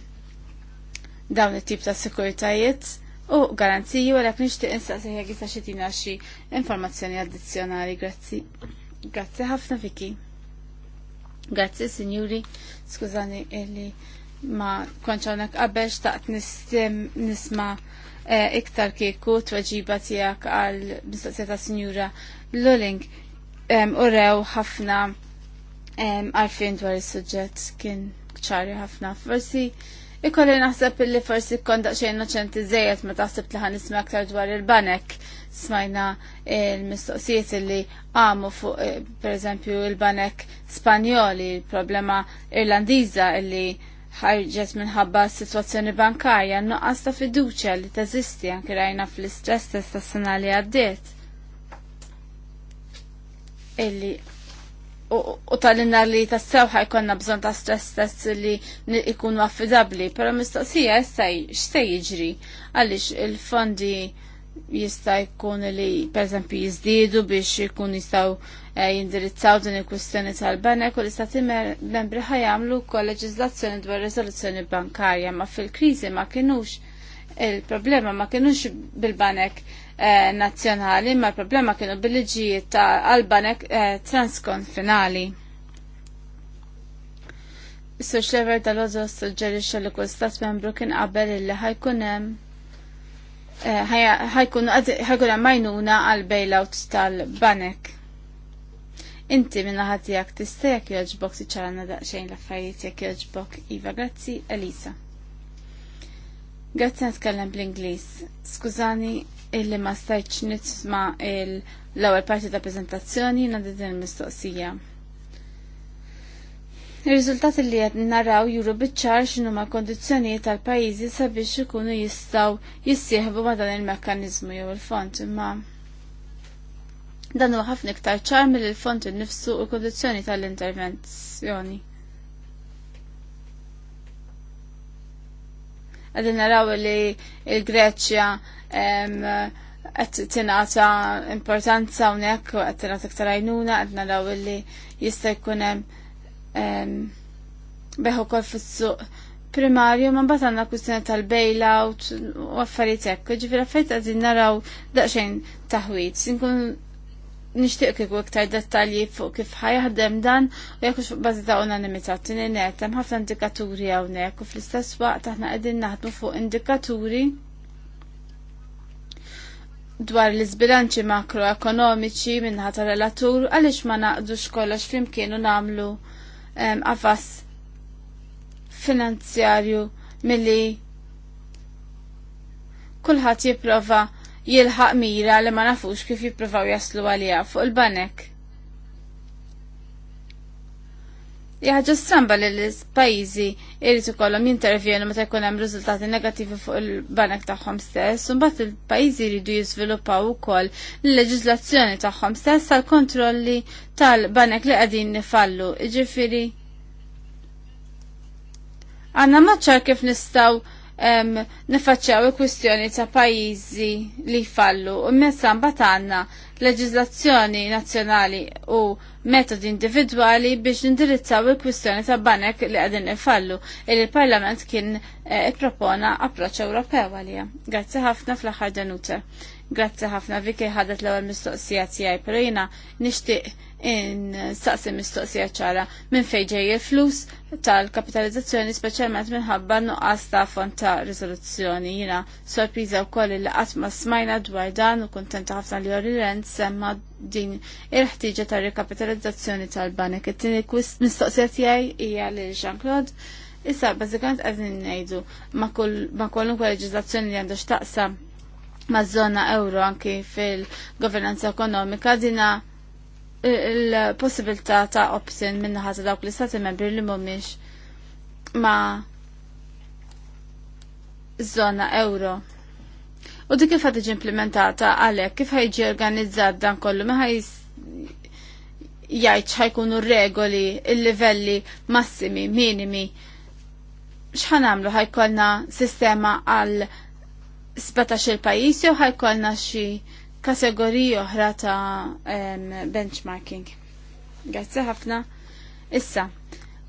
dawn it-tip ta' sekuritajiet u garanziji nixti insa' nixtieq instaqsi jgħid xie informazzjoni addizzjonali, grazzi. Grazie ħafna Viki. Grazzi, signori. Skużani illi ma konċawnek qabel xtaqt nisma eh, iktar kieku tweġiba tijak għal mistaqsija ta' signora Lulling. U rew ħafna għarfien dwar il-sujġet kien ċari ħafna. Forsi ikolli naħseb illi forsi kondaq xejn noċenti zejet ma taħseb li ħan iktar dwar il-banek smajna il-mistoqsijiet li għamu fuq, eh, per eżempju, il-banek spanjoli, il-problema irlandiza li ħarġet minħabba situazzjoni bankarja, nuqqas ta' fiduċja li teżisti anke rajna fl-istress test ta' sena li għaddiet. Illi u tal-inna li tassew ħajkonna bżon ta' stress test li ikunu affidabli, pero mistoqsija jessaj xsej jiġri għaliex il-fondi jista' jkun li pereżempju jiżdiedu biex jkun jistgħu eh, jindirizzaw din il-kwistjoni tal-banek u l-istati membri ħajamlu wkoll leġiżlazzjoni dwar riżoluzzjoni bankarja ma fil-kriżi ma kinux il-problema ma kinux bil-banek eh, nazzjonali ma l-problema kienu bil-liġijiet tal-banek eh, transkonfinali. Is-sur Xlever dal-ożos suġġerixxa li kull stat membru kien qabel illi ħajkun hemm Eh, ħajkun ħajkun majnuna għal bailout tal-banek. Inti minna għak tista jek joġbok si ċarana l-affarijiet jek joġbok Iva, grazzi, Elisa. Grazzi nitkellem bl-Inglis. Skużani illi ma stajċ nitma l-ewwel parti ta' prezentazzjoni nadidin il-mistoqsija ir rizultat li qed naraw juru biċ-ċar ma' kondizzjonijiet tal-pajjiżi sabiex ikunu jistgħu jissieħbu ma' dan il-mekkaniżmu jew il-fond imma dan huwa ħafna iktar ċar mill-fond innifsu u kondizzjoni tal-intervenzjoni. Għed naraw li il-Greċja għed tinata importanza unek, għed tinata ktar għajnuna, għed naraw li jista' kunem. hemm beħu kol fis-suq primarju ma mbagħad għandna kustina tal-bailout u affarijiet hekk, ġifier affarijiet qegħdin naraw daqsxejn taħwit. Inkun nixtieq kiku iktar dettalji fuq kif ħajħdem dan u jekk fuq bażi ta' unanimità tini net hemm ħafna indikaturi hawnhekk u fl-istess waqt aħna qegħdin naħdmu fuq indikaturi dwar l-izbilanċi makroekonomiċi minnħata relatur għaliex ma naqdux kollox flimkienu namlu nagħmlu għafas finanzjarju milli kulħadd jipprova jilħaq mira li ma nafux kif jipprovaw jaslu għalija fuq il-banek. Jaħġa stramba li l-pajizi irrit ikollhom jintervjenu meta jkun hemm riżultati negattivi fuq il-banek tagħhom stess, u mbagħad il-pajjiżi jridu jiżviluppaw ukoll l-leġiżlazzjoni tagħhom stess tal-kontrolli tal-banek li qegħdin nifallu. Jiġifieri għandna maċċar kif nistgħu nifacċaw il-kwistjoni ta' pajjiżi li fallu u messan batanna għandna leġiżlazzjoni nazzjonali u metodi individwali biex indirizzaw il-kwistjoni ta' banek li għadin ifallu il il-Parlament kien eh, ippropona approċċ Ewropew għalija. Grazzi ħafna fl-aħħar Danuta. Grazzi ħafna Viki ħadet l-ewwel mistoqsija tiegħi, però jiena nixtieq in saqsi mistoqsija ċara minn fejġej il-flus tal-kapitalizzazzjoni speċjalment minħabba nuqqas ta' font ta' rizoluzzjoni. Jina sorpriża wkoll li qatt ma smajna dwar dan u kuntenta ħafna li Ori Rent semma din il-ħtiġa ta' rikapitalizzazzjoni tal-banek. It-tieni mistoqsija tiegħi hija lil Jean-Claude. Issa, bazzikant għazin nejdu, ma kwalunkwe leġizlazzjoni li għandu xtaqsa ma' zona euro anki fil-governanza ekonomika dina il-possibilità ta' opsin minna ħazza dawk l-istati membri li mhumiex ma' zona euro. U dik kif ħadġi implementata għalhekk kif ħajġi organizzat dan kollu ma ħaj jajċ ħajkunu regoli, il-livelli massimi, minimi. X'ħan għamlu ħajkollna sistema għal 17 il-pajjiż jew ħajkollna xi kategoriji oħra ta' benchmarking. Grazzi ħafna. Issa,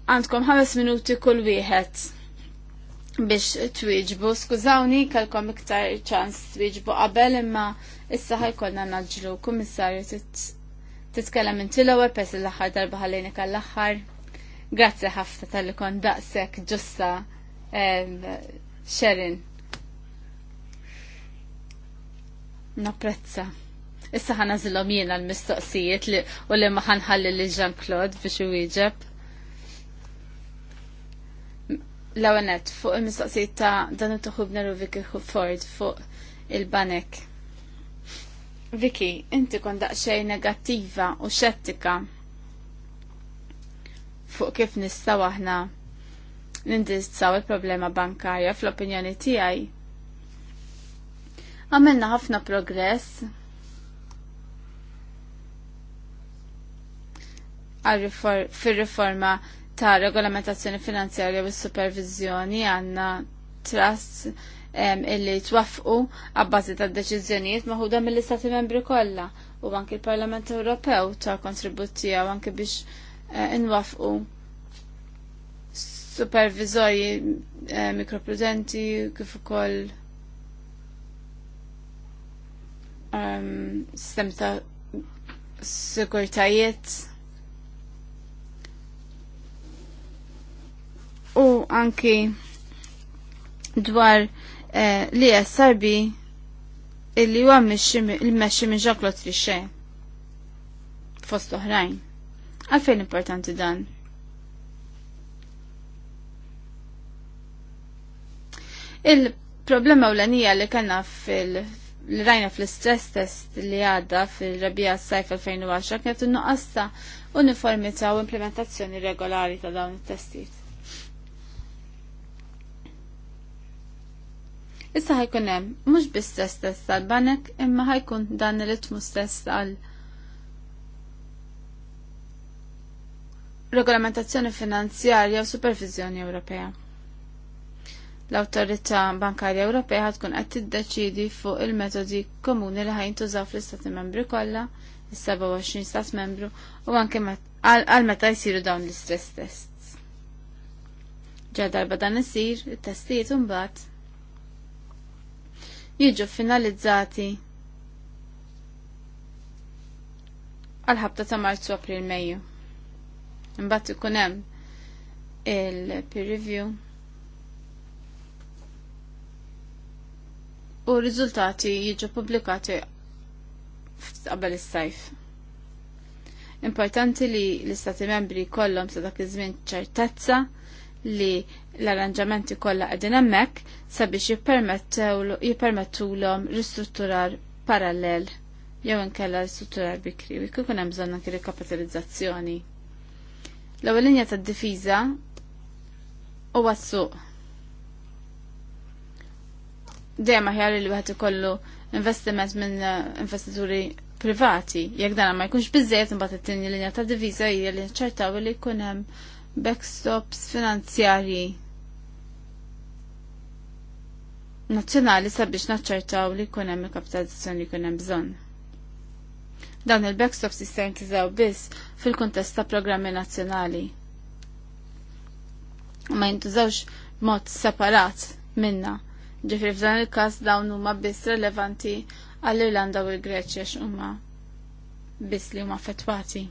għandkom ħames minuti kull wieħed biex twieġbu. Skużawni, kalkom iktar ċans twieġbu qabel imma issa ħajkolna naġlu. Kummissarju, titkellem inti l-ewwel pes l-aħħar darba ħallejni kall-aħħar. Grazzi ħafna tal-li kon daqshekk ġusta Sherin. Naprezza. Issa ħana zilom jiena l-mistoqsijiet li u li ħalli li Jean-Claude biex u iġeb. l fuq il-mistoqsijiet ta' dan it-tuħubna u Vicky Ford fuq il-banek. Vicky, inti kon daqxej negattiva u xettika fuq kif nistaw aħna nindirizzaw il-problema bankarja fl-opinjoni tiegħi Għamilna ħafna progress. Fil-riforma ta' regolamentazzjoni finanzjarja u supervizjoni għanna trust illi twaffqu għabbażi ta' deċiżjonijiet maħuda mill-Istati membri kollha u anki l-Parlament Ewropew ta' kontributi għaw anki biex eh, inwaffqu Supervizori eh, mikroprudenti kif ukoll Um, sistem ta' sigurtajiet u anki dwar eh, li jessarbi illi huwa il-mexxi minn Jean-Claude Trichet fost oħrajn. Għalfejn importanti dan? Il-problema ewlenija li kellna fil li rajna fl-stress test li għadda fil-rabija s-sajf 2010 kienet nuqqas ta' uniformità u implementazzjoni regolari ta' dawn it-testijiet. Issa ħajkun hemm mhux bi stress test tal-banek imma ħajkun dan ir-ritmu stess għal regolamentazzjoni finanzjarja u supervizjoni Ewropea. L-Awtorità Bankarja Ewropea tkun qed tiddeċidi fuq il-metodi komuni li tużaw fl-Istati Membri kollha, is-27 Stat Membru u anke għal meta jsiru dawn l-istress tests. Ġa darba dan isir, it-testijiet mbagħad jiġu finalizzati għal-ħabta ta' marzu april-Mejju. Imbagħad ikun hemm il-peer review u r-riżultati jiġu pubblikati qabel is-sajf. Importanti li l-Istati membri kollhom sa dak iż-żmien ċertezza li l-arranġamenti kollha qegħdin hemmhekk sabiex jippermettulhom ristrutturar parallel jew inkella ristrutturar bikri u jkun hemm bżonn anke rikapitalizzazzjoni. L-ewwel linja tad-difiża huwa s-suq dejjem aħjar li wieħed ikollu investiment minn eh, investituri privati, jekk dan ma jkunx biżejjed imbagħad it-tieni linja ta' diviża hija li ċertaw li jkun hemm backstops finanzjarji nazzjonali sabiex naċċertaw li jkun hemm il-kapitalizzazzjoni li jkun hemm bżonn. Dan il-backstops jista' jintużaw biss fil-kuntest ta' programmi nazzjonali. Ma jintużawx b'mod separat minna Ġifri f'dan il-kas dawn huma biss relevanti għall-Irlanda u l-Greċja x'huma biss li huma affettwati.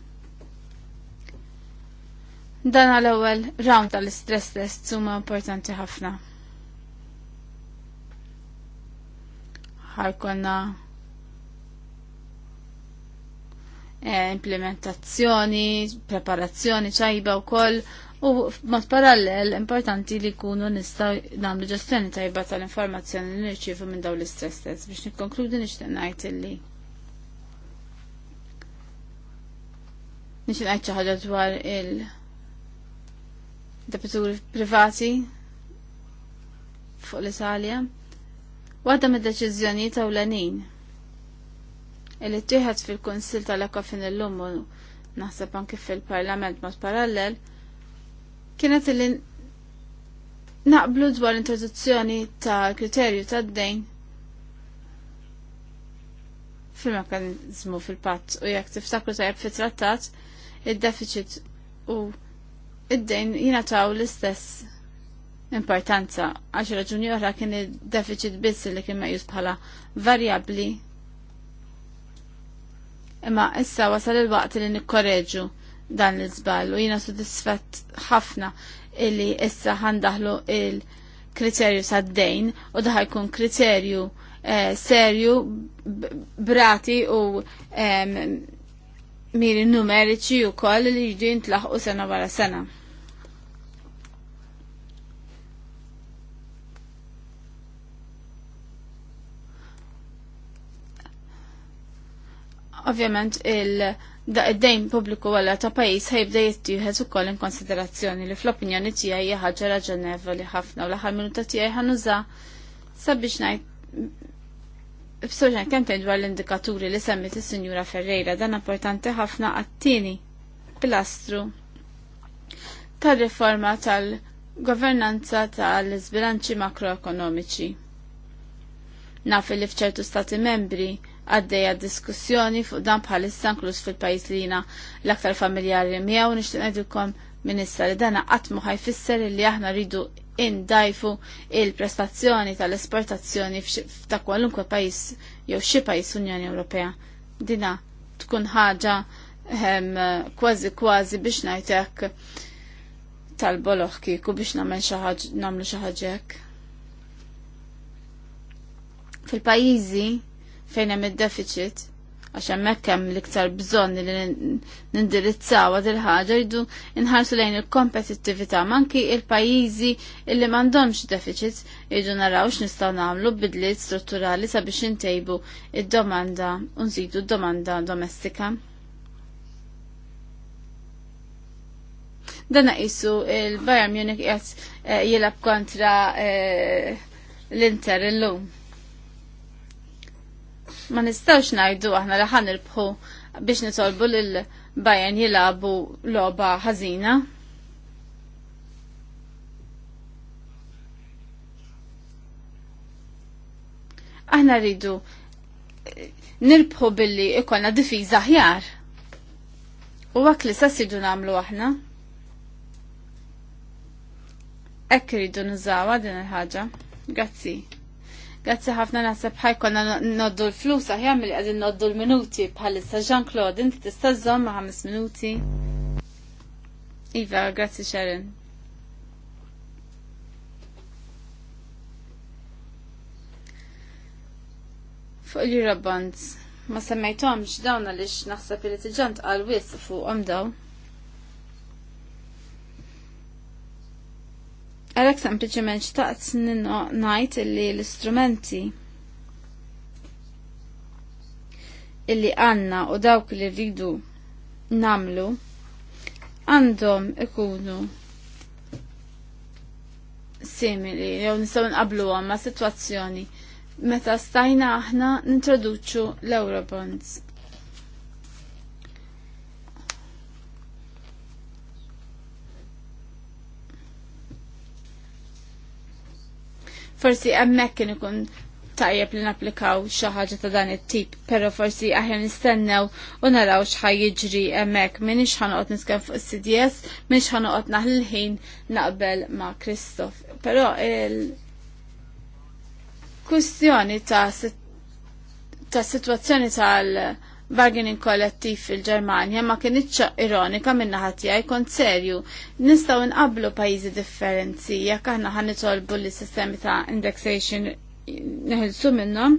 Dan għal ewwel round tal-istress test huma importanti ħafna. Ħarkonna eh, implementazzjoni, preparazzjoni ċajba u koll U mat parallel importanti li kunu nistaw namlu ġestjoni tajba tal-informazzjoni li nirċivu minn daw l-istress test biex nikkonkludi nixtieq ngħid illi. Nixtieq ngħid xi ħaġa dwar il depituri privati fuq l-Italja. Waħda mid-deċiżjoni tawlanin illi ttieħed fil-Kunsil tal-Ekofin illum u naħseb anke fil-Parlament mod parallel kienet li naqblu dwar introduzzjoni ta' kriterju ta' d-dejn fil-mekanizmu fil-patt u jekk tiftakru tajab fit-trattat id-deficit u id-dejn jinataw l-istess importanza għax raġuni oħra kien id-deficit biss li kien meqjus bħala variabli imma issa wasal il-waqt li nikkoreġu dan l-izbal u jina sodisfett ħafna illi issa għandahlu il-kriterju sad-dejn u daħ jkun kriterju eh, serju brati u eh, miri numeriċi u koll li jġu jintlaħqu sena wara sena. Ovvjament il- da id-dejn pubbliku għalla ta' pajis ħajbda u ukoll in konsiderazzjoni li fl-opinjoni tiegħi jħagġa ħaġa li ħafna u l-aħħar minuta tiegħi ħanuża sabiex ngħid b'soġna kemm tgħid dwar l-indikaturi li semmit is-Sinjura Ferreira dan importanti ħafna għat-tieni pilastru tal-riforma tal-governanza tal izbilanċi makroekonomiċi. Naf li fċertu stati membri għaddeja diskussjoni fuq dan bħalissa inkluż fil-pajjiż li l-aktar familjari miegħu nixtieq ngħidilkom minissa li dana qatt ħajfisser li aħna rridu indajfu il-prestazzjoni tal-esportazzjoni ta' kwalunkwe pajis jew xi pajis Unjoni Ewropea. Dina tkun ħaġa ehm, kważi kważi biex ngħidlek tal-boloħ kieku biex nagħmel xi ħaġa nagħmlu xi ħaġa Fil-pajjiżi fejn hemm id-deficit għax hemmhekk hemm l-iktar bżonn li nindirizzaw għad il-ħaġa jridu inħarsu lejn il-kompetittività manki il-pajjiżi illi m'għandhomx deficit jridu naraw x'nistgħu nagħmlu bidliet strutturali sabiex intejbu id-domanda u nżidu d-domanda domestika. Dan naqisu il-Bayern Munich qed eh, jilab kontra eh, l-Inter illum ma nistawx najdu aħna li ħan irbħu biex nitolbu l Bayern jilabu loba ħażina. Aħna rridu eh, nirbħu billi ikonna difiża ħjar. U għak li sassidu namlu aħna. Ekk rridu nużawa din il-ħaġa. Grazzi. Grazie ħafna naħseb konna noddu l-flus aħjam li għadin noddu l-minuti bħalissa Jean-Claude, inti tista' istazzom ma' ħames minuti. Iva, grazie Sharon. Fuq li rabbant, ma semmejtomx dawn għaliex naħseb li tiġant għal wisq fuqhom dawn. Għalek sempliciment xtaqt najt illi l-istrumenti illi għanna u dawk li rridu namlu għandhom ikunu simili jew nistgħu nqablu ma' sitwazzjoni meta stajna aħna nintroduċu l-Eurobonds. forsi hemmhekk kien ikun tajjeb li napplikaw xi ħaġa ta' dan it-tip, però forsi aħjar nistennew u naraw x'ħaj jiġri hemmhekk m'iniex ħanoqgħod niskem fuq is-CDS, minix ħanoqgħod naħl ħin naqbel ma' Kristof. Però il-kwistjoni ta' ta' situazzjoni tal- ta bargaining kollettiv fil-Ġermanja ma kienitx ironika minna ħatija jkun serju. Nistaw nqablu pajjiżi differenzi jekk aħna ħan nitolbu li sistemi ta' indexation neħilsu minnhom.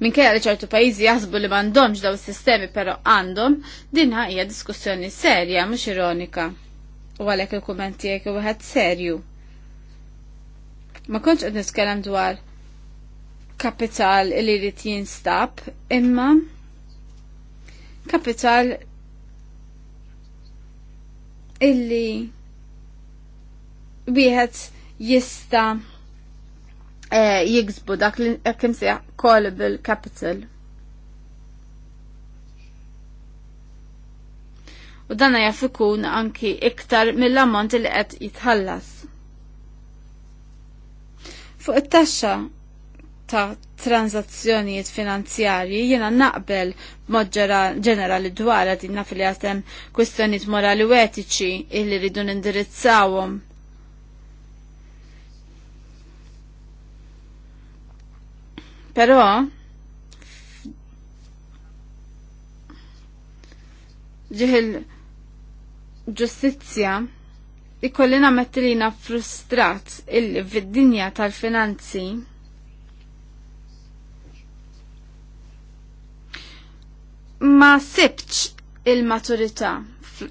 Minkejja li ċertu pajjiżi jaħsbu li m'għandhomx daw is-sistemi però għandhom, din hija diskussjoni serja mhux ironika. U għalhekk il-kumenti u wieħed serju. Ma kontx qed dwar kapital li rrit jinstab imma kapital illi wieħed jista eh, jiksbu dak li kemm sejaħ callable capital. u dana jaf ikun anki iktar mill-ammont li qed jitħallas. Fuq it-taxxa ta' tranzazzjonijiet finanzjarji jiena naqbel mod ġenerali dwar din naf li jatem kwistjonijiet morali u etiċi illi rridu nindirizzawhom. Però ġiħil ġustizzja ikollina mettilina frustrat illi fid-dinja tal-finanzi ma sibċ il-maturità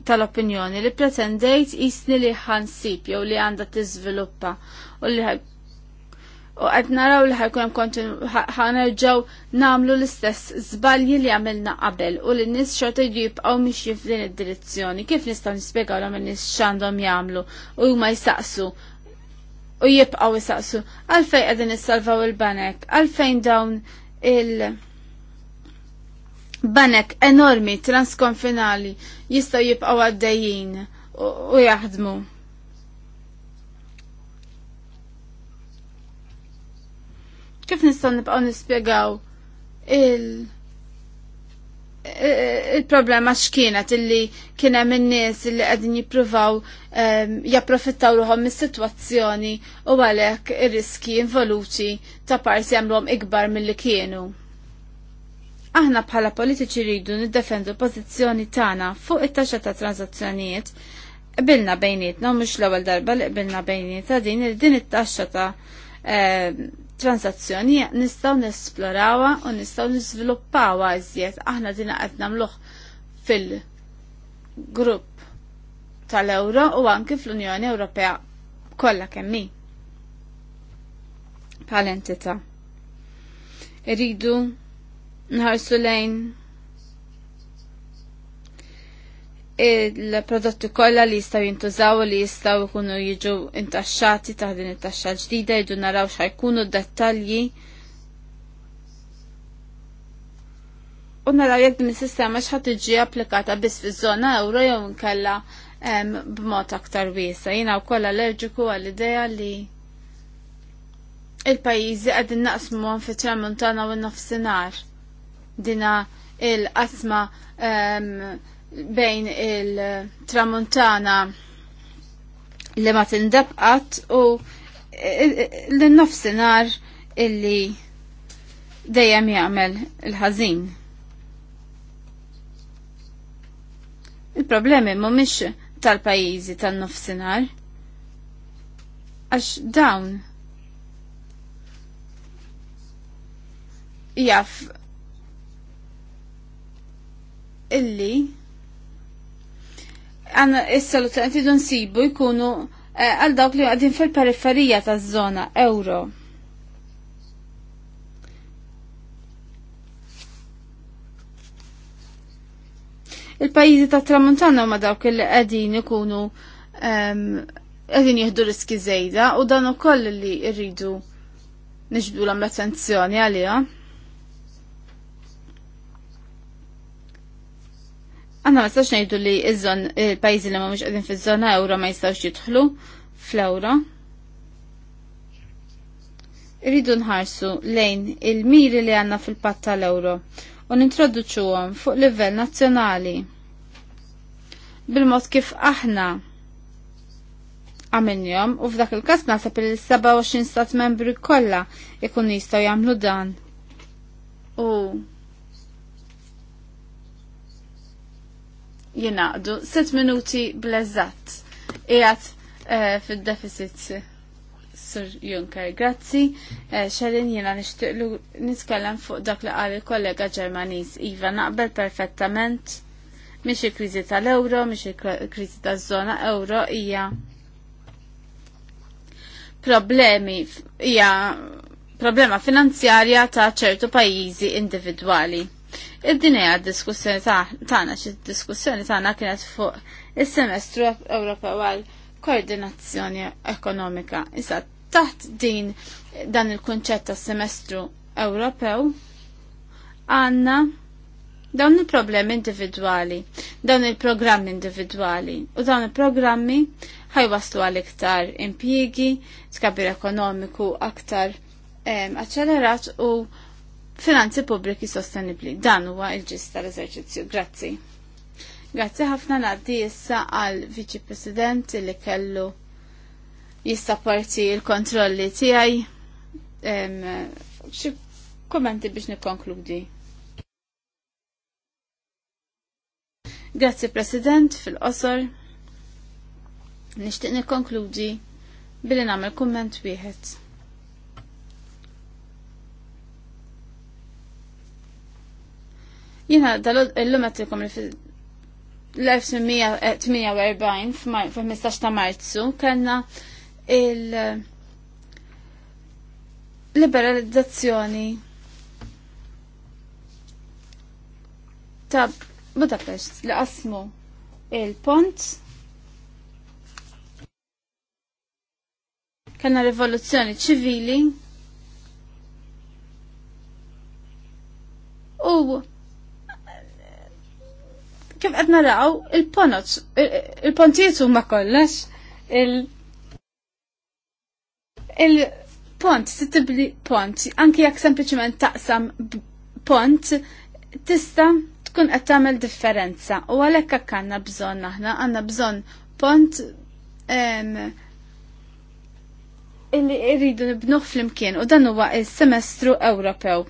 tal-opinjoni li pretendejt jisni li ħansib jew li għanda tiżviluppa u li u għed naraw li ħajkun hemm ħanerġaw namlu l-istess żbalji li għamilna qabel u li nies xorta jibqgħu mixji f'din id-direzzjoni. Kif nistgħu nispjegawhom in-nies x'għandhom jagħmlu u huma jsaqsu u jibqgħu jsaqsu għalfejn qegħdin issalvaw il-banek, għalfejn dawn il- banek enormi transkonfinali jistaw jibqaw għaddejjin u jaħdmu. Kif nistaw nibqaw nispiegaw il- il-problema x'kienet illi kien hemm in-nies illi qegħdin jippruvaw ehm, japprofittaw ruħom mis-sitwazzjoni u għalhekk ir-riski involuti ta' parsi għamlhom ikbar milli kienu. Aħna bħala politiċi rridu niddefendu pożizzjoni tagħna fuq it-taxxa ta' tranzazzjonijiet qbilna bejnietna u mhux l-ewwel darba li qbilna bejnietna din din it-taxxa ta' eh, tranzazzjoni nistgħu nesplorawha u nistgħu niżviluppawha iżjed. Aħna din qed nagħmluh fil-grupp tal ewro u anke fl-Unjoni Ewropea kollha kemm hi. Bħal entità. Iridu Nħar lejn il-prodotti kollha li jistgħu jintużaw li jistgħu jkunu jiġu intaxxati ta' din it-taxxa ġdida jdu naraw xajkunu dettalji u naraw jekk din is-sistema xħat iġi applikata biss fiż-żona euro jew inkella b'mod aktar wiesa. Jiena wkoll allerġiku għall-idea li il-pajjiżi qegħdin naqsmu fi tramuntana u n-nofsinhar dina il-qasma um, bejn il-tramontana li ma tindabqat u e, e, e, l-nofsinar illi dejjem jagħmel il-ħażin. Il-problemi mhumiex tal-pajjiżi tan-nofsinhar għax dawn jaf illi għanna il-soluzzjoni tidun sibu jkunu eh, għal dawk li għadin fil-periferija ta' zona euro. Il-pajizi ta' tramontana ma dawk li għadin ikunu għadin jihdu riski zejda u dan u koll li irridu nġbdu l-am l-attenzjoni għalija. Għanna ma stawx najdu li iż-żon il-pajzi li ma mux għedin fil-żona euro ma jistawx jitħlu fl-euro. Rridu nħarsu lejn il-miri li għanna fil-pat tal-euro u nintroduċuhom fuq livell nazzjonali bil-mod kif aħna għamilnjom u f'dak il-kas nasab il-27 stat membri kollha ikun jistgħu jagħmlu dan. U jenaqdu 6 minuti blezzat. Ijat eh, fil-deficit Sir Juncker, grazzi. Uh, eh, Xelin jena nishtiqlu niskellem fuq dak li għal kollega Ġermaniz Iva naqbel perfettament. Mish il-krizi tal-euro, mish il-krizi tal-zona euro, ija problemi, hija problema finanzjarja ta' ċertu pajjiżi individwali Id-dinja diskussjoni tagħna xi diskussjoni tagħna kienet fuq is-semestru Ewropew għal koordinazzjoni ekonomika. Issa taħt din dan il-kunċett tas semestru Ewropew għandna dawn il-problemi individwali, dawn il-programmi individwali u dawn il-programmi ħajwaslu għal iktar impjiegi, skabir ekonomiku aktar accelerat u finanzi pubbliki sostenibli. Dan huwa il-ġist tal-eżerċizzju. Grazzi. Grazzi ħafna naddi issa għal Viċi President li kellu jissapporti il-kontrolli tiegħi. Xi kommenti biex nikkonkludi. Grazzi President fil-qosor. Nixtieq nikkonkludi billi nagħmel kumment wieħed. Jena dal-lum għattilkom l-1948 f-15 ta' marzu kena il- liberalizzazzjoni ta' Budapest li qasmu il-pont kena rivoluzzjoni ċivili u kif qed naraw il-ponots, il-pontijiet huma kollox il- il-pont, titibli pont, anki jekk sempliċement taqsam pont, tista tkun qed tagħmel differenza. U għalhekk hekk għandna bżonn aħna, għandna bżonn pont illi irridu nibnuh flimkien u dan huwa is-semestru Ewropew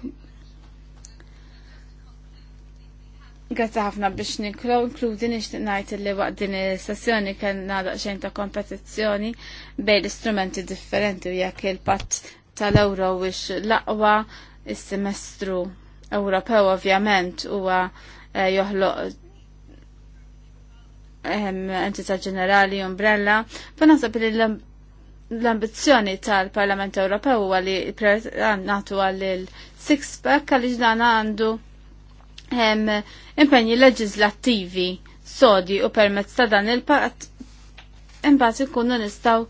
Grazzi ħafna biex ninklu, inkludi nixtieq ngħid li waqt din is-sessjoni kellna xejn ta' kompetizzjoni bejn l-istrumenti differenti u jekk il-patt tal-ewro wix l-aqwa is-semestru Ewropew ovvjament huwa eh, joħloq ehm, entità ġenerali umbrella, pa naħseb li l-ambizzjoni tal-Parlament Ewropew huwa li nagħtu għal il-six pack għaliex dan għandu Hemm impenji leġislattivi sodi u permezz ta' dan il-patt imbagħad ikunu nistgħu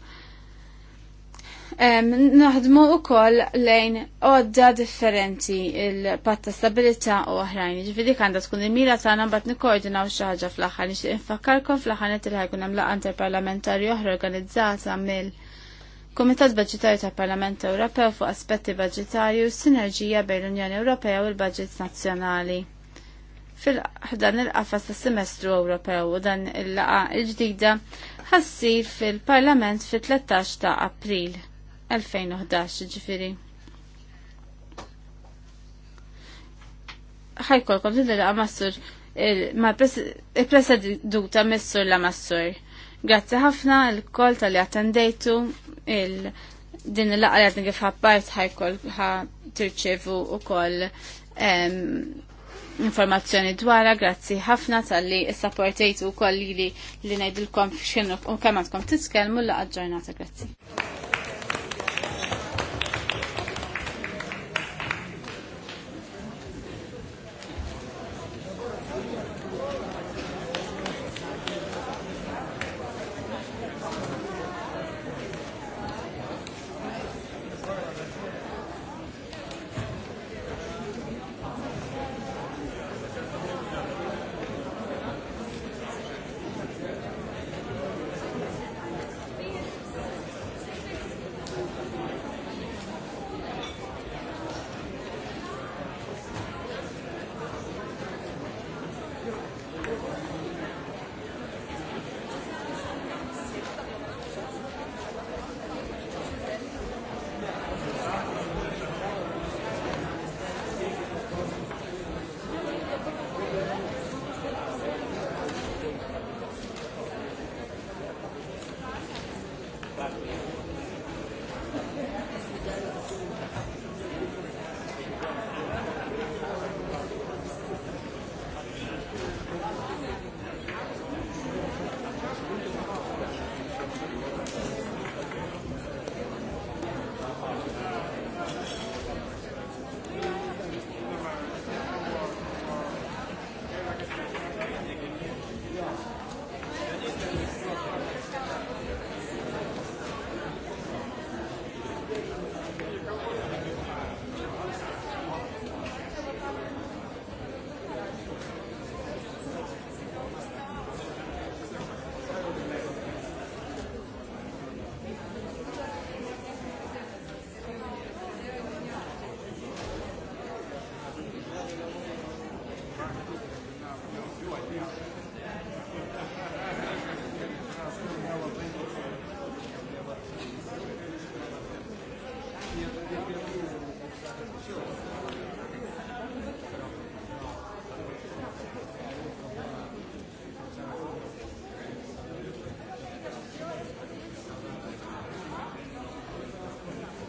Naħdmu u koll lejn odda differenti il ta' stabilità u oħrajn. Ġifidi kanda tkun il-mira tagħna mbagħad nikkoordinaw xi ħaġa fl-aħħar nixtieq infakkarkom fl-aħħar net li ħajkun hemm laqgħa interparlamentari oħra organizzata mill Komitat Budġetarju tal Parlament Ewropew fuq aspetti budġetarju u sinerġija bejn l-Unjoni Ewropea u l-Budget Nazzjonali fil-ħdan il-qafas tas semestru Ewropew u dan il-laqa il-ġdida ħassir fil-Parlament fil-13 ta' April 2011 ġifiri. ħajkolkom il-laqa massur il-preseduta messur la massur. Grazzi ħafna il-kol tal-li attendejtu il- din il-laqa li għadni kif ħabbart ħajkol ħa tirċevu u koll informazzjoni dwarha, grazzi ħafna tal-li s-sapportejtu koll li li najdilkom xinu u kemm għandkom titkellmu l aġġornata. grazzi.